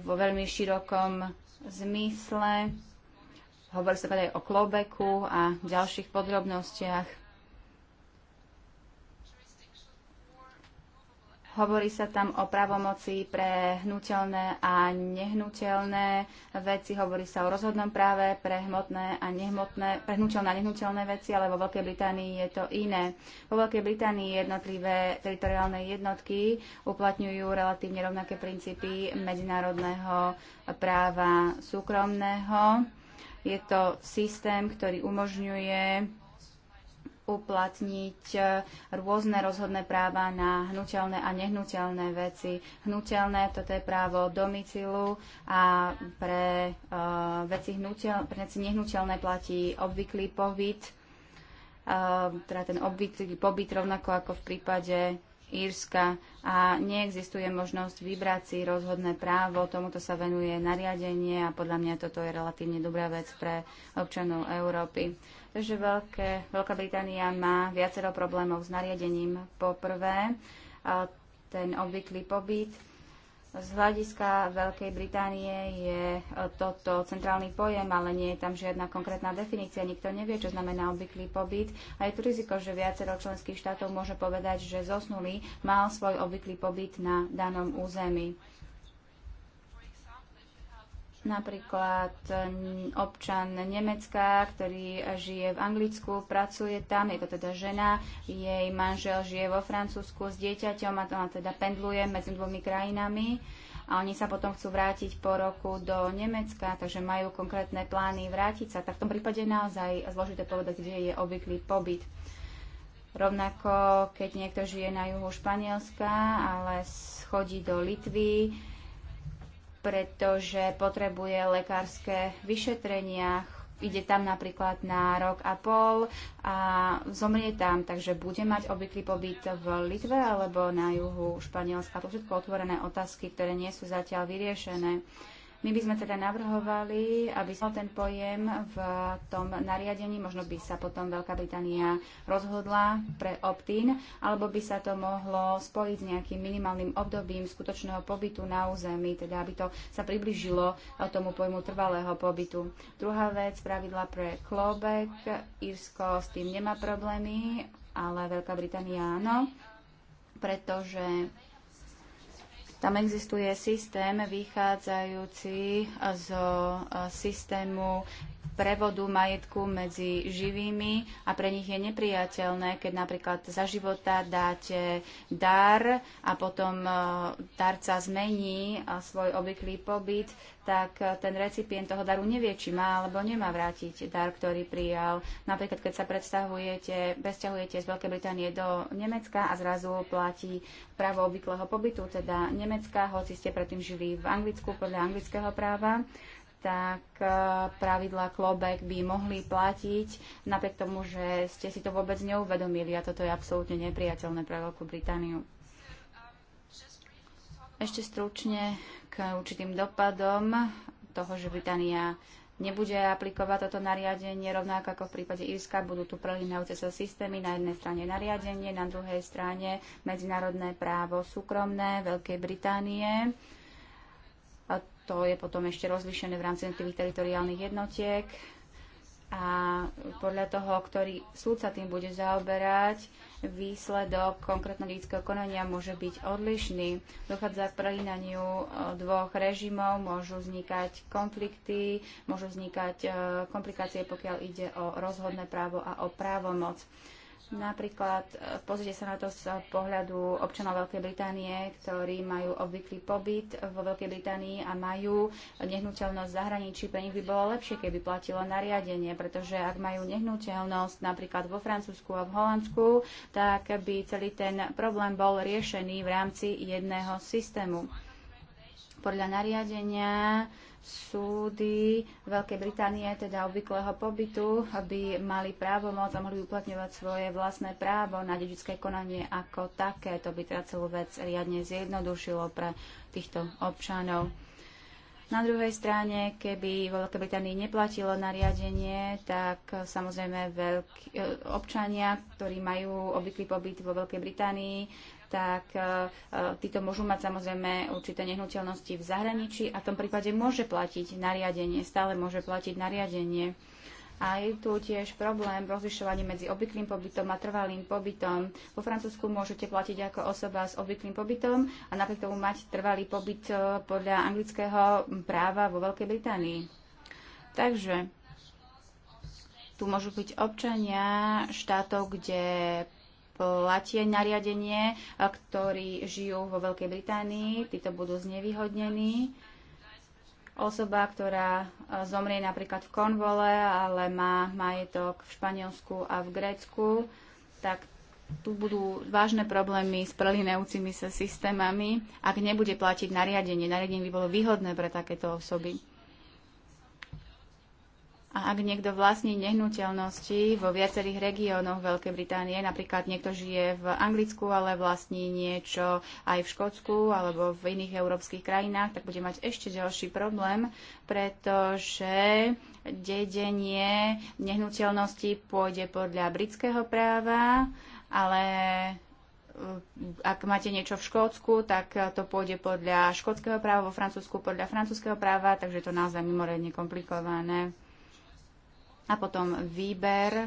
vo veľmi širokom zmysle. Hovorí sa teda aj o klobeku a ďalších podrobnostiach. Hovorí sa tam o pravomoci pre hnutelné a nehnuteľné veci, hovorí sa o rozhodnom práve pre hmotné a nehmotné, pre hnutelné a nehnuteľné veci, ale vo Veľkej Británii je to iné. Vo Veľkej Británii jednotlivé teritoriálne jednotky uplatňujú relatívne rovnaké princípy medzinárodného práva súkromného. Je to systém, ktorý umožňuje uplatniť eh, rôzne rozhodné práva na hnutelné a nehnuteľné veci. Hnutelné toto je právo domicilu a pre, uh, veci, hnutel, pre nehnuteľné platí obvyklý pobyt, uh, teda ten obvyklý pobyt rovnako ako v prípade Írska a neexistuje možnosť vybrať si rozhodné právo. Tomuto sa venuje nariadenie a podľa mňa toto je relatívne dobrá vec pre občanov Európy že Veľké, Veľká Británia má viacero problémov s nariadením. Poprvé, ten obvyklý pobyt. Z hľadiska Veľkej Británie je e, toto centrálny pojem, ale nie je tam žiadna konkrétna definícia. Nikto nevie, čo znamená obvyklý pobyt. A je tu riziko, že viacero členských štátov môže povedať, že zosnulý mal svoj obvyklý pobyt na danom území. Napríklad občan Nemecka, ktorý žije v Anglicku, pracuje tam, je to teda žena, jej manžel žije vo Francúzsku s dieťaťom a to teda pendluje medzi dvomi krajinami a oni sa potom chcú vrátiť po roku do Nemecka, takže majú konkrétne plány vrátiť sa. Tak v tom prípade je naozaj zložité povedať, kde je obvyklý pobyt. Rovnako, keď niekto žije na juhu Španielska, ale chodí do Litvy, pretože potrebuje lekárske vyšetrenia, ide tam napríklad na rok a pol a zomrie tam, takže bude mať obvyklý pobyt v Litve alebo na juhu Španielska. To všetko otvorené otázky, ktoré nie sú zatiaľ vyriešené. My by sme teda navrhovali, aby sa ten pojem v tom nariadení, možno by sa potom Veľká Británia rozhodla pre opt-in, alebo by sa to mohlo spojiť s nejakým minimálnym obdobím skutočného pobytu na území, teda aby to sa približilo tomu pojmu trvalého pobytu. Druhá vec, pravidla pre klobek. Írsko s tým nemá problémy, ale Veľká Británia áno, pretože tam existuje systém vychádzajúci zo e, systému prevodu majetku medzi živými a pre nich je nepriateľné, keď napríklad za života dáte dar a potom e, darca zmení e, svoj obvyklý pobyt tak eh, ten recipient toho daru nevie, či má alebo nemá vrátiť dar, ktorý prijal. Napríklad, keď sa predstavujete, bezťahujete z Veľkej Británie do Nemecka a zrazu platí právo obvyklého pobytu, teda Nemecka, hoci ste predtým žili v Anglicku podľa anglického práva tak eh, pravidla klobek by mohli platiť, napriek tomu, že ste si to vôbec neuvedomili a toto je absolútne nepriateľné pre Veľkú Britániu. Ešte stručne k určitým dopadom toho, že Británia nebude aplikovať toto nariadenie, rovnako ako v prípade Irska, budú tu prelínajúce sa systémy, na jednej strane nariadenie, na druhej strane medzinárodné právo súkromné Veľkej Británie. A to je potom ešte rozlišené v rámci tých teritoriálnych jednotiek. A podľa toho, ktorý súd sa tým bude zaoberať, výsledok konkrétneho lidského konania môže byť odlišný. Dochádza k prelínaniu e, dvoch režimov, môžu vznikať konflikty, môžu vznikať e, komplikácie, pokiaľ ide o rozhodné právo a o právomoc. Napríklad e, pozrite sa na to z pohľadu občanov Veľkej Británie, ktorí majú obvyklý pobyt vo Veľkej Británii a majú nehnuteľnosť v zahraničí. Pre nich by bolo lepšie, keby platilo nariadenie, pretože ak majú nehnuteľnosť napríklad vo Francúzsku a v Holandsku, tak by celý ten problém bol riešený v rámci jedného systému. Podľa nariadenia súdy Veľkej Británie, teda obvyklého pobytu, aby mali právo moc a mohli uplatňovať svoje vlastné právo na dedičské konanie ako také. To by teda celú vec riadne zjednodušilo pre týchto občanov. Na druhej strane, keby vo Veľkej Británii neplatilo nariadenie, tak samozrejme občania, ktorí majú obvyklý pobyt vo Veľkej Británii, tak e, e, títo môžu mať samozrejme určité nehnuteľnosti v zahraničí a v tom prípade môže platiť nariadenie, stále môže platiť nariadenie. A je tu tiež problém v rozlišovaní medzi obvyklým pobytom a trvalým pobytom. Vo Francúzsku môžete platiť ako osoba s obvyklým pobytom a napriek tomu mať trvalý pobyt e, podľa anglického práva vo Veľkej Británii. Takže tu môžu byť občania štátov, kde platie nariadenie, e, ktorí žijú vo Veľkej Británii, títo budú znevýhodnení. Osoba, ktorá e, zomrie napríklad v Konvole, ale má majetok v Španielsku a v Grécku, tak tu budú vážne problémy s prelinajúcimi sa systémami, ak nebude platiť nariadenie. Nariadenie by bolo výhodné pre takéto osoby. A ak niekto vlastní nehnuteľnosti vo viacerých regiónoch Veľkej Británie, napríklad niekto žije v Anglicku, ale vlastní niečo aj v Škótsku alebo v iných európskych krajinách, tak bude mať ešte ďalší problém, pretože dedenie nehnuteľnosti pôjde podľa britského práva, ale eh, ak máte niečo v Škótsku, tak to pôjde podľa škótskeho práva, vo Francúzsku podľa francúzského práva, takže to naozaj mimoriadne komplikované. A potom výber e,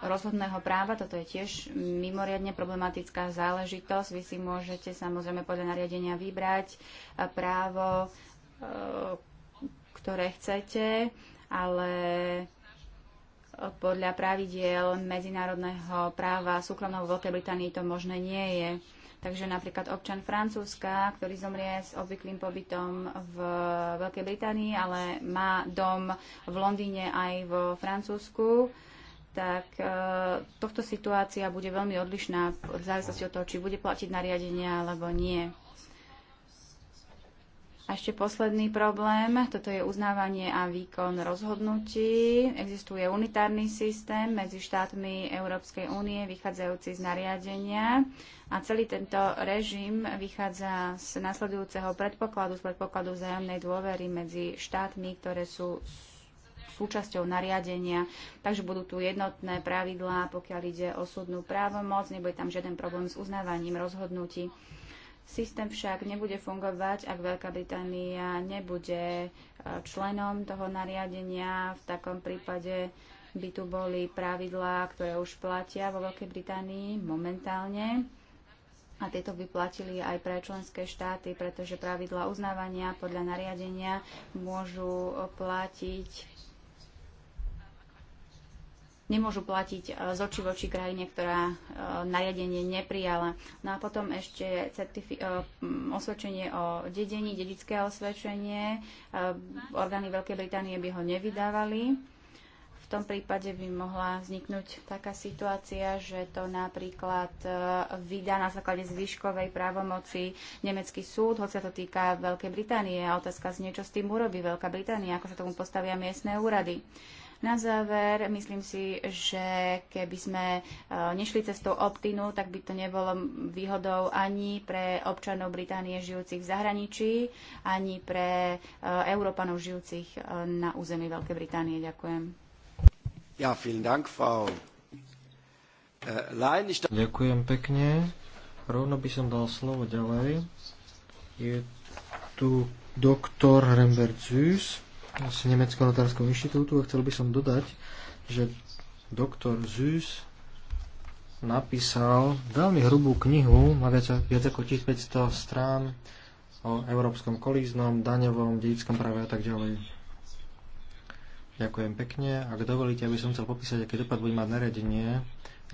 rozhodného práva, toto je tiež mimoriadne problematická záležitosť. Vy si môžete samozrejme podľa nariadenia vybrať e, právo, e, ktoré chcete, ale podľa pravidiel medzinárodného práva súkromného v Veľkej Británii to možné nie je. Takže napríklad občan Francúzska, ktorý zomrie s obvyklým pobytom v Veľkej Británii, ale má dom v Londýne aj vo Francúzsku, tak e, tohto situácia bude veľmi odlišná v závislosti od toho, či bude platiť nariadenia alebo nie. A ešte posledný problém, toto je uznávanie a výkon rozhodnutí. Existuje unitárny systém medzi štátmi Európskej únie vychádzajúci z nariadenia a celý tento režim vychádza z nasledujúceho predpokladu, z predpokladu vzájomnej dôvery medzi štátmi, ktoré sú súčasťou nariadenia, takže budú tu jednotné pravidlá, pokiaľ ide o súdnu právomoc, nebude tam žiaden problém s uznávaním rozhodnutí. Systém však nebude fungovať, ak Veľká Británia nebude e, členom toho nariadenia. V takom prípade by tu boli pravidlá, ktoré už platia vo Veľkej Británii momentálne. A tieto by platili aj pre členské štáty, pretože pravidlá uznávania podľa nariadenia môžu platiť nemôžu platiť e, z oči voči krajine, ktorá e, nariadenie neprijala. No a potom ešte e, osvedčenie o dedení, dedické osvedčenie. Orgány Veľkej Británie by ho nevydávali. V tom prípade by mohla vzniknúť taká situácia, že to napríklad vydá na základe zvyškovej právomoci nemecký súd, hoci sa to týka Veľkej Británie a otázka z niečo s tým urobí Veľká Británia, ako sa tomu postavia miestne úrady. Na záver, myslím si, že keby sme e, nešli cestou optinu, tak by to nebolo výhodou ani pre občanov Británie žijúcich v zahraničí, ani pre e, Európanov žijúcich e, na území Veľkej Británie. Ďakujem. Ja, vielen Dank, Frau Lein. Ďakujem pekne. Rovno by som dal slovo ďalej. Je tu doktor Rembert Süß z Nemeckého notárskeho inštitútu a chcel by som dodať, že doktor Züs napísal veľmi hrubú knihu, má viac, viac ako 1500 strán o európskom kolíznom, daňovom, dedickom práve a tak ďalej. Ďakujem pekne. Ak dovolíte, aby som chcel popísať, aký dopad bude mať nariadenie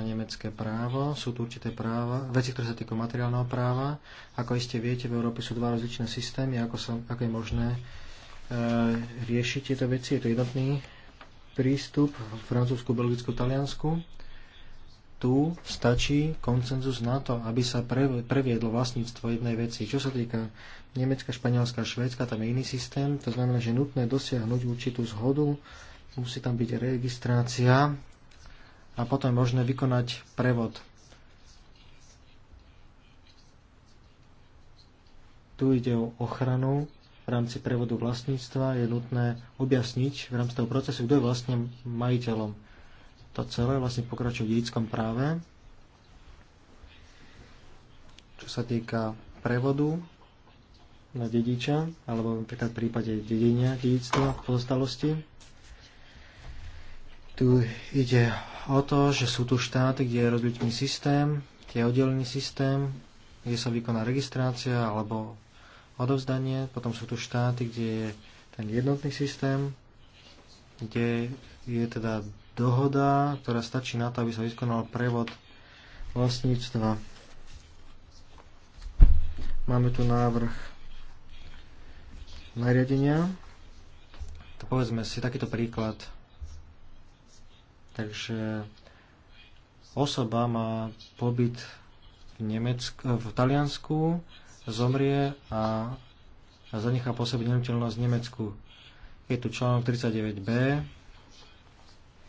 na nemecké právo. Sú tu určité práva, veci, ktoré sa týkajú materiálneho práva. Ako iste viete, v Európe sú dva rozličné systémy, ako, sa, ako je možné E, riešiť tieto veci. Je to jednotný prístup v Francúzsku, Belgicku, Taliansku. Tu stačí koncenzus na to, aby sa previedlo vlastníctvo jednej veci. Čo sa týka Nemecka, Španielska Švédska, tam je iný systém. To znamená, že je nutné dosiahnuť určitú zhodu, musí tam byť registrácia a potom je možné vykonať prevod. Tu ide o ochranu v rámci prevodu vlastníctva je nutné objasniť v rámci toho procesu, kto je vlastne majiteľom. To celé vlastne pokračuje v dedickom práve. Čo sa týka prevodu na dediča, alebo napríklad v prípade dedenia, dedictva, pozostalosti, tu ide o to, že sú tu štáty, kde je rozličný systém, tie oddelený systém, kde sa vykoná registrácia alebo odovzdanie, potom sú tu štáty, kde je ten jednotný systém, kde je teda dohoda, ktorá stačí na to, aby sa vykonal prevod vlastníctva. Máme tu návrh nariadenia. To povedzme si takýto príklad. Takže osoba má pobyt v, Nemecku, v Taliansku, zomrie a, zanechá po sebe nehnuteľnosť v Nemecku. Je tu článok 39b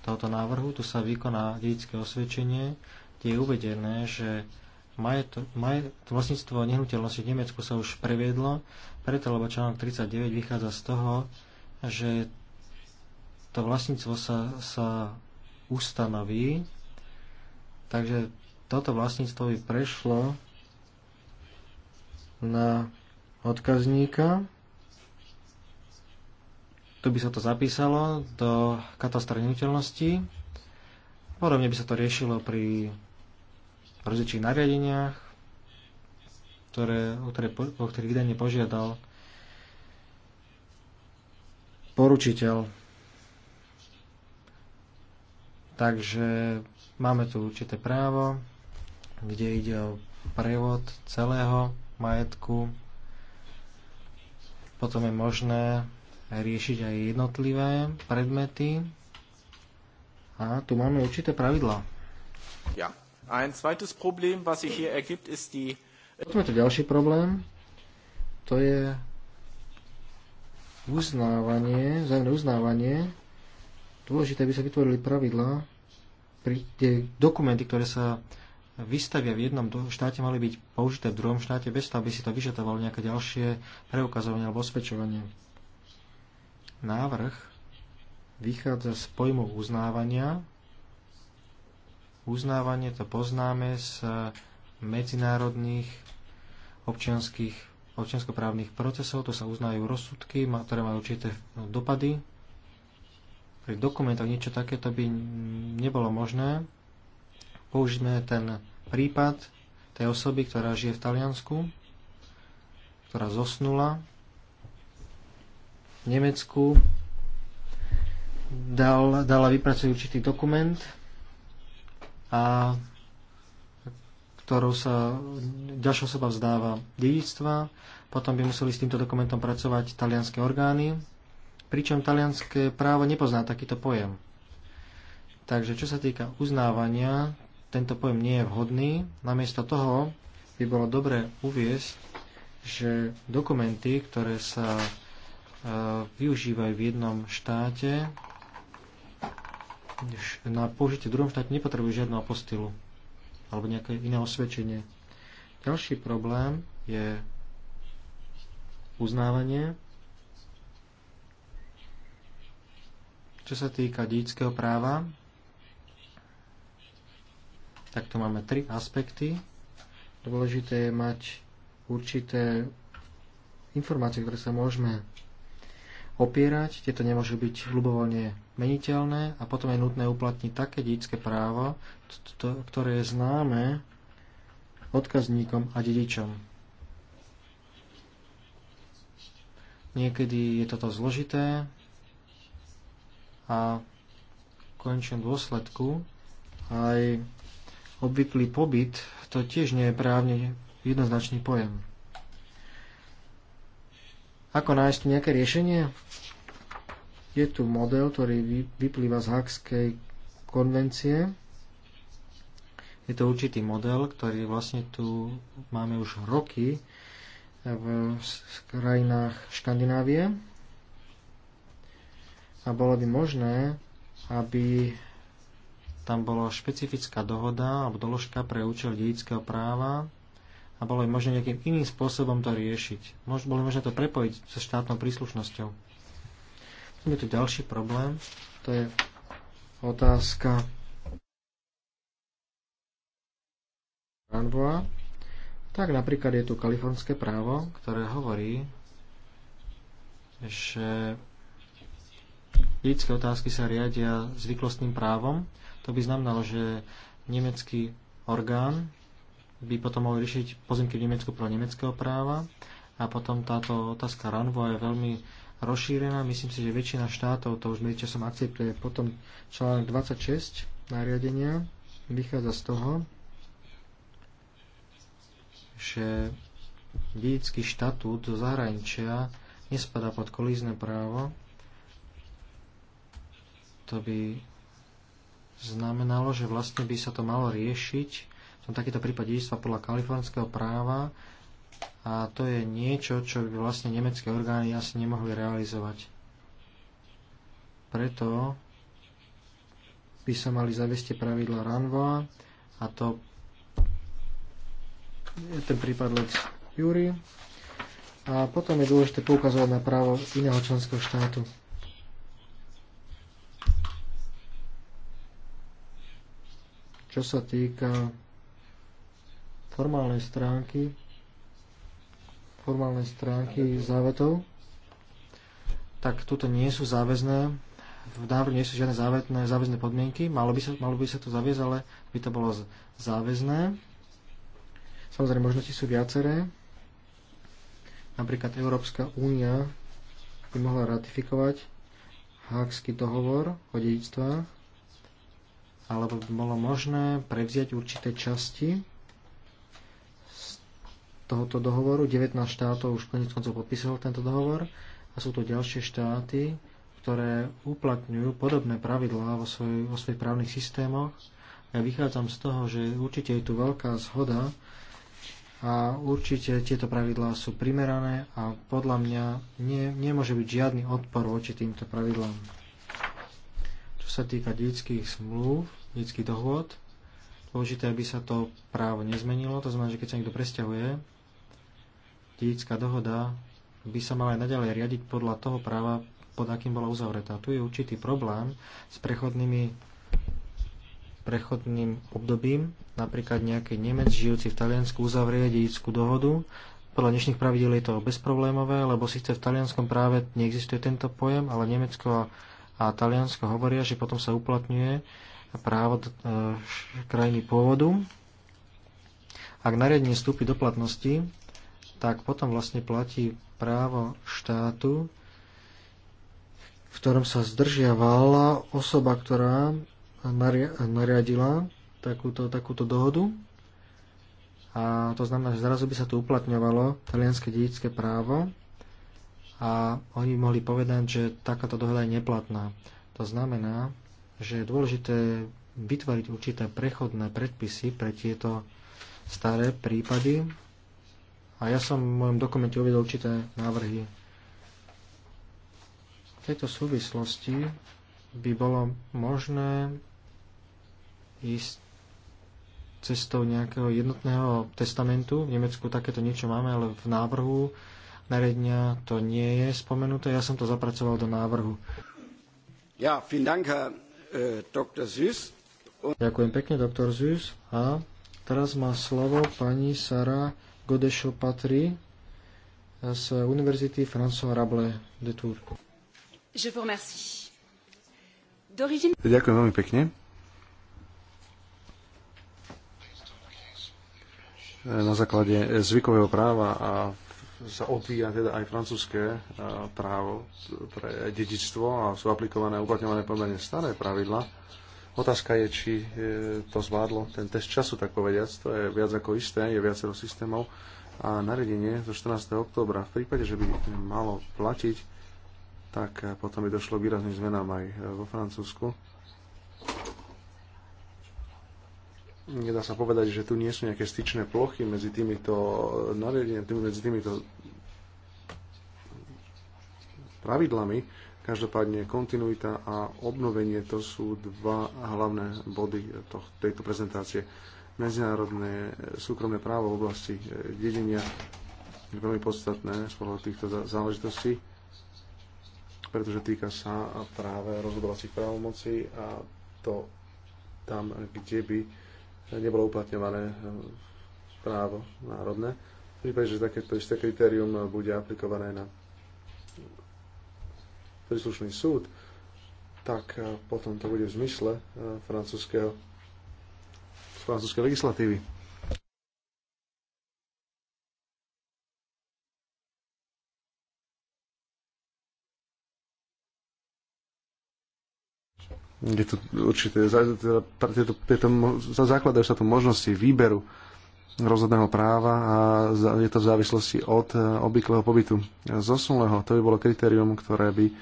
tohoto návrhu, tu sa vykoná dedické osvedčenie, kde je uvedené, že majet, vlastníctvo nehnuteľnosti v Nemecku sa už previedlo, preto lebo článok 39 vychádza z toho, že to vlastníctvo sa, sa ustanoví, takže toto vlastníctvo by prešlo na odkazníka. Tu by sa to zapísalo do katastra nehnuteľnosti. Podobne by sa to riešilo pri rozličných nariadeniach, ktoré, o, ktoré, o ktorých vydanie požiadal poručiteľ. Takže máme tu určité právo, kde ide o prevod celého majetku. Potom je možné riešiť aj jednotlivé predmety. A tu máme určité pravidla. Ja. Ein zweites Problem, was sich hier ergibt, ist die... Potom je tu ďalší problém. To je uznávanie, vzájomné uznávanie. Dôležité by sa vytvorili pravidlá, pri tie dokumenty, ktoré sa Vystavia v jednom štáte mali byť použité v druhom štáte bez toho, aby si to vyžadovalo nejaké ďalšie preukazovanie alebo osvedčovanie. Návrh vychádza z pojmu uznávania. Uznávanie to poznáme z medzinárodných občianských, občianskoprávnych procesov, to sa uznajú rozsudky, ktoré majú určité no, dopady. Pri dokumentoch niečo takéto by nebolo možné, použijeme ten prípad tej osoby, ktorá žije v Taliansku, ktorá zosnula v Nemecku, dal, dala vypracovať určitý dokument, a ktorou sa ďalšia osoba vzdáva dedictva. Potom by museli s týmto dokumentom pracovať talianské orgány, pričom talianské právo nepozná takýto pojem. Takže čo sa týka uznávania tento pojem nie je vhodný. Namiesto toho by bolo dobre uviesť, že dokumenty, ktoré sa e, využívajú v jednom štáte, na použitie v druhom štáte nepotrebujú žiadnu apostilu alebo nejaké iné osvedčenie. Ďalší problém je uznávanie, čo sa týka dedického práva, tak to máme tri aspekty. Dôležité je mať určité informácie, ktoré sa môžeme opierať, tieto nemôžu byť ľubovoľne meniteľné a potom je nutné uplatniť také dedické právo, ktoré je známe odkazníkom a dedičom. Niekedy je toto zložité a v konečnom dôsledku aj obvyklý pobyt, to tiež nie je právne jednoznačný pojem. Ako nájsť nejaké riešenie? Je tu model, ktorý vyplýva z Hakskej konvencie. Je to určitý model, ktorý vlastne tu máme už roky v krajinách Škandinávie. A bolo by možné, aby tam bola špecifická dohoda alebo doložka pre účel dedického práva a bolo im možné nejakým iným spôsobom to riešiť. Mož, bolo možné to prepojiť so štátnou príslušnosťou. Tu je tu ďalší problém, to je otázka Ranboa. Tak napríklad je tu kalifornské právo, ktoré hovorí, že Lidské otázky sa riadia zvyklostným právom. To by znamenalo, že nemecký orgán by potom mohol riešiť pozemky v Nemecku pro nemeckého práva a potom táto otázka ranvo je veľmi rozšírená. Myslím si, že väčšina štátov to už medzičasom akceptuje. Potom článok 26 nariadenia vychádza z toho, že dedický štatút zo zahraničia nespadá pod kolízne právo to by znamenalo, že vlastne by sa to malo riešiť v tom takýto prípade dedičstva podľa kalifornského práva a to je niečo, čo by vlastne nemecké orgány asi nemohli realizovať. Preto by sa mali zaviesť pravidla Ranvoa a to je ten prípad Lex Jury. A potom je dôležité poukazovať na právo iného členského štátu. Čo sa týka formálnej stránky, formálnej stránky závetov, tak tuto nie sú záväzné v návrhu nie sú žiadne závetné, záväzné podmienky, malo by, sa, malo by sa to zaviesť, ale by to bolo záväzné. Samozrejme, možnosti sú viaceré. Napríklad Európska únia by mohla ratifikovať Hákský dohovor o dedičstvách alebo by bolo možné prevziať určité časti z tohoto dohovoru. 19 štátov už konec koncov podpísalo tento dohovor a sú to ďalšie štáty, ktoré uplatňujú podobné pravidlá vo, svoj, vo svojich právnych systémoch. Ja vychádzam z toho, že určite je tu veľká zhoda a určite tieto pravidlá sú primerané a podľa mňa nie, nemôže byť žiadny odpor voči týmto pravidlám sa týka detských zmluv, detských dohôd, dôležité, aby sa to právo nezmenilo, to znamená, že keď sa niekto presťahuje, dedická dohoda by sa mala aj naďalej riadiť podľa toho práva, pod akým bola uzavretá. Tu je určitý problém s prechodnými prechodným obdobím. Napríklad nejaký Nemec žijúci v Taliansku uzavrie dedickú dohodu. Podľa dnešných pravidel je to bezproblémové, lebo síce v talianskom práve neexistuje tento pojem, ale Nemecko a a Taliansko hovoria, že potom sa uplatňuje právo e, krajiny pôvodu. Ak nariadenie vstúpi do platnosti, tak potom vlastne platí právo štátu, v ktorom sa zdržiavala osoba, ktorá nariadila takúto, takúto dohodu. A to znamená, že zrazu by sa tu uplatňovalo talianské dedické právo a oni mohli povedať, že takáto dohoda je neplatná. To znamená, že je dôležité vytvoriť určité prechodné predpisy pre tieto staré prípady a ja som v mojom dokumente uvedol určité návrhy. V tejto súvislosti by bolo možné ísť cestou nejakého jednotného testamentu. V Nemecku takéto niečo máme, ale v návrhu nariadenia to nie je spomenuté. Ja som to zapracoval do návrhu. Ja, Dank, Herr, äh, Dr. Süß. Ďakujem pekne, doktor Züs. A teraz má slovo pani Sara Godešo Patry z Univerzity François Rabelais de Tours. Je vous remercie. Ďakujem veľmi pekne. Na základe zvykového práva a sa odvíja teda aj francúzske e, právo pre dedičstvo a sú aplikované a uplatňované pomerne staré pravidla. Otázka je, či e, to zvládlo ten test času, tak povediac. To je viac ako isté, je viacero systémov. A nariadenie zo 14. októbra, v prípade, že by malo platiť, tak e, potom by došlo k výrazným zmenám aj vo Francúzsku Nedá sa povedať, že tu nie sú nejaké styčné plochy medzi týmito nariadeniami, medzi týmito pravidlami. Každopádne kontinuita a obnovenie to sú dva hlavné body to, tejto prezentácie. Medzinárodné súkromné právo v oblasti eh, dedenia je veľmi podstatné z pohľadu týchto záležitostí, pretože týka sa práve rozhodovacích právomocí a to tam, kde by nebolo uplatňované eh, právo národné. V prípade, že takéto isté kritérium eh, bude aplikované na príslušný súd, tak eh, potom to bude v zmysle francúzskej legislatívy. je tu určité, teda, tieto, tieto, zakladajú sa tu možnosti výberu rozhodného práva a je to v závislosti od e, obvyklého pobytu. Zosnulého. to by bolo kritérium, ktoré by e,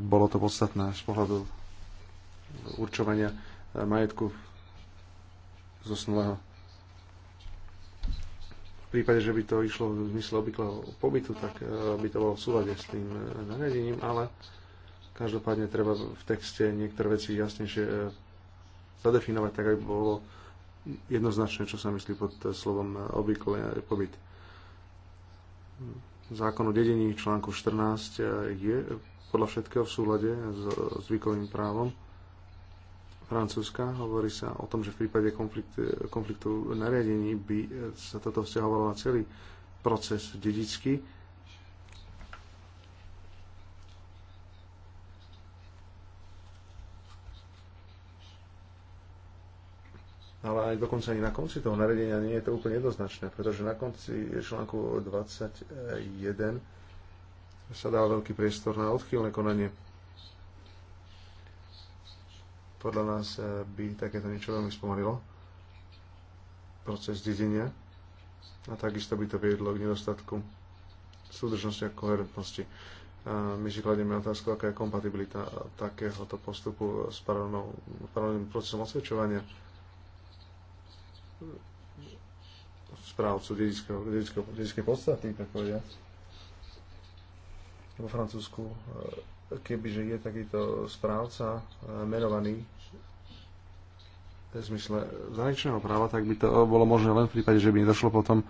bolo to podstatné z pohľadu určovania e, majetku zosnulého. V prípade, že by to išlo v zmysle obvyklého pobytu, tak by to bolo v súlade s tým nariadením, ale Každopádne treba v texte niektoré veci jasnejšie e, zadefinovať, tak aby bolo jednoznačné, čo sa myslí pod e, slovom e, obvyklý pobyt. Zákon o dedení článku 14 je podľa všetkého v súlade s zvykovým právom Francúzska. Hovorí sa o tom, že v prípade konflikt, konfliktu nariadení by sa toto vzťahovalo na celý proces dedický ale aj dokonca ani na konci toho nariadenia nie je to úplne jednoznačné, pretože na konci článku 21 sa dá veľký priestor na odchýlne konanie. Podľa nás eh, by takéto niečo veľmi spomalilo proces dedenia a takisto by to viedlo k nedostatku súdržnosti a koherentnosti. my si kladieme otázku, aká je kompatibilita takéhoto postupu s paralelným procesom osvedčovania správcu dedickej podstaty, tak povediac. Vo Francúzsku, eh, kebyže je takýto správca eh, menovaný v zmysle zahraničného práva, tak by to bolo možné len v prípade, že by nedošlo potom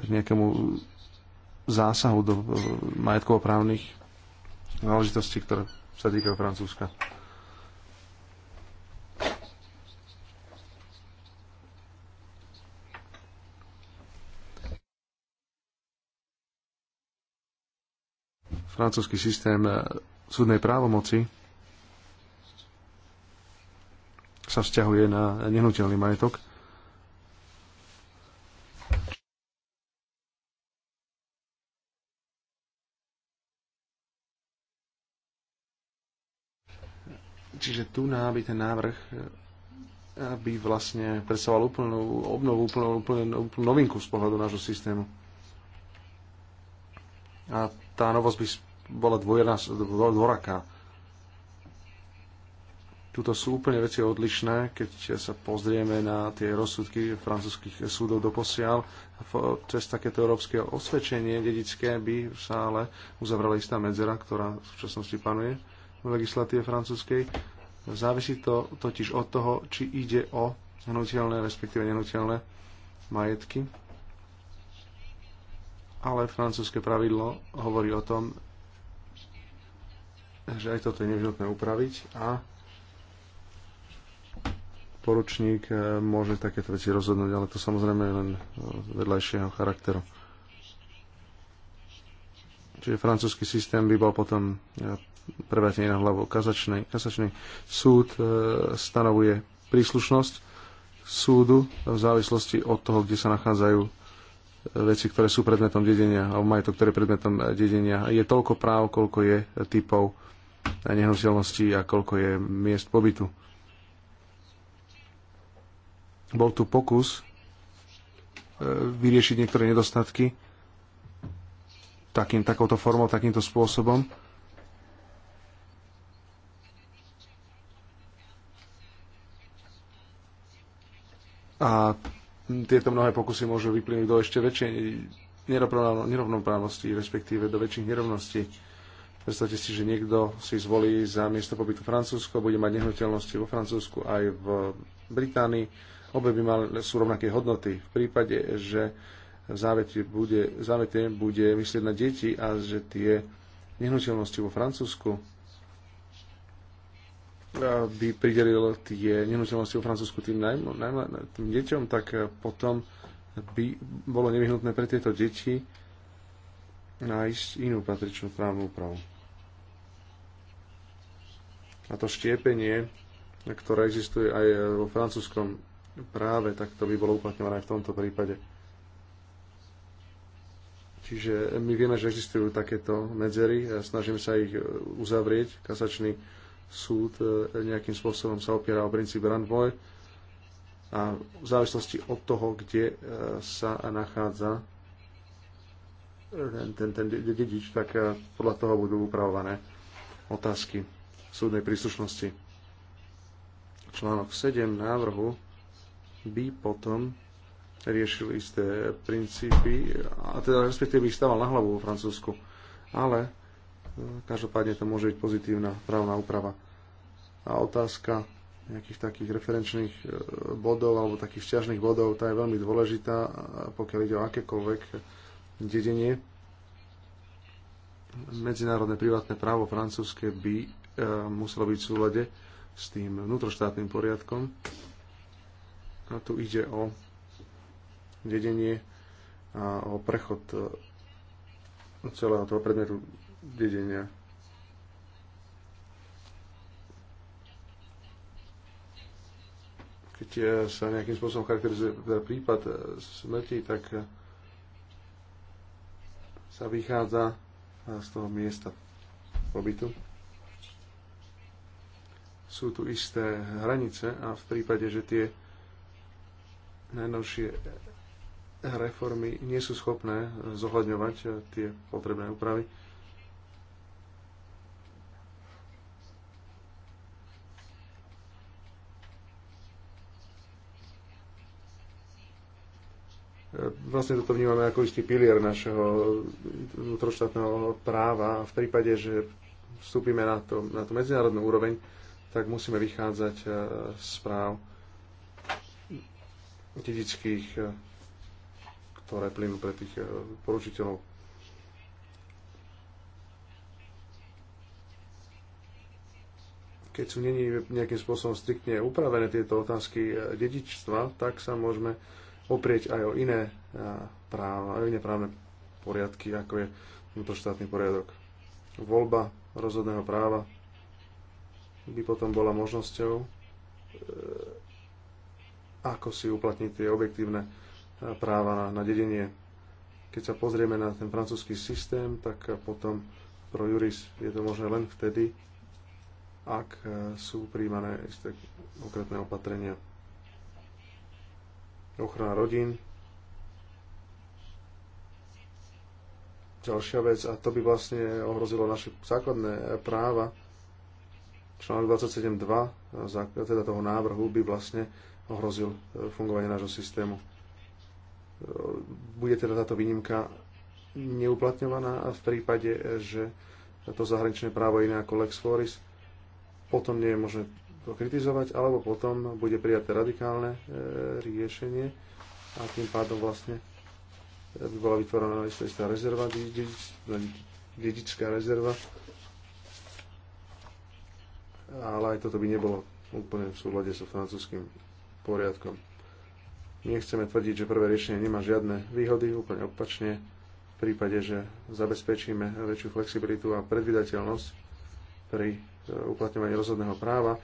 k nejakému zásahu do eh, majetkovo-právnych náležitostí, ktoré sa týkajú Francúzska. francúzsky systém e, súdnej právomoci sa vzťahuje na nehnuteľný majetok. Čiže tu nám by ten návrh e, aby vlastne predstavoval úplnú obnovu, úplnú, úplnú, úplnú novinku z pohľadu nášho systému. A tá novosť by bola dvojená dvoraká. Tuto sú úplne veci odlišné, keď sa pozrieme na tie rozsudky francúzských súdov do posiaľ. Cez takéto európske osvedčenie dedické by sa ale uzavrala istá medzera, ktorá v súčasnosti panuje v legislatíve francúzskej. Závisí to totiž od toho, či ide o hnutelné, respektíve nehnuteľné majetky. Ale francúzske pravidlo hovorí o tom, Takže aj toto je nevyhnutné upraviť a poručník eh, môže takéto veci rozhodnúť, ale to samozrejme je len eh, vedľajšieho charakteru. Čiže francúzsky systém by bol potom eh, prevrátený na hlavu. kazačnej. kazačný súd stanovuje príslušnosť súdu v závislosti od toho, kde sa nachádzajú veci, ktoré sú predmetom dedenia, alebo majetok, ktoré je predmetom dedenia. Je toľko práv, koľko je typov nehnuteľnosti a koľko je miest pobytu. Bol tu pokus e, vyriešiť niektoré nedostatky takým, takouto formou, takýmto spôsobom. A tieto mnohé pokusy môžu vyplynúť do ešte väčšej nerovnoprávnosti, respektíve do väčších nerovností Predstavte si, že niekto si zvolí za miesto pobytu Francúzsko, bude mať nehnuteľnosti vo Francúzsku aj v Británii. Obe by mal, sú rovnaké hodnoty. V prípade, že závetie bude, závete bude myslieť na deti a že tie nehnuteľnosti vo Francúzsku eh, by pridelil tie nehnuteľnosti vo Francúzsku tým, najm, najm, tým deťom, tak potom by bolo nevyhnutné pre tieto deti nájsť inú patričnú právnu úpravu. A to štiepenie, ktoré existuje aj e, vo francúzskom práve, tak to by bolo uplatňované aj v tomto prípade. Čiže my vieme, že existujú takéto medzery a snažím sa ich e, uzavrieť. Kasačný súd e, nejakým spôsobom sa opiera o princíp Randvoj a v závislosti od toho, kde sa nachádza ten, ten, ten dedič, tak eh, podľa toho budú upravované otázky súdnej príslušnosti. Článok 7 návrhu by potom riešil isté princípy, a teda respektíve by ich stával na hlavu vo Francúzsku. Ale eh, každopádne to môže byť pozitívna právna úprava. A otázka nejakých takých referenčných eh, bodov alebo takých vzťažných bodov, tá je veľmi dôležitá, pokiaľ ide o akékoľvek Dedenie Medzinárodné privátne právo francúzske by e, muselo byť v súlade s tým vnútroštátnym poriadkom. A tu ide o dedenie a o prechod e, celého toho predmetu dedenia. Keď e, sa nejakým spôsobom charakterizuje teda prípad smrti, tak sa vychádza e, z toho miesta pobytu. Sú tu isté hranice a v prípade, že tie najnovšie reformy nie sú schopné zohľadňovať e, tie potrebné úpravy, vlastne toto vnímame ako istý pilier našeho vnútroštátneho práva. V prípade, že vstúpime na, to, na tú medzinárodnú úroveň, tak musíme vychádzať e, z práv dedických, e, ktoré plynú pre tých e, poručiteľov. Keď sú není nejakým spôsobom striktne upravené tieto otázky dedičstva, tak sa môžeme oprieť aj o iné, e, práva, iné právne poriadky, ako je vnútroštátny poriadok. Voľba rozhodného práva by potom bola možnosťou, e, ako si uplatniť tie objektívne e, práva na, na dedenie. Keď sa pozrieme na ten francúzsky systém, tak potom pro juris je to možné len vtedy, ak sú príjmané isté konkrétne opatrenia ochrana rodín. Ďalšia vec, a to by vlastne ohrozilo naše základné práva, článok 27.2, teda toho návrhu, by vlastne ohrozil e, fungovanie nášho systému. E, bude teda táto výnimka neuplatňovaná v prípade, e, že to zahraničné právo je iné ako Lex Foris, potom nie je možné to kritizovať, alebo potom bude prijaté radikálne e, riešenie a tým pádom vlastne e, by bola vytvorená istá rezerva, dedičská rezerva. Ale aj toto by nebolo úplne v súhľade so francúzským poriadkom. Nechceme tvrdiť, že prvé riešenie nemá žiadne výhody, úplne opačne. V prípade, že zabezpečíme väčšiu flexibilitu a predvydateľnosť pri e, uplatňovaní rozhodného práva,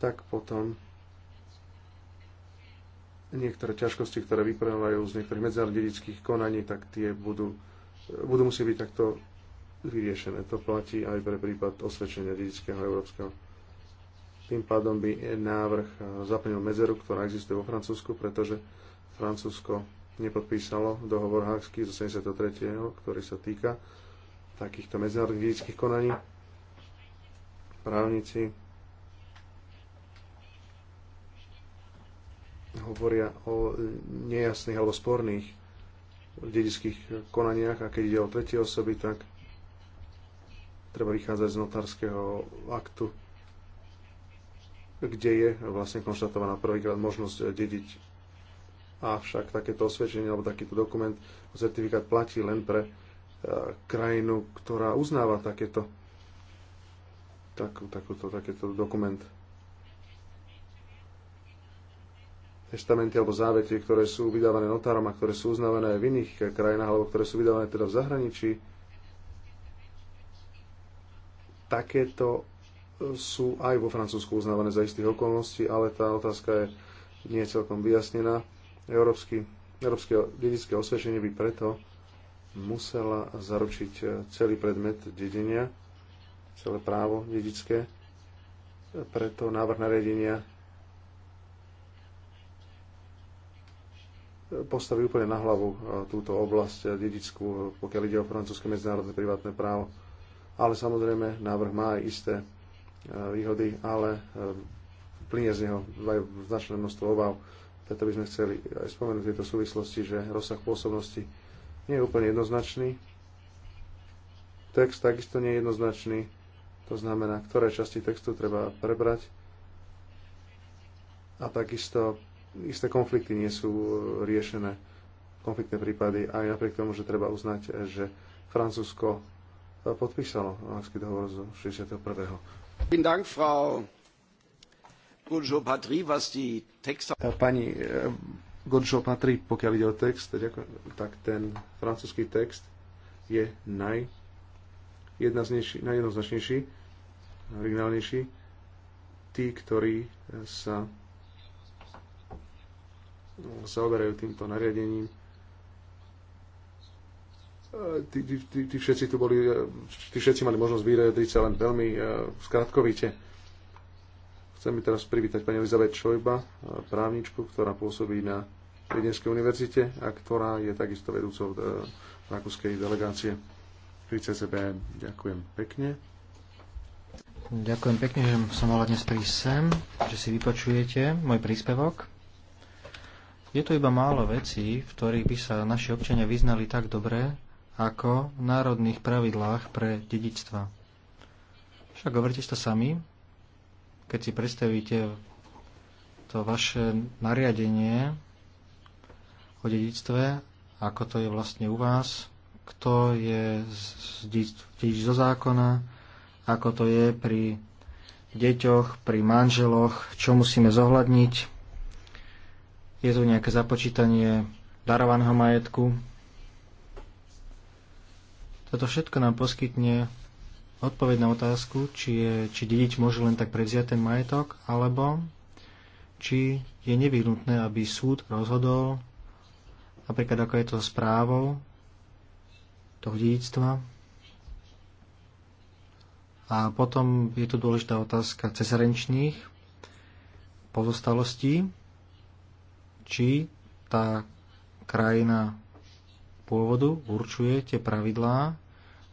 tak potom niektoré ťažkosti, ktoré vyprávajú z niektorých medzinárodných konaní, tak tie budú, budú musieť byť takto vyriešené. To platí aj pre prípad osvedčenia dedického európskeho. Tým pádom by návrh zaplnil medzeru, ktorá existuje vo Francúzsku, pretože Francúzsko nepodpísalo dohovor Hákský z 73., ktorý sa týka takýchto medzinárodných dedických konaní. Právnici hovoria o nejasných alebo sporných dedických konaniach a keď ide o tretie osoby, tak treba vychádzať z notárskeho aktu, kde je vlastne konštatovaná prvýkrát možnosť dediť. Avšak takéto osvedčenie alebo takýto dokument, certifikát platí len pre e, krajinu, ktorá uznáva takéto, takú, takúto, takéto dokument. testamenty alebo závetie, ktoré sú vydávané notárom a ktoré sú uznávané aj v iných krajinách alebo ktoré sú vydávané teda v zahraničí, takéto e, sú aj vo Francúzsku uznávané za istých okolností, ale tá otázka je nie celkom vyjasnená. Európsky, Európske dedické osvedčenie by preto musela zaručiť e, celý predmet dedenia, celé právo dedické. Preto návrh nariadenia postaví úplne na hlavu e, túto oblasť e, dedickú, e, pokiaľ ide o francúzske medzinárodné privátne právo. Ale samozrejme, návrh má aj isté výhody, ale plinie z neho aj značné množstvo obav. Preto by sme chceli aj spomenúť v tejto súvislosti, že rozsah pôsobnosti nie je úplne jednoznačný. Text takisto nie je jednoznačný. To znamená, ktoré časti textu treba prebrať. A takisto isté konflikty nie sú e, riešené, konfliktné prípady, aj napriek tomu, že treba uznať, e, že Francúzsko e, podpísalo Hákský dohovor zo 61. Pani Godžo Patri, pokiaľ ide o text, tak ten francúzsky text je najjednoznačnejší, originálnejší. Tí, ktorí sa zaoberajú týmto nariadením. Tí, tí, tí, tí všetci tu boli, tí všetci mali možnosť vyjadriť sa len veľmi e, skratkovite. Chcem mi teraz privítať pani Elizabeth Šojba, e, právničku, ktorá pôsobí na Viedenskej univerzite a ktorá je takisto vedúcou e, rakúskej delegácie pri CCBM. Ďakujem pekne. Ďakujem pekne, že som mohla dnes prísť sem, že si vypočujete môj príspevok. Je to iba málo vecí, v ktorých by sa naši občania vyznali tak dobre, ako v národných pravidlách pre dedičstva. Však hovoríte to sami, keď si predstavíte to vaše nariadenie o dedičstve, ako to je vlastne u vás, kto je dedič zo zákona, ako to je pri deťoch, pri manželoch, čo musíme zohľadniť, je tu nejaké započítanie darovaného majetku. Toto všetko nám poskytne odpoveď na otázku, či, je, či dedič môže len tak prevziať ten majetok, alebo či je nevyhnutné, aby súd rozhodol, napríklad ako je to správou toho dedictva. A potom je tu dôležitá otázka cesarenčných pozostalostí či tá krajina pôvodu určuje tie pravidlá,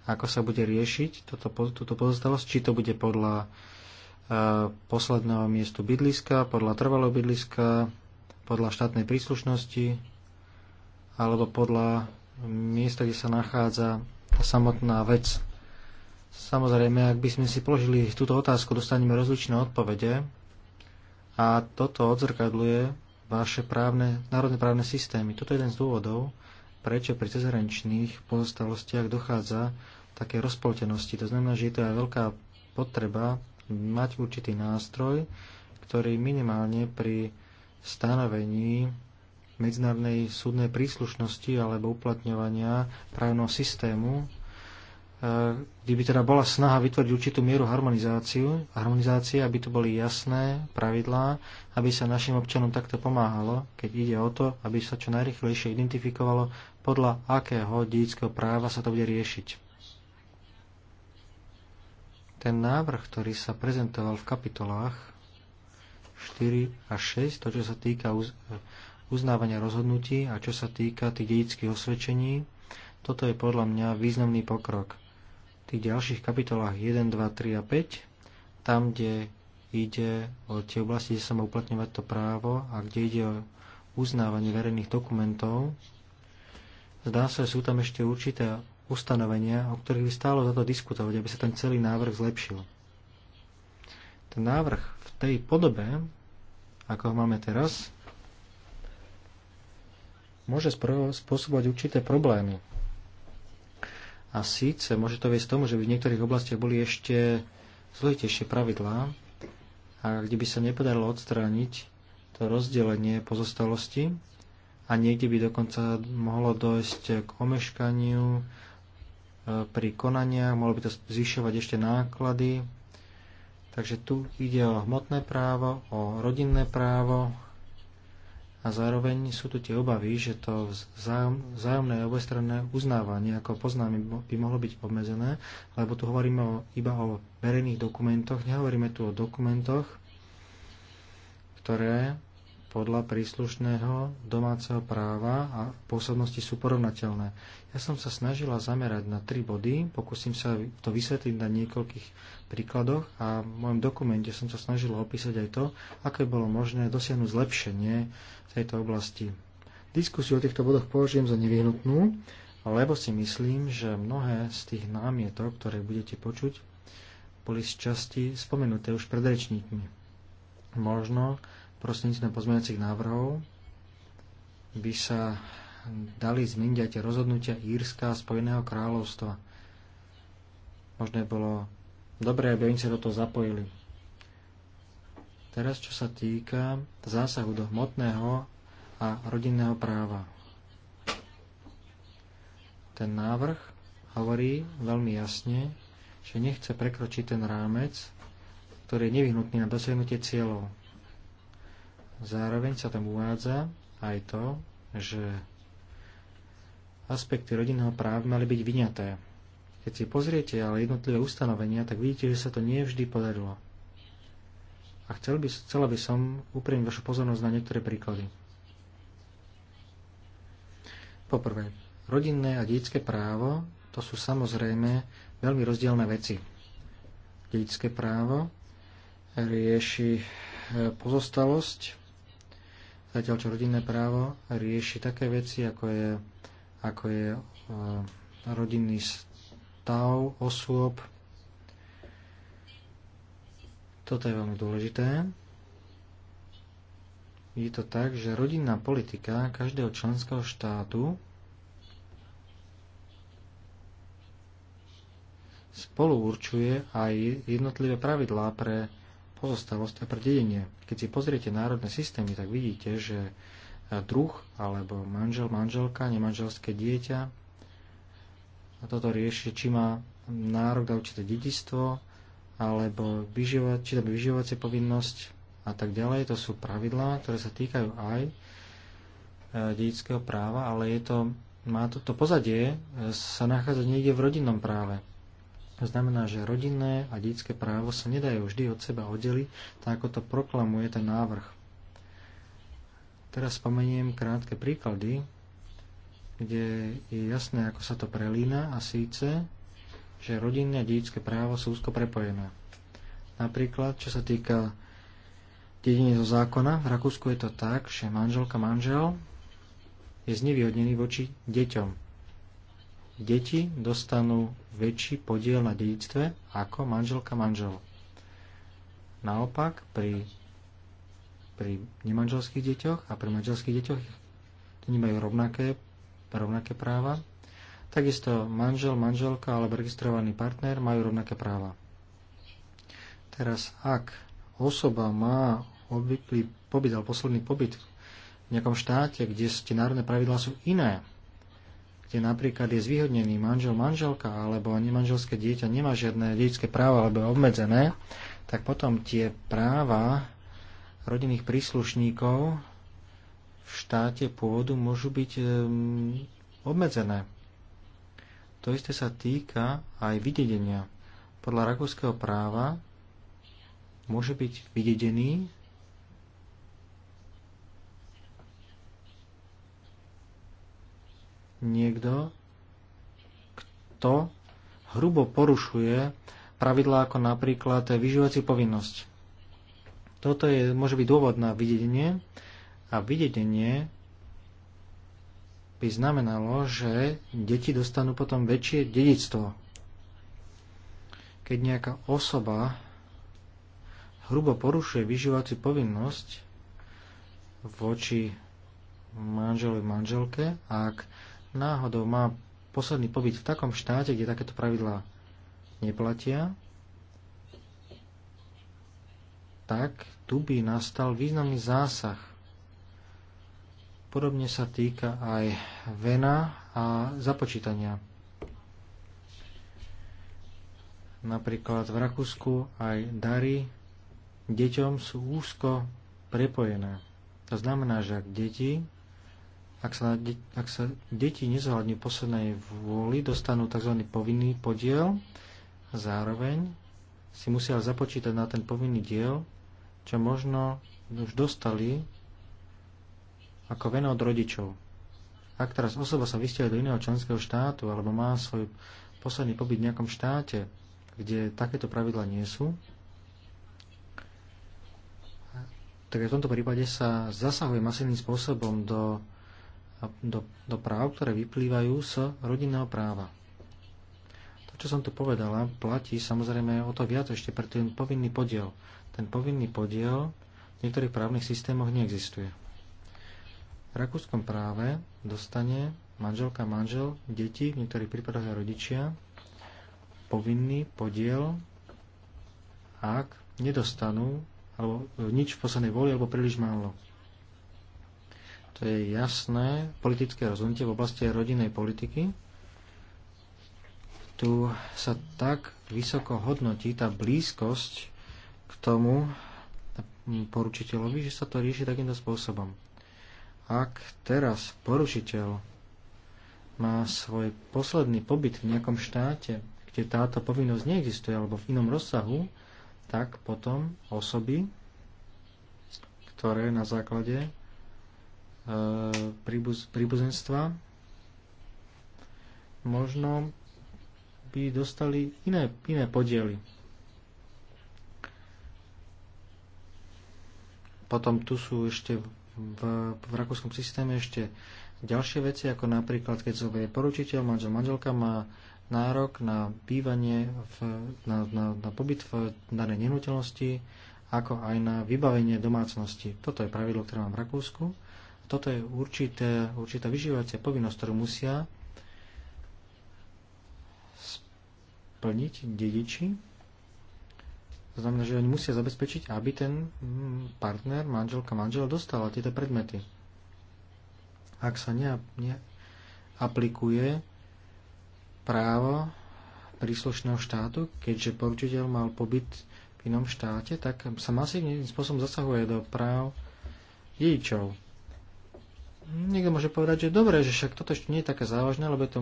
ako sa bude riešiť toto, túto pozostalosť, či to bude podľa e, posledného miestu bydliska, podľa trvalého bydliska, podľa štátnej príslušnosti alebo podľa miesta, kde sa nachádza tá samotná vec. Samozrejme, ak by sme si položili túto otázku, dostaneme rozličné odpovede a toto odzrkadluje vaše právne, národné právne systémy. Toto je jeden z dôvodov, prečo pri cezhraničných pozostalostiach dochádza také rozpoltenosti. To znamená, že je to aj veľká potreba mať určitý nástroj, ktorý minimálne pri stanovení medzinárodnej súdnej príslušnosti alebo uplatňovania právneho systému E, kdyby teda bola snaha vytvoriť určitú mieru harmonizáciu, harmonizácie, aby to boli jasné pravidlá, aby sa našim občanom takto pomáhalo, keď ide o to, aby sa čo najrychlejšie identifikovalo, podľa akého dedického práva sa to bude riešiť. Ten návrh, ktorý sa prezentoval v kapitolách 4 a 6, to, čo sa týka uznávania rozhodnutí a čo sa týka tých dedických osvedčení, toto je podľa mňa významný pokrok tých ďalších kapitolách 1, 2, 3 a 5, tam, kde ide o tie oblasti, kde sa má uplatňovať to právo a kde ide o uznávanie verejných dokumentov, zdá sa, že sú tam ešte určité ustanovenia, o ktorých by stálo za to diskutovať, aby sa ten celý návrh zlepšil. Ten návrh v tej podobe, ako ho máme teraz, môže spôsobovať určité problémy. A síce môže to viesť tomu, že by v niektorých oblastiach boli ešte zložitejšie pravidlá a kde by sa nepodarilo odstrániť to rozdelenie pozostalosti a niekde by dokonca mohlo dojsť k omeškaniu e, pri konaniach, mohlo by to zvyšovať ešte náklady. Takže tu ide o hmotné právo, o rodinné právo, a zároveň sú tu tie obavy, že to vzájomné obojstranné uznávanie, ako poznáme, by mohlo byť obmedzené, lebo tu hovoríme o, iba o verejných dokumentoch, nehovoríme tu o dokumentoch, ktoré podľa príslušného domáceho práva a pôsobnosti sú porovnateľné. Ja som sa snažila zamerať na tri body, pokúsim sa to vysvetliť na niekoľkých príkladoch a v mojom dokumente som sa snažila opísať aj to, aké bolo možné dosiahnuť zlepšenie v tejto oblasti. Diskusiu o týchto bodoch považujem za nevyhnutnú, lebo si myslím, že mnohé z tých námietok, ktoré budete počuť, boli z časti spomenuté už pred rečníkmi. Možno prostredníctvom pozmeňujúcich návrhov by sa dali zmeniť aj tie rozhodnutia Írska a Spojeného kráľovstva. Možno bolo dobré, aby oni sa do toho zapojili. Teraz, čo sa týka zásahu do hmotného a rodinného práva. Ten návrh hovorí veľmi jasne, že nechce prekročiť ten rámec, ktorý je nevyhnutný na dosiahnutie cieľov. Zároveň sa tam uvádza aj to, že aspekty rodinného práva mali byť vyňaté. Keď si pozriete ale jednotlivé ustanovenia, tak vidíte, že sa to nie vždy podarilo. A chcel by, chcela by som upriamiť vašu pozornosť na niektoré príklady. Poprvé, rodinné a detské právo to sú samozrejme veľmi rozdielne veci. Dedické právo rieši e, pozostalosť Zatiaľ, čo rodinné právo rieši také veci, ako je, ako je e, rodinný stav osôb. Toto je veľmi dôležité. Je to tak, že rodinná politika každého členského štátu spolu určuje aj jednotlivé pravidlá pre pozostalosť a pre dedenie. Keď si pozriete národné systémy, tak vidíte, že e, druh alebo manžel, manželka, nemanželské dieťa a toto rieši, či má nárok na určité dedistvo alebo či tam vyživovacie povinnosť a tak ďalej. To sú pravidlá, ktoré sa týkajú aj e, dedického práva, ale je to, má to, to pozadie e, sa nachádza niekde v rodinnom práve. To znamená, že rodinné a detské právo sa nedajú vždy od seba oddeliť, tak ako to proklamuje ten návrh. Teraz spomeniem krátke príklady, kde je jasné, ako sa to prelína a síce, že rodinné a detské právo sú úzko prepojené. Napríklad, čo sa týka dedine zo zákona, v Rakúsku je to tak, že manželka manžel je znevýhodnený voči deťom deti dostanú väčší podiel na dedictve ako manželka manžel. Naopak pri, pri nemanželských deťoch a pri manželských deťoch nemajú rovnaké, rovnaké práva. Takisto manžel, manželka alebo registrovaný partner majú rovnaké práva. Teraz, ak osoba má obvyklý pobyt alebo posledný pobyt v nejakom štáte, kde tie národné pravidlá sú iné, kde napríklad je zvýhodnený manžel, manželka alebo nemanželské dieťa nemá žiadne dedičské práva alebo je obmedzené, tak potom tie práva rodinných príslušníkov v štáte pôvodu môžu byť obmedzené. To isté sa týka aj vydedenia. Podľa rakúskeho práva môže byť vydedený niekto, kto hrubo porušuje pravidlá ako napríklad vyžívací povinnosť. Toto je, môže byť dôvod na videnie a videnie by znamenalo, že deti dostanú potom väčšie dedictvo. Keď nejaká osoba hrubo porušuje vyžívací povinnosť voči manželovi manželke, ak náhodou má posledný pobyt v takom štáte, kde takéto pravidlá neplatia, tak tu by nastal významný zásah. Podobne sa týka aj vena a započítania. Napríklad v Rakúsku aj dary deťom sú úzko prepojené. To znamená, že ak deti ak sa, ak sa deti nezohľadňujú poslednej vôli, dostanú tzv. povinný podiel a zároveň si musia započítať na ten povinný diel, čo možno už dostali ako veno od rodičov. Ak teraz osoba sa vysťahuje do iného členského štátu alebo má svoj posledný pobyt v nejakom štáte, kde takéto pravidla nie sú, tak v tomto prípade sa zasahuje masívnym spôsobom do do, do práv, ktoré vyplývajú z rodinného práva. To, čo som tu povedala, platí samozrejme o to viac ešte pre ten povinný podiel. Ten povinný podiel v niektorých právnych systémoch neexistuje. V rakúskom práve dostane manželka, manžel, deti, v niektorých prípadoch aj rodičia, povinný podiel, ak nedostanú alebo nič v poslednej voli, alebo príliš málo. To je jasné politické rozhodnutie v oblasti rodinnej politiky. Tu sa tak vysoko hodnotí tá blízkosť k tomu poručiteľovi, že sa to rieši takýmto spôsobom. Ak teraz poručiteľ má svoj posledný pobyt v nejakom štáte, kde táto povinnosť neexistuje alebo v inom rozsahu, tak potom osoby, ktoré na základe E, príbuz, príbuzenstva, možno by dostali iné, iné podiely. Potom tu sú ešte v, v rakúskom systéme ešte ďalšie veci, ako napríklad, keď zoberie poručiteľ, manžel, manželka má nárok na bývanie, v, na, na, na pobyt v danej nenúteľnosti, ako aj na vybavenie domácnosti. Toto je pravidlo, ktoré mám v Rakúsku. Toto je určité, určitá vyživovacia povinnosť, ktorú musia splniť dediči. To znamená, že oni musia zabezpečiť, aby ten mm, partner, manželka, manžel dostala tieto predmety. Ak sa neaplikuje právo príslušného štátu, keďže poručiteľ mal pobyt v inom štáte, tak sa masívnym spôsobom zasahuje do práv dedičov niekto môže povedať, že dobre, že však toto ešte nie je také závažné, lebo je to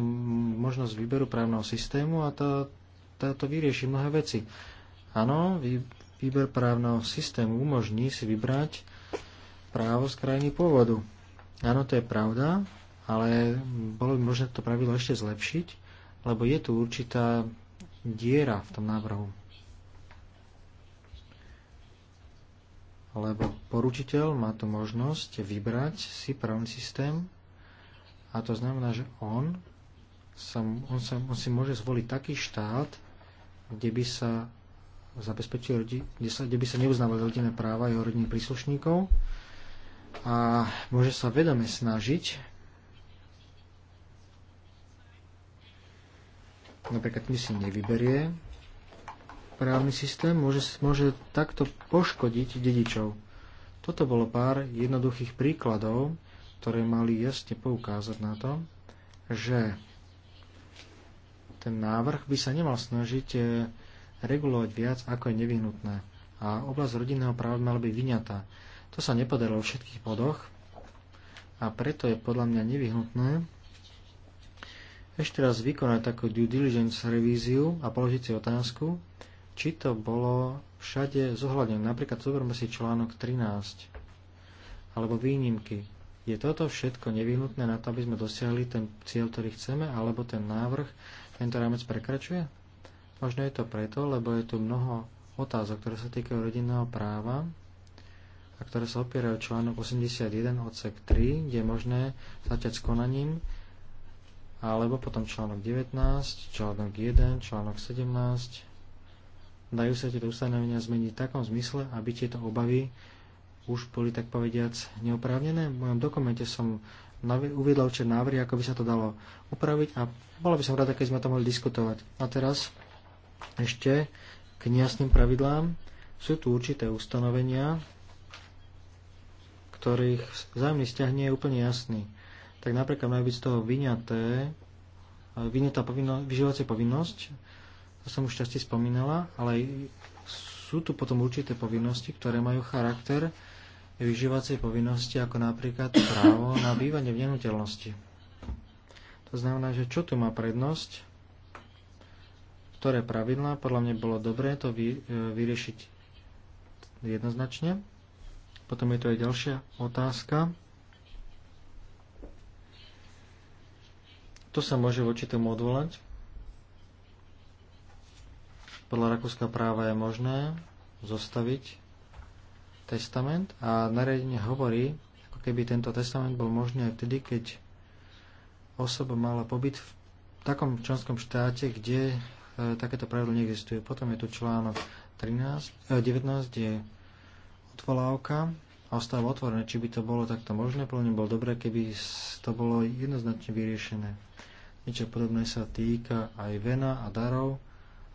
možnosť výberu právneho systému a tá, to vyrieši mnohé veci. Áno, výber právneho systému umožní si vybrať právo z krajiny pôvodu. Áno, to je pravda, ale bolo by možné to pravidlo ešte zlepšiť, lebo je tu určitá diera v tom návrhu. lebo poručiteľ má tu možnosť vybrať si právny systém a to znamená, že on, sa, on, sa, on si môže zvoliť taký štát, kde by sa zabezpečili, kde, sa, kde by sa neuznávali rodinné práva jeho rodinných príslušníkov a môže sa vedome snažiť napríklad my si nevyberie právny systém môže, môže takto poškodiť dedičov. Toto bolo pár jednoduchých príkladov, ktoré mali jasne poukázať na to, že ten návrh by sa nemal snažiť eh, regulovať viac, ako je nevyhnutné. A oblasť rodinného práva mala byť vyňatá. To sa nepodarilo vo všetkých bodoch a preto je podľa mňa nevyhnutné ešte raz vykonať takú due diligence revíziu a položiť si otázku, či to bolo všade zohľadnené. Napríklad zoberme si článok 13 alebo výnimky. Je toto všetko nevyhnutné na to, aby sme dosiahli ten cieľ, ktorý chceme, alebo ten návrh tento rámec prekračuje? Možno je to preto, lebo je tu mnoho otázok, ktoré sa týkajú rodinného práva a ktoré sa opierajú článok 81 odsek 3, kde je možné začať s konaním, alebo potom článok 19, článok 1, článok 17, dajú sa tieto ustanovenia zmeniť v takom zmysle, aby tieto obavy už boli tak povediac neoprávnené. V mojom dokumente som uviedla určite návrhy, ako by sa to dalo upraviť a bola by som rada, keď sme to mohli diskutovať. A teraz ešte k nejasným pravidlám. Sú tu určité ustanovenia, ktorých vzájomný vzťah nie je úplne jasný. Tak napríklad majú byť z toho vyňaté, vyňatá povinno, vyživovacia povinnosť to som už časti spomínala, ale sú tu potom určité povinnosti, ktoré majú charakter vyžívacej povinnosti, ako napríklad právo na bývanie v nehnuteľnosti. To znamená, že čo tu má prednosť, ktoré pravidlá, podľa mňa bolo dobré to vy, e, vyriešiť jednoznačne. Potom je tu aj ďalšia otázka. To sa môže voči tomu odvolať. Podľa rakúskeho práva je možné zostaviť testament a nariadenie hovorí, ako keby tento testament bol možný aj vtedy, keď osoba mala pobyt v takom členskom štáte, kde e, takéto pravidlo neexistuje. Potom je tu článok 13, e, 19, kde je odvolávka a ostáva otvorené, či by to bolo takto možné. plne bolo dobré, keby to bolo jednoznačne vyriešené. Niečo podobné sa týka aj vena a darov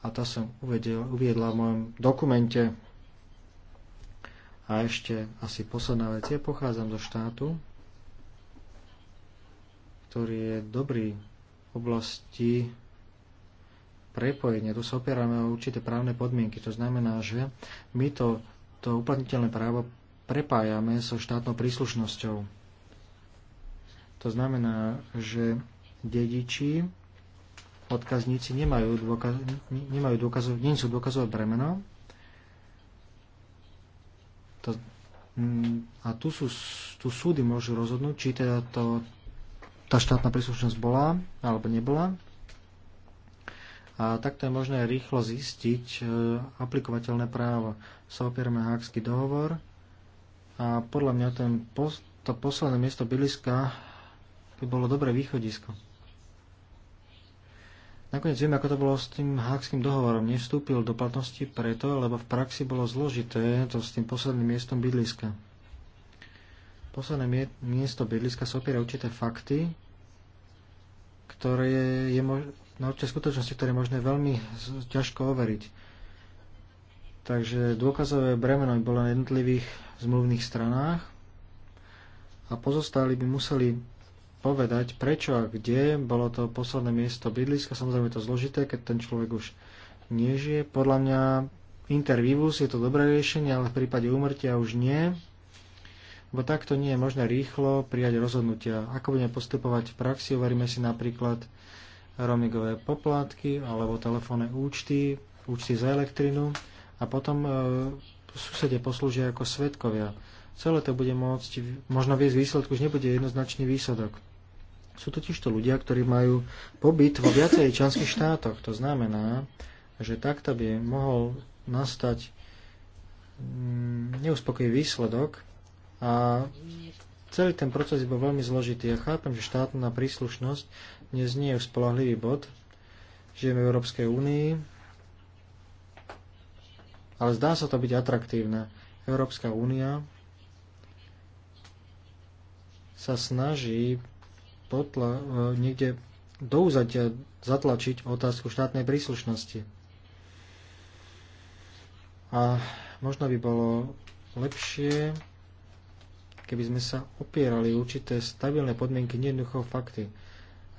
a tá som uvedel, uviedla v mojom dokumente. A ešte asi posledná vec. Ja pochádzam do štátu, ktorý je dobrý v oblasti prepojenia. Tu sa opierame o určité právne podmienky. To znamená, že my to, to uplatniteľné právo prepájame so štátnou príslušnosťou. To znamená, že dediči odkazníci nemajú, dôkaz, nemajú dôkazov, nie sú dôkazové bremeno. To, mm, a tu, sú, tu súdy môžu rozhodnúť, či teda to, tá štátna príslušnosť bola alebo nebola. A takto je možné rýchlo zistiť e, aplikovateľné právo. Sa opierame Hákský dohovor a podľa mňa ten, to posledné miesto byliska by bolo dobré východisko. Nakoniec vieme, ako to bolo s tým hákským dohovorom. Nevstúpil do platnosti preto, lebo v praxi bolo zložité to s tým posledným miestom bydliska. Posledné miesto bydliska sa opiera určité fakty, ktoré je mož- na no, určité skutočnosti, ktoré je možné veľmi ťažko overiť. Takže dôkazové bremeno by bolo na jednotlivých zmluvných stranách a pozostali by museli povedať, prečo a kde bolo to posledné miesto bydliska. Samozrejme je to zložité, keď ten človek už nežije. Podľa mňa intervivus je to dobré riešenie, ale v prípade úmrtia už nie. Bo takto nie je možné rýchlo prijať rozhodnutia. Ako budeme postupovať v praxi, overíme si napríklad roamingové poplatky alebo telefónne účty, účty za elektrinu a potom e, susede poslúžia ako svetkovia. Celé to bude môcť, možno viesť výsledku, už nebude jednoznačný výsledok. Sú totiž to ľudia, ktorí majú pobyt vo viacerých členských štátoch. To znamená, že takto by mohol nastať mm, neuspokojivý výsledok a celý ten proces bol veľmi zložitý. Ja chápem, že štátna príslušnosť dnes nie je spolahlivý bod. Žijeme v Európskej únii, ale zdá sa to byť atraktívne. Európska únia sa snaží potla, e, niekde do úzadia zatlačiť otázku štátnej príslušnosti. A možno by bolo lepšie, keby sme sa opierali určité stabilné podmienky, nejednoducho fakty.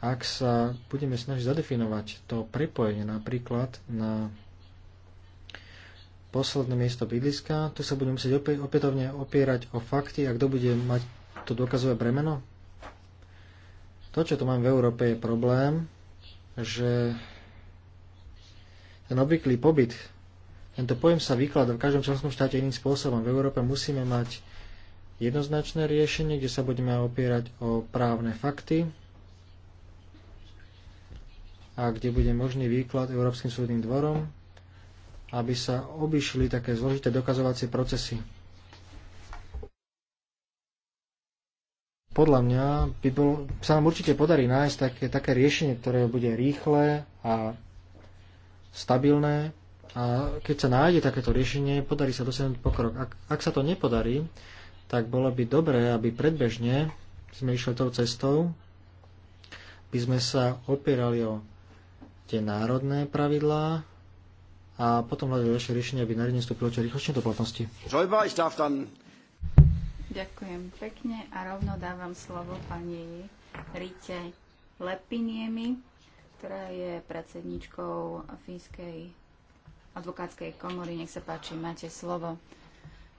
Ak sa budeme snažiť zadefinovať to prepojenie napríklad na posledné miesto bydliska, tu sa budeme musieť opätovne opierať o fakty a kto bude mať to dôkazové bremeno? To, čo tu mám v Európe, je problém, že ten obvyklý pobyt, tento pojem sa vykladá v každom členskom štáte iným spôsobom. V Európe musíme mať jednoznačné riešenie, kde sa budeme opierať o právne fakty a kde bude možný výklad Európskym súdnym dvorom, aby sa obišli také zložité dokazovacie procesy. Podľa mňa by bol, sa nám určite podarí nájsť také, také riešenie, ktoré bude rýchle a stabilné. A keď sa nájde takéto riešenie, podarí sa dosiahnuť pokrok. Ak, ak sa to nepodarí, tak bolo by dobré, aby predbežne sme išli tou cestou, by sme sa opierali o tie národné pravidlá a potom hľadali ďalšie riešenie, aby nariadenie vstúpilo čo rýchlejšie do platnosti. Ďakujem pekne a rovno dávam slovo pani Rite Lepiniemi, ktorá je predsedničkou Fínskej advokátskej komory. Nech sa páči, máte slovo.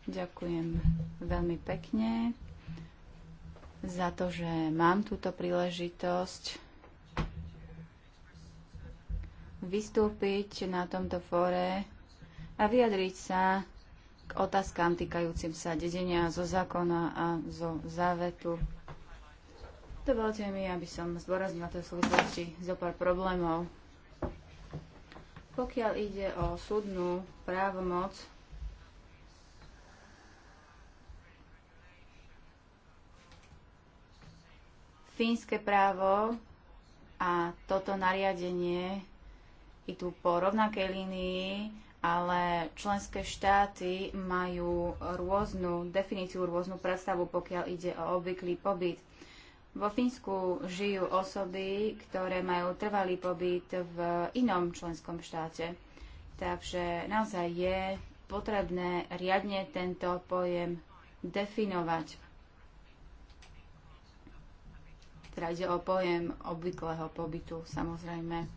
Ďakujem veľmi pekne za to, že mám túto príležitosť vystúpiť na tomto fóre a vyjadriť sa otázkám týkajúcim sa dedenia zo zákona a zo závetu. Dovolte mi, aby som zdôraznila v súvislosti zo pár problémov. Pokiaľ ide o súdnu právomoc, fínske právo a toto nariadenie tu po rovnakej línii ale členské štáty majú rôznu definíciu, rôznu predstavu, pokiaľ ide o obvyklý pobyt. Vo Fínsku žijú osoby, ktoré majú trvalý pobyt v inom členskom štáte. Takže naozaj je potrebné riadne tento pojem definovať. Teda ide o pojem obvyklého pobytu, samozrejme.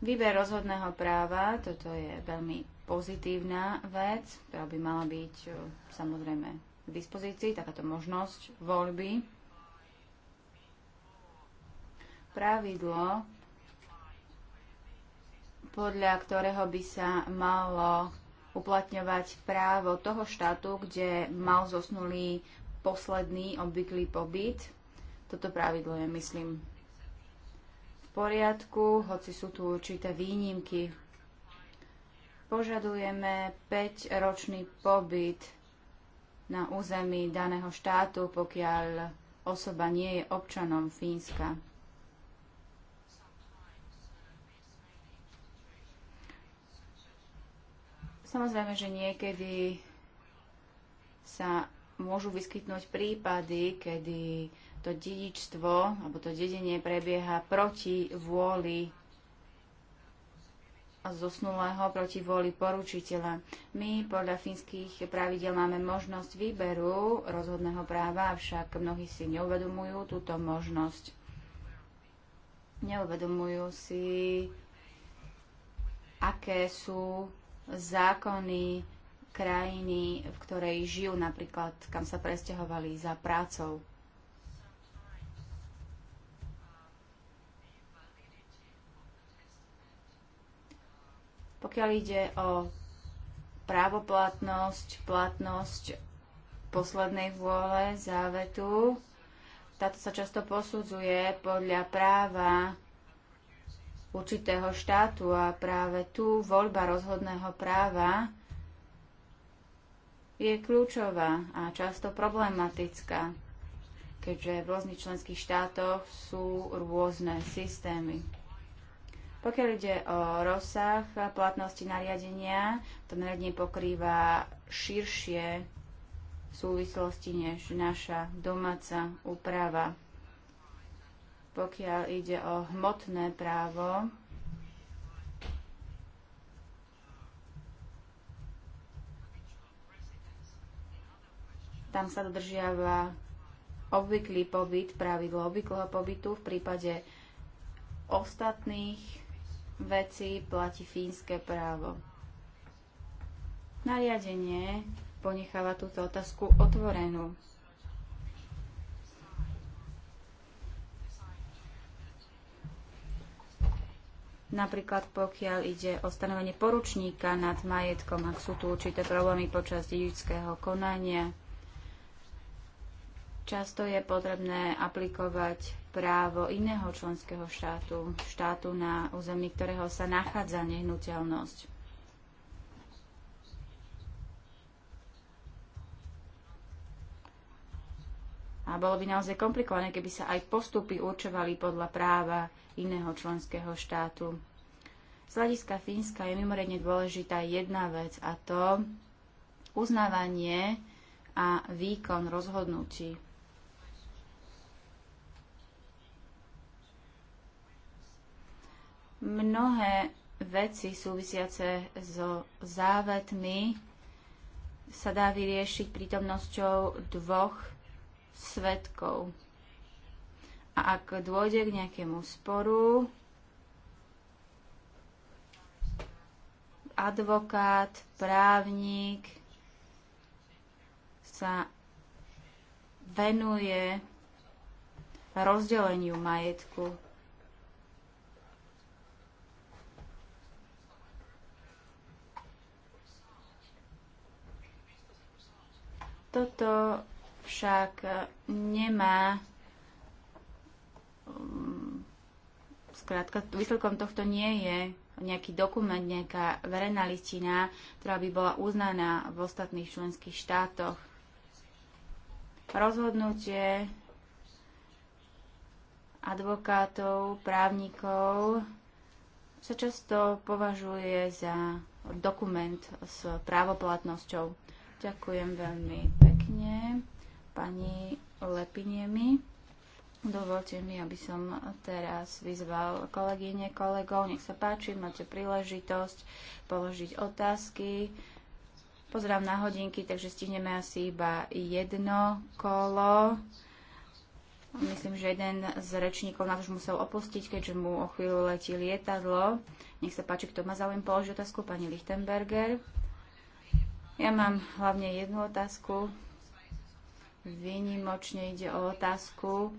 Výber rozhodného práva, toto je veľmi pozitívna vec, ktorá by mala byť eh, samozrejme k dispozícii, takáto možnosť voľby. Pravidlo, podľa ktorého by sa malo uplatňovať právo toho štátu, kde mal zosnulý posledný obvyklý pobyt. Toto pravidlo je, myslím, poriadku, hoci sú tu určité výnimky. Požadujeme 5-ročný pobyt na území daného štátu, pokiaľ osoba nie je občanom Fínska. Samozrejme, že niekedy sa môžu vyskytnúť prípady, kedy to dedičstvo alebo to dedenie prebieha proti vôli zosnulého, proti vôli poručiteľa. My podľa fínskych pravidel máme možnosť výberu rozhodného práva, avšak mnohí si neuvedomujú túto možnosť. Neuvedomujú si, aké sú zákony krajiny, v ktorej žijú, napríklad kam sa presťahovali za prácou. Pokiaľ ide o právoplatnosť, platnosť poslednej vôle závetu, táto sa často posudzuje podľa práva určitého štátu a práve tu voľba rozhodného práva je kľúčová a často problematická, keďže v rôznych členských štátoch sú rôzne systémy. Pokiaľ ide o rozsah platnosti nariadenia, to nariadenie pokrýva širšie súvislosti než naša domáca úprava. Pokiaľ ide o hmotné právo, tam sa dodržiava obvyklý pobyt, pravidlo obvyklého pobytu v prípade ostatných veci platí fínske právo. Nariadenie ponecháva túto otázku otvorenú. Napríklad pokiaľ ide o stanovenie poručníka nad majetkom, ak sú tu určité problémy počas dedičského konania, Často je potrebné aplikovať právo iného členského štátu, štátu na území ktorého sa nachádza nehnuteľnosť. A bolo by naozaj komplikované, keby sa aj postupy určovali podľa práva iného členského štátu. Z hľadiska Fínska je mimoriadne dôležitá jedna vec a to uznávanie a výkon rozhodnutí Mnohé veci súvisiace so závetmi sa dá vyriešiť prítomnosťou dvoch svetkov. A ak dôjde k nejakému sporu, advokát, právnik sa venuje rozdeleniu majetku Toto však nemá um, Skrátka, výsledkom tohto nie je nejaký dokument, nejaká verejná listina, ktorá by bola uznaná v ostatných členských štátoch. Rozhodnutie advokátov, právnikov sa často považuje za dokument s právoplatnosťou. Ďakujem veľmi pekne pani Lepiniemi. Dovolte mi, aby som teraz vyzval kolegyne, kolegov. Nech sa páči, máte príležitosť položiť otázky. Pozrám na hodinky, takže stihneme asi iba jedno kolo. Myslím, že jeden z rečníkov nás už musel opustiť, keďže mu o chvíľu letí lietadlo. Nech sa páči, kto má záujem položiť otázku, pani Lichtenberger. Ja mám hlavne jednu otázku. Výnimočne ide o otázku,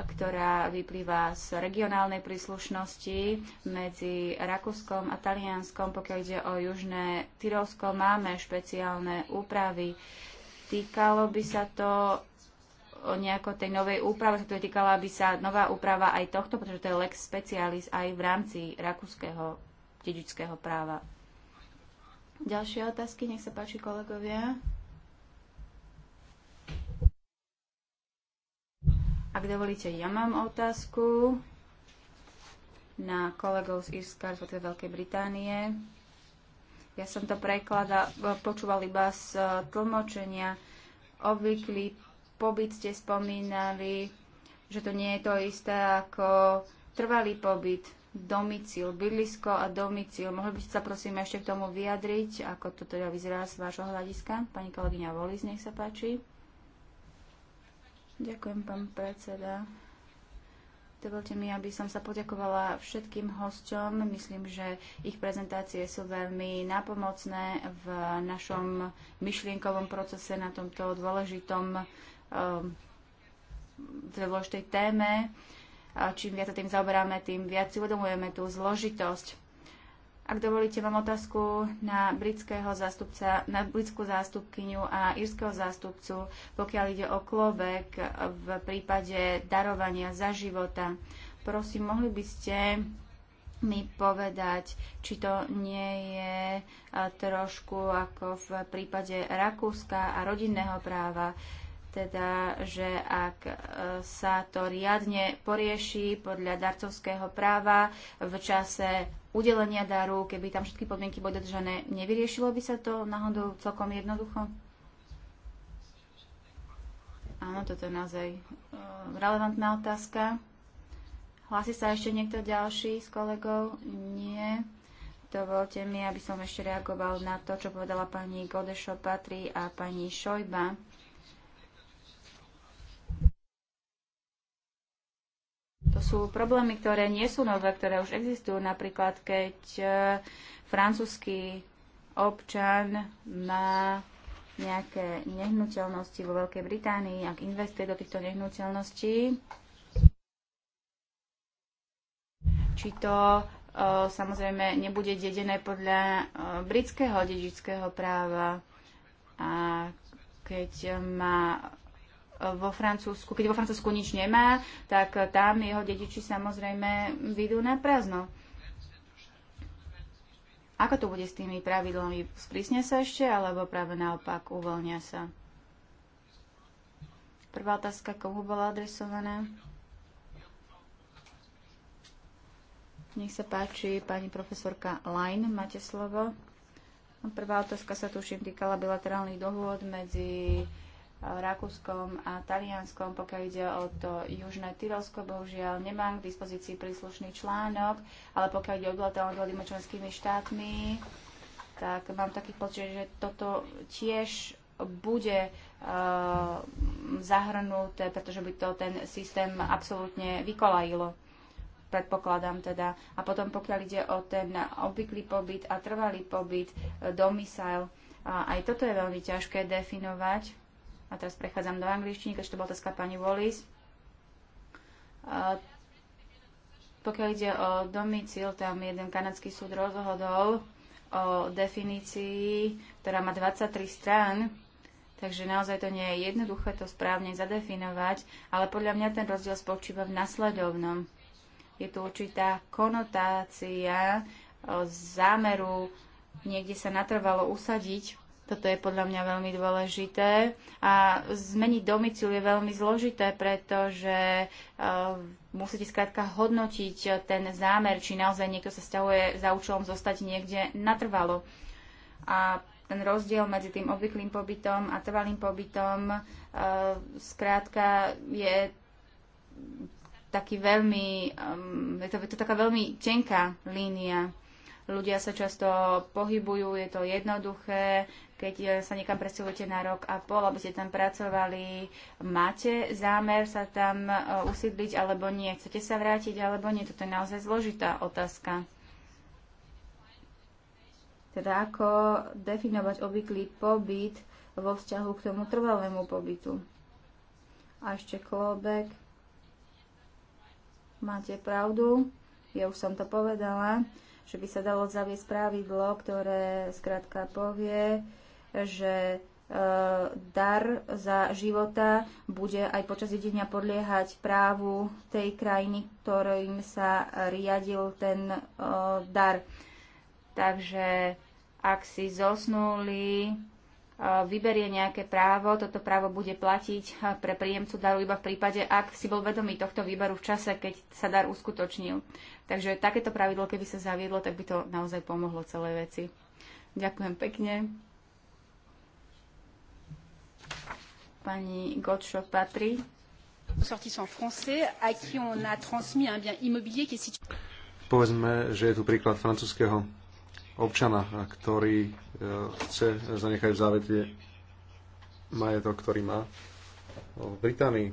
ktorá vyplýva z regionálnej príslušnosti medzi Rakúskom a Talianskom. Pokiaľ ide o Južné Tyrovsko, máme špeciálne úpravy. Týkalo by sa to o nejako tej novej úprave, sa to týkala by sa nová úprava aj tohto, pretože to je lex specialis aj v rámci rakúskeho dedičského práva. Ďalšie otázky, nech sa páči kolegovia. Ak dovolíte, ja mám otázku na kolegov z Irska, z Veľkej Británie. Ja som to preklada, počúval iba z e, tlmočenia. Obvyklý pobyt ste spomínali, že to nie je to isté ako trvalý pobyt domicil, bydlisko a domicil. Mohli by ste sa prosím ešte k tomu vyjadriť, ako to teda vyzerá z vášho hľadiska? Pani kolegyňa Volis, nech sa páči. Ďakujem, pán predseda. Dovolte mi, aby som sa poďakovala všetkým hosťom. Myslím, že ich prezentácie sú veľmi napomocné v našom myšlienkovom procese na tomto dôležitom, ehm, dôležitej téme. Uh, Čím viac sa tým zaoberáme, tým viac si uvedomujeme tú zložitosť. Ak dovolíte, mám otázku na, britského zástupca, na britskú zástupkyňu a írskeho zástupcu, pokiaľ ide o klobek v prípade darovania za života. Prosím, mohli by ste mi povedať, či to nie je trošku ako v prípade Rakúska a rodinného práva, teda, že ak e, sa to riadne porieši podľa darcovského práva v čase udelenia daru, keby tam všetky podmienky boli dodržané, nevyriešilo by sa to náhodou celkom jednoducho? Áno, toto je naozaj e, relevantná otázka. Hlási sa ešte niekto ďalší z kolegov? Nie. Dovolte mi, aby som ešte reagoval na to, čo povedala pani Godešo Patri a pani Šojba To sú problémy, ktoré nie sú nové, ktoré už existujú. Napríklad, keď e, francúzsky občan má nejaké nehnuteľnosti vo Veľkej Británii, ak investuje do týchto nehnuteľností, či to e, samozrejme nebude dedené podľa e, britského dedičského práva. A keď má vo Francúzsku, keď vo Francúzsku nič nemá, tak tam jeho dediči samozrejme vyjdú na prázdno. Ako to bude s tými pravidlami? Sprísne sa ešte, alebo práve naopak uvoľnia sa? Prvá otázka, komu bola adresovaná? Nech sa páči, pani profesorka Line, máte slovo. No, prvá otázka sa tuším týkala bilaterálnych dohôd medzi Rakúskom a Talianskom, pokiaľ ide o to južné Tyrolsko, bohužiaľ nemám k dispozícii príslušný článok, ale pokiaľ ide o bilaterálne dohody medzi členskými štátmi, tak mám taký pocit, že toto tiež bude uh, zahrnuté, pretože by to ten systém absolútne vykolajilo predpokladám teda. A potom pokiaľ ide o ten obvyklý pobyt a trvalý pobyt, eh, domysel, aj toto je veľmi ťažké definovať a teraz prechádzam do angličtiny, keďže to bola otázka pani Wallis. pokiaľ ide o domicil, tam jeden kanadský súd rozhodol o definícii, ktorá má 23 strán, takže naozaj to nie je jednoduché to správne zadefinovať, ale podľa mňa ten rozdiel spočíva v nasledovnom. Je tu určitá konotácia e, zámeru niekde sa natrvalo usadiť toto je podľa mňa veľmi dôležité. A zmeniť domicil je veľmi zložité, pretože uh, musíte skrátka hodnotiť ten zámer, či naozaj niekto sa stiahuje za účelom zostať niekde natrvalo. A ten rozdiel medzi tým obvyklým pobytom a trvalým pobytom uh, skrátka je taký veľmi, um, je, to, je to taká veľmi tenká línia ľudia sa často pohybujú, je to jednoduché, keď e, sa niekam presilujete na rok a pol, aby ste tam pracovali, máte zámer sa tam e, usídliť alebo nie? Chcete sa vrátiť alebo nie? Toto je naozaj zložitá otázka. Teda ako definovať obvyklý pobyt vo vzťahu k tomu trvalému pobytu. A ešte klobek. Máte pravdu, ja už som to povedala, že by sa dalo zaviesť pravidlo, ktoré skrátka povie, že e, dar za života bude aj počas jedenia podliehať právu tej krajiny, ktorým sa riadil ten e, dar. Takže ak si zosnuli, e, vyberie nejaké právo, toto právo bude platiť pre príjemcu daru iba v prípade, ak si bol vedomý tohto výberu v čase, keď sa dar uskutočnil. Takže takéto pravidlo, keby sa zaviedlo, tak by to naozaj pomohlo celej veci. Ďakujem pekne. pani Gočo patrí. Povedzme, že je tu príklad francúzského občana, ktorý e, chce zanechať v závetie majetok, ktorý má v Británii.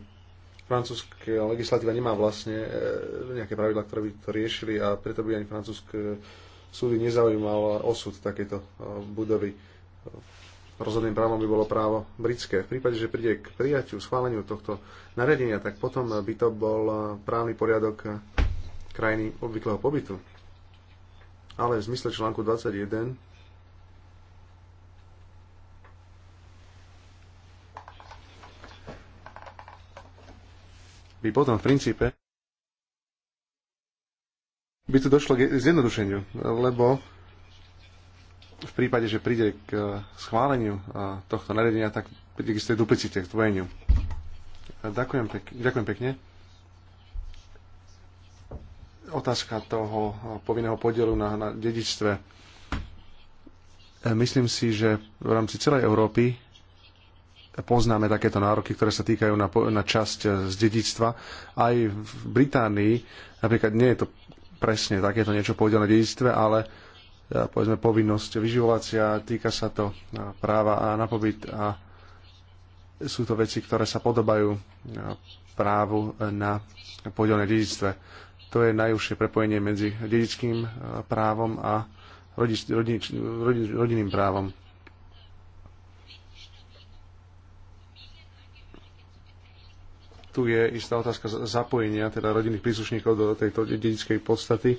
Francúzska legislatíva nemá vlastne e, nejaké pravidla, ktoré by to riešili a preto by ani francúzsk súdy nezaujímal osud takéto e, budovy rozhodným právom by bolo právo britské. V prípade, že príde k prijaťu, schváleniu tohto nariadenia, tak potom by to bol eh, právny poriadok eh, krajiny obvyklého pobytu. Ale v zmysle článku 21 by potom v princípe by tu došlo k zjednodušeniu, lebo v prípade, že príde k eh, schváleniu eh, tohto nariadenia, tak príde k istej duplicite, k dvojeniu. Eh, ďakujem, pek, ďakujem pekne. Otázka toho povinného podielu na, na dedičstve. Myslím si, že v rámci celej Európy poznáme takéto nároky, ktoré sa týkajú na, na časť z dedičstva Aj v Británii napríklad nie je to presne takéto niečo podiel na dedictve, ale E, povedzme, povinnosť vyživovacia, týka sa to e, práva a na pobyt a sú to veci, ktoré sa podobajú e, právu na podielne dedictve. To je najúžšie prepojenie medzi dedickým právom a rodinným právom. Tu je istá otázka zapojenia teda rodinných príslušníkov do tejto dedickej podstaty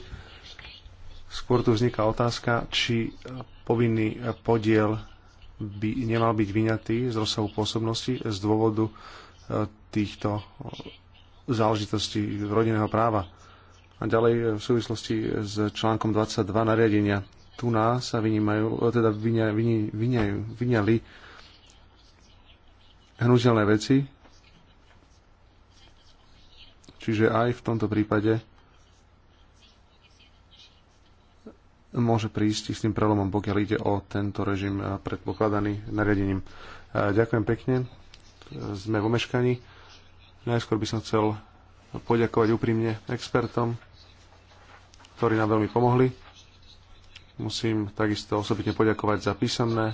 Skôr tu vzniká otázka, či povinný podiel by nemal byť vyňatý z rozsahu pôsobnosti z dôvodu e, týchto e, záležitostí rodinného práva. A ďalej e, v súvislosti s článkom 22 nariadenia tu nás sa vynímajú, teda vyňa, vyni, vyňajú, vyňali hnutelné veci, čiže aj v tomto prípade môže prísť s tým prelomom, pokiaľ ide o tento režim predpokladaný nariadením. Ďakujem pekne. Sme v omeškaní. Najskôr by som chcel poďakovať úprimne expertom, ktorí nám veľmi pomohli. Musím takisto osobitne poďakovať za písomné,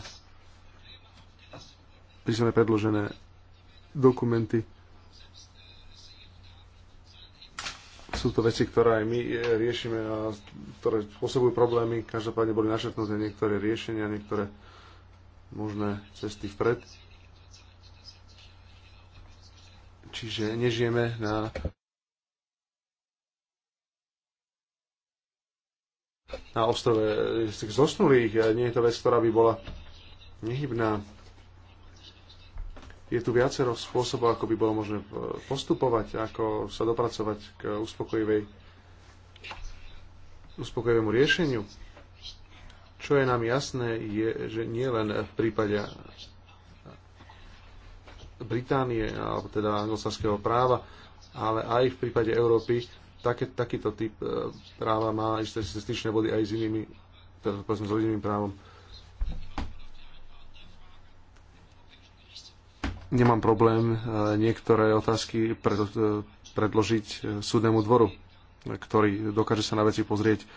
písomné predložené dokumenty sú to veci, ktoré aj my e, riešime a ktoré spôsobujú problémy. Každopádne boli našetnuté niektoré riešenia, niektoré možné cesty vpred. Čiže nežijeme na na ostrove zosnulých. Nie je to vec, ktorá by bola nehybná je tu viacero spôsobov, ako by bolo možné e, postupovať, ako sa dopracovať k uspokojivej, uspokojivému riešeniu. Čo je nám jasné, je, že nie len v prípade Británie, alebo teda anglosaského práva, ale aj v prípade Európy, také, takýto typ e, práva má isté stičné body aj s inými, teda povedzme s rodinným právom. nemám problém e, niektoré otázky e, predložiť e, súdnemu dvoru, ktorý dokáže sa na veci pozrieť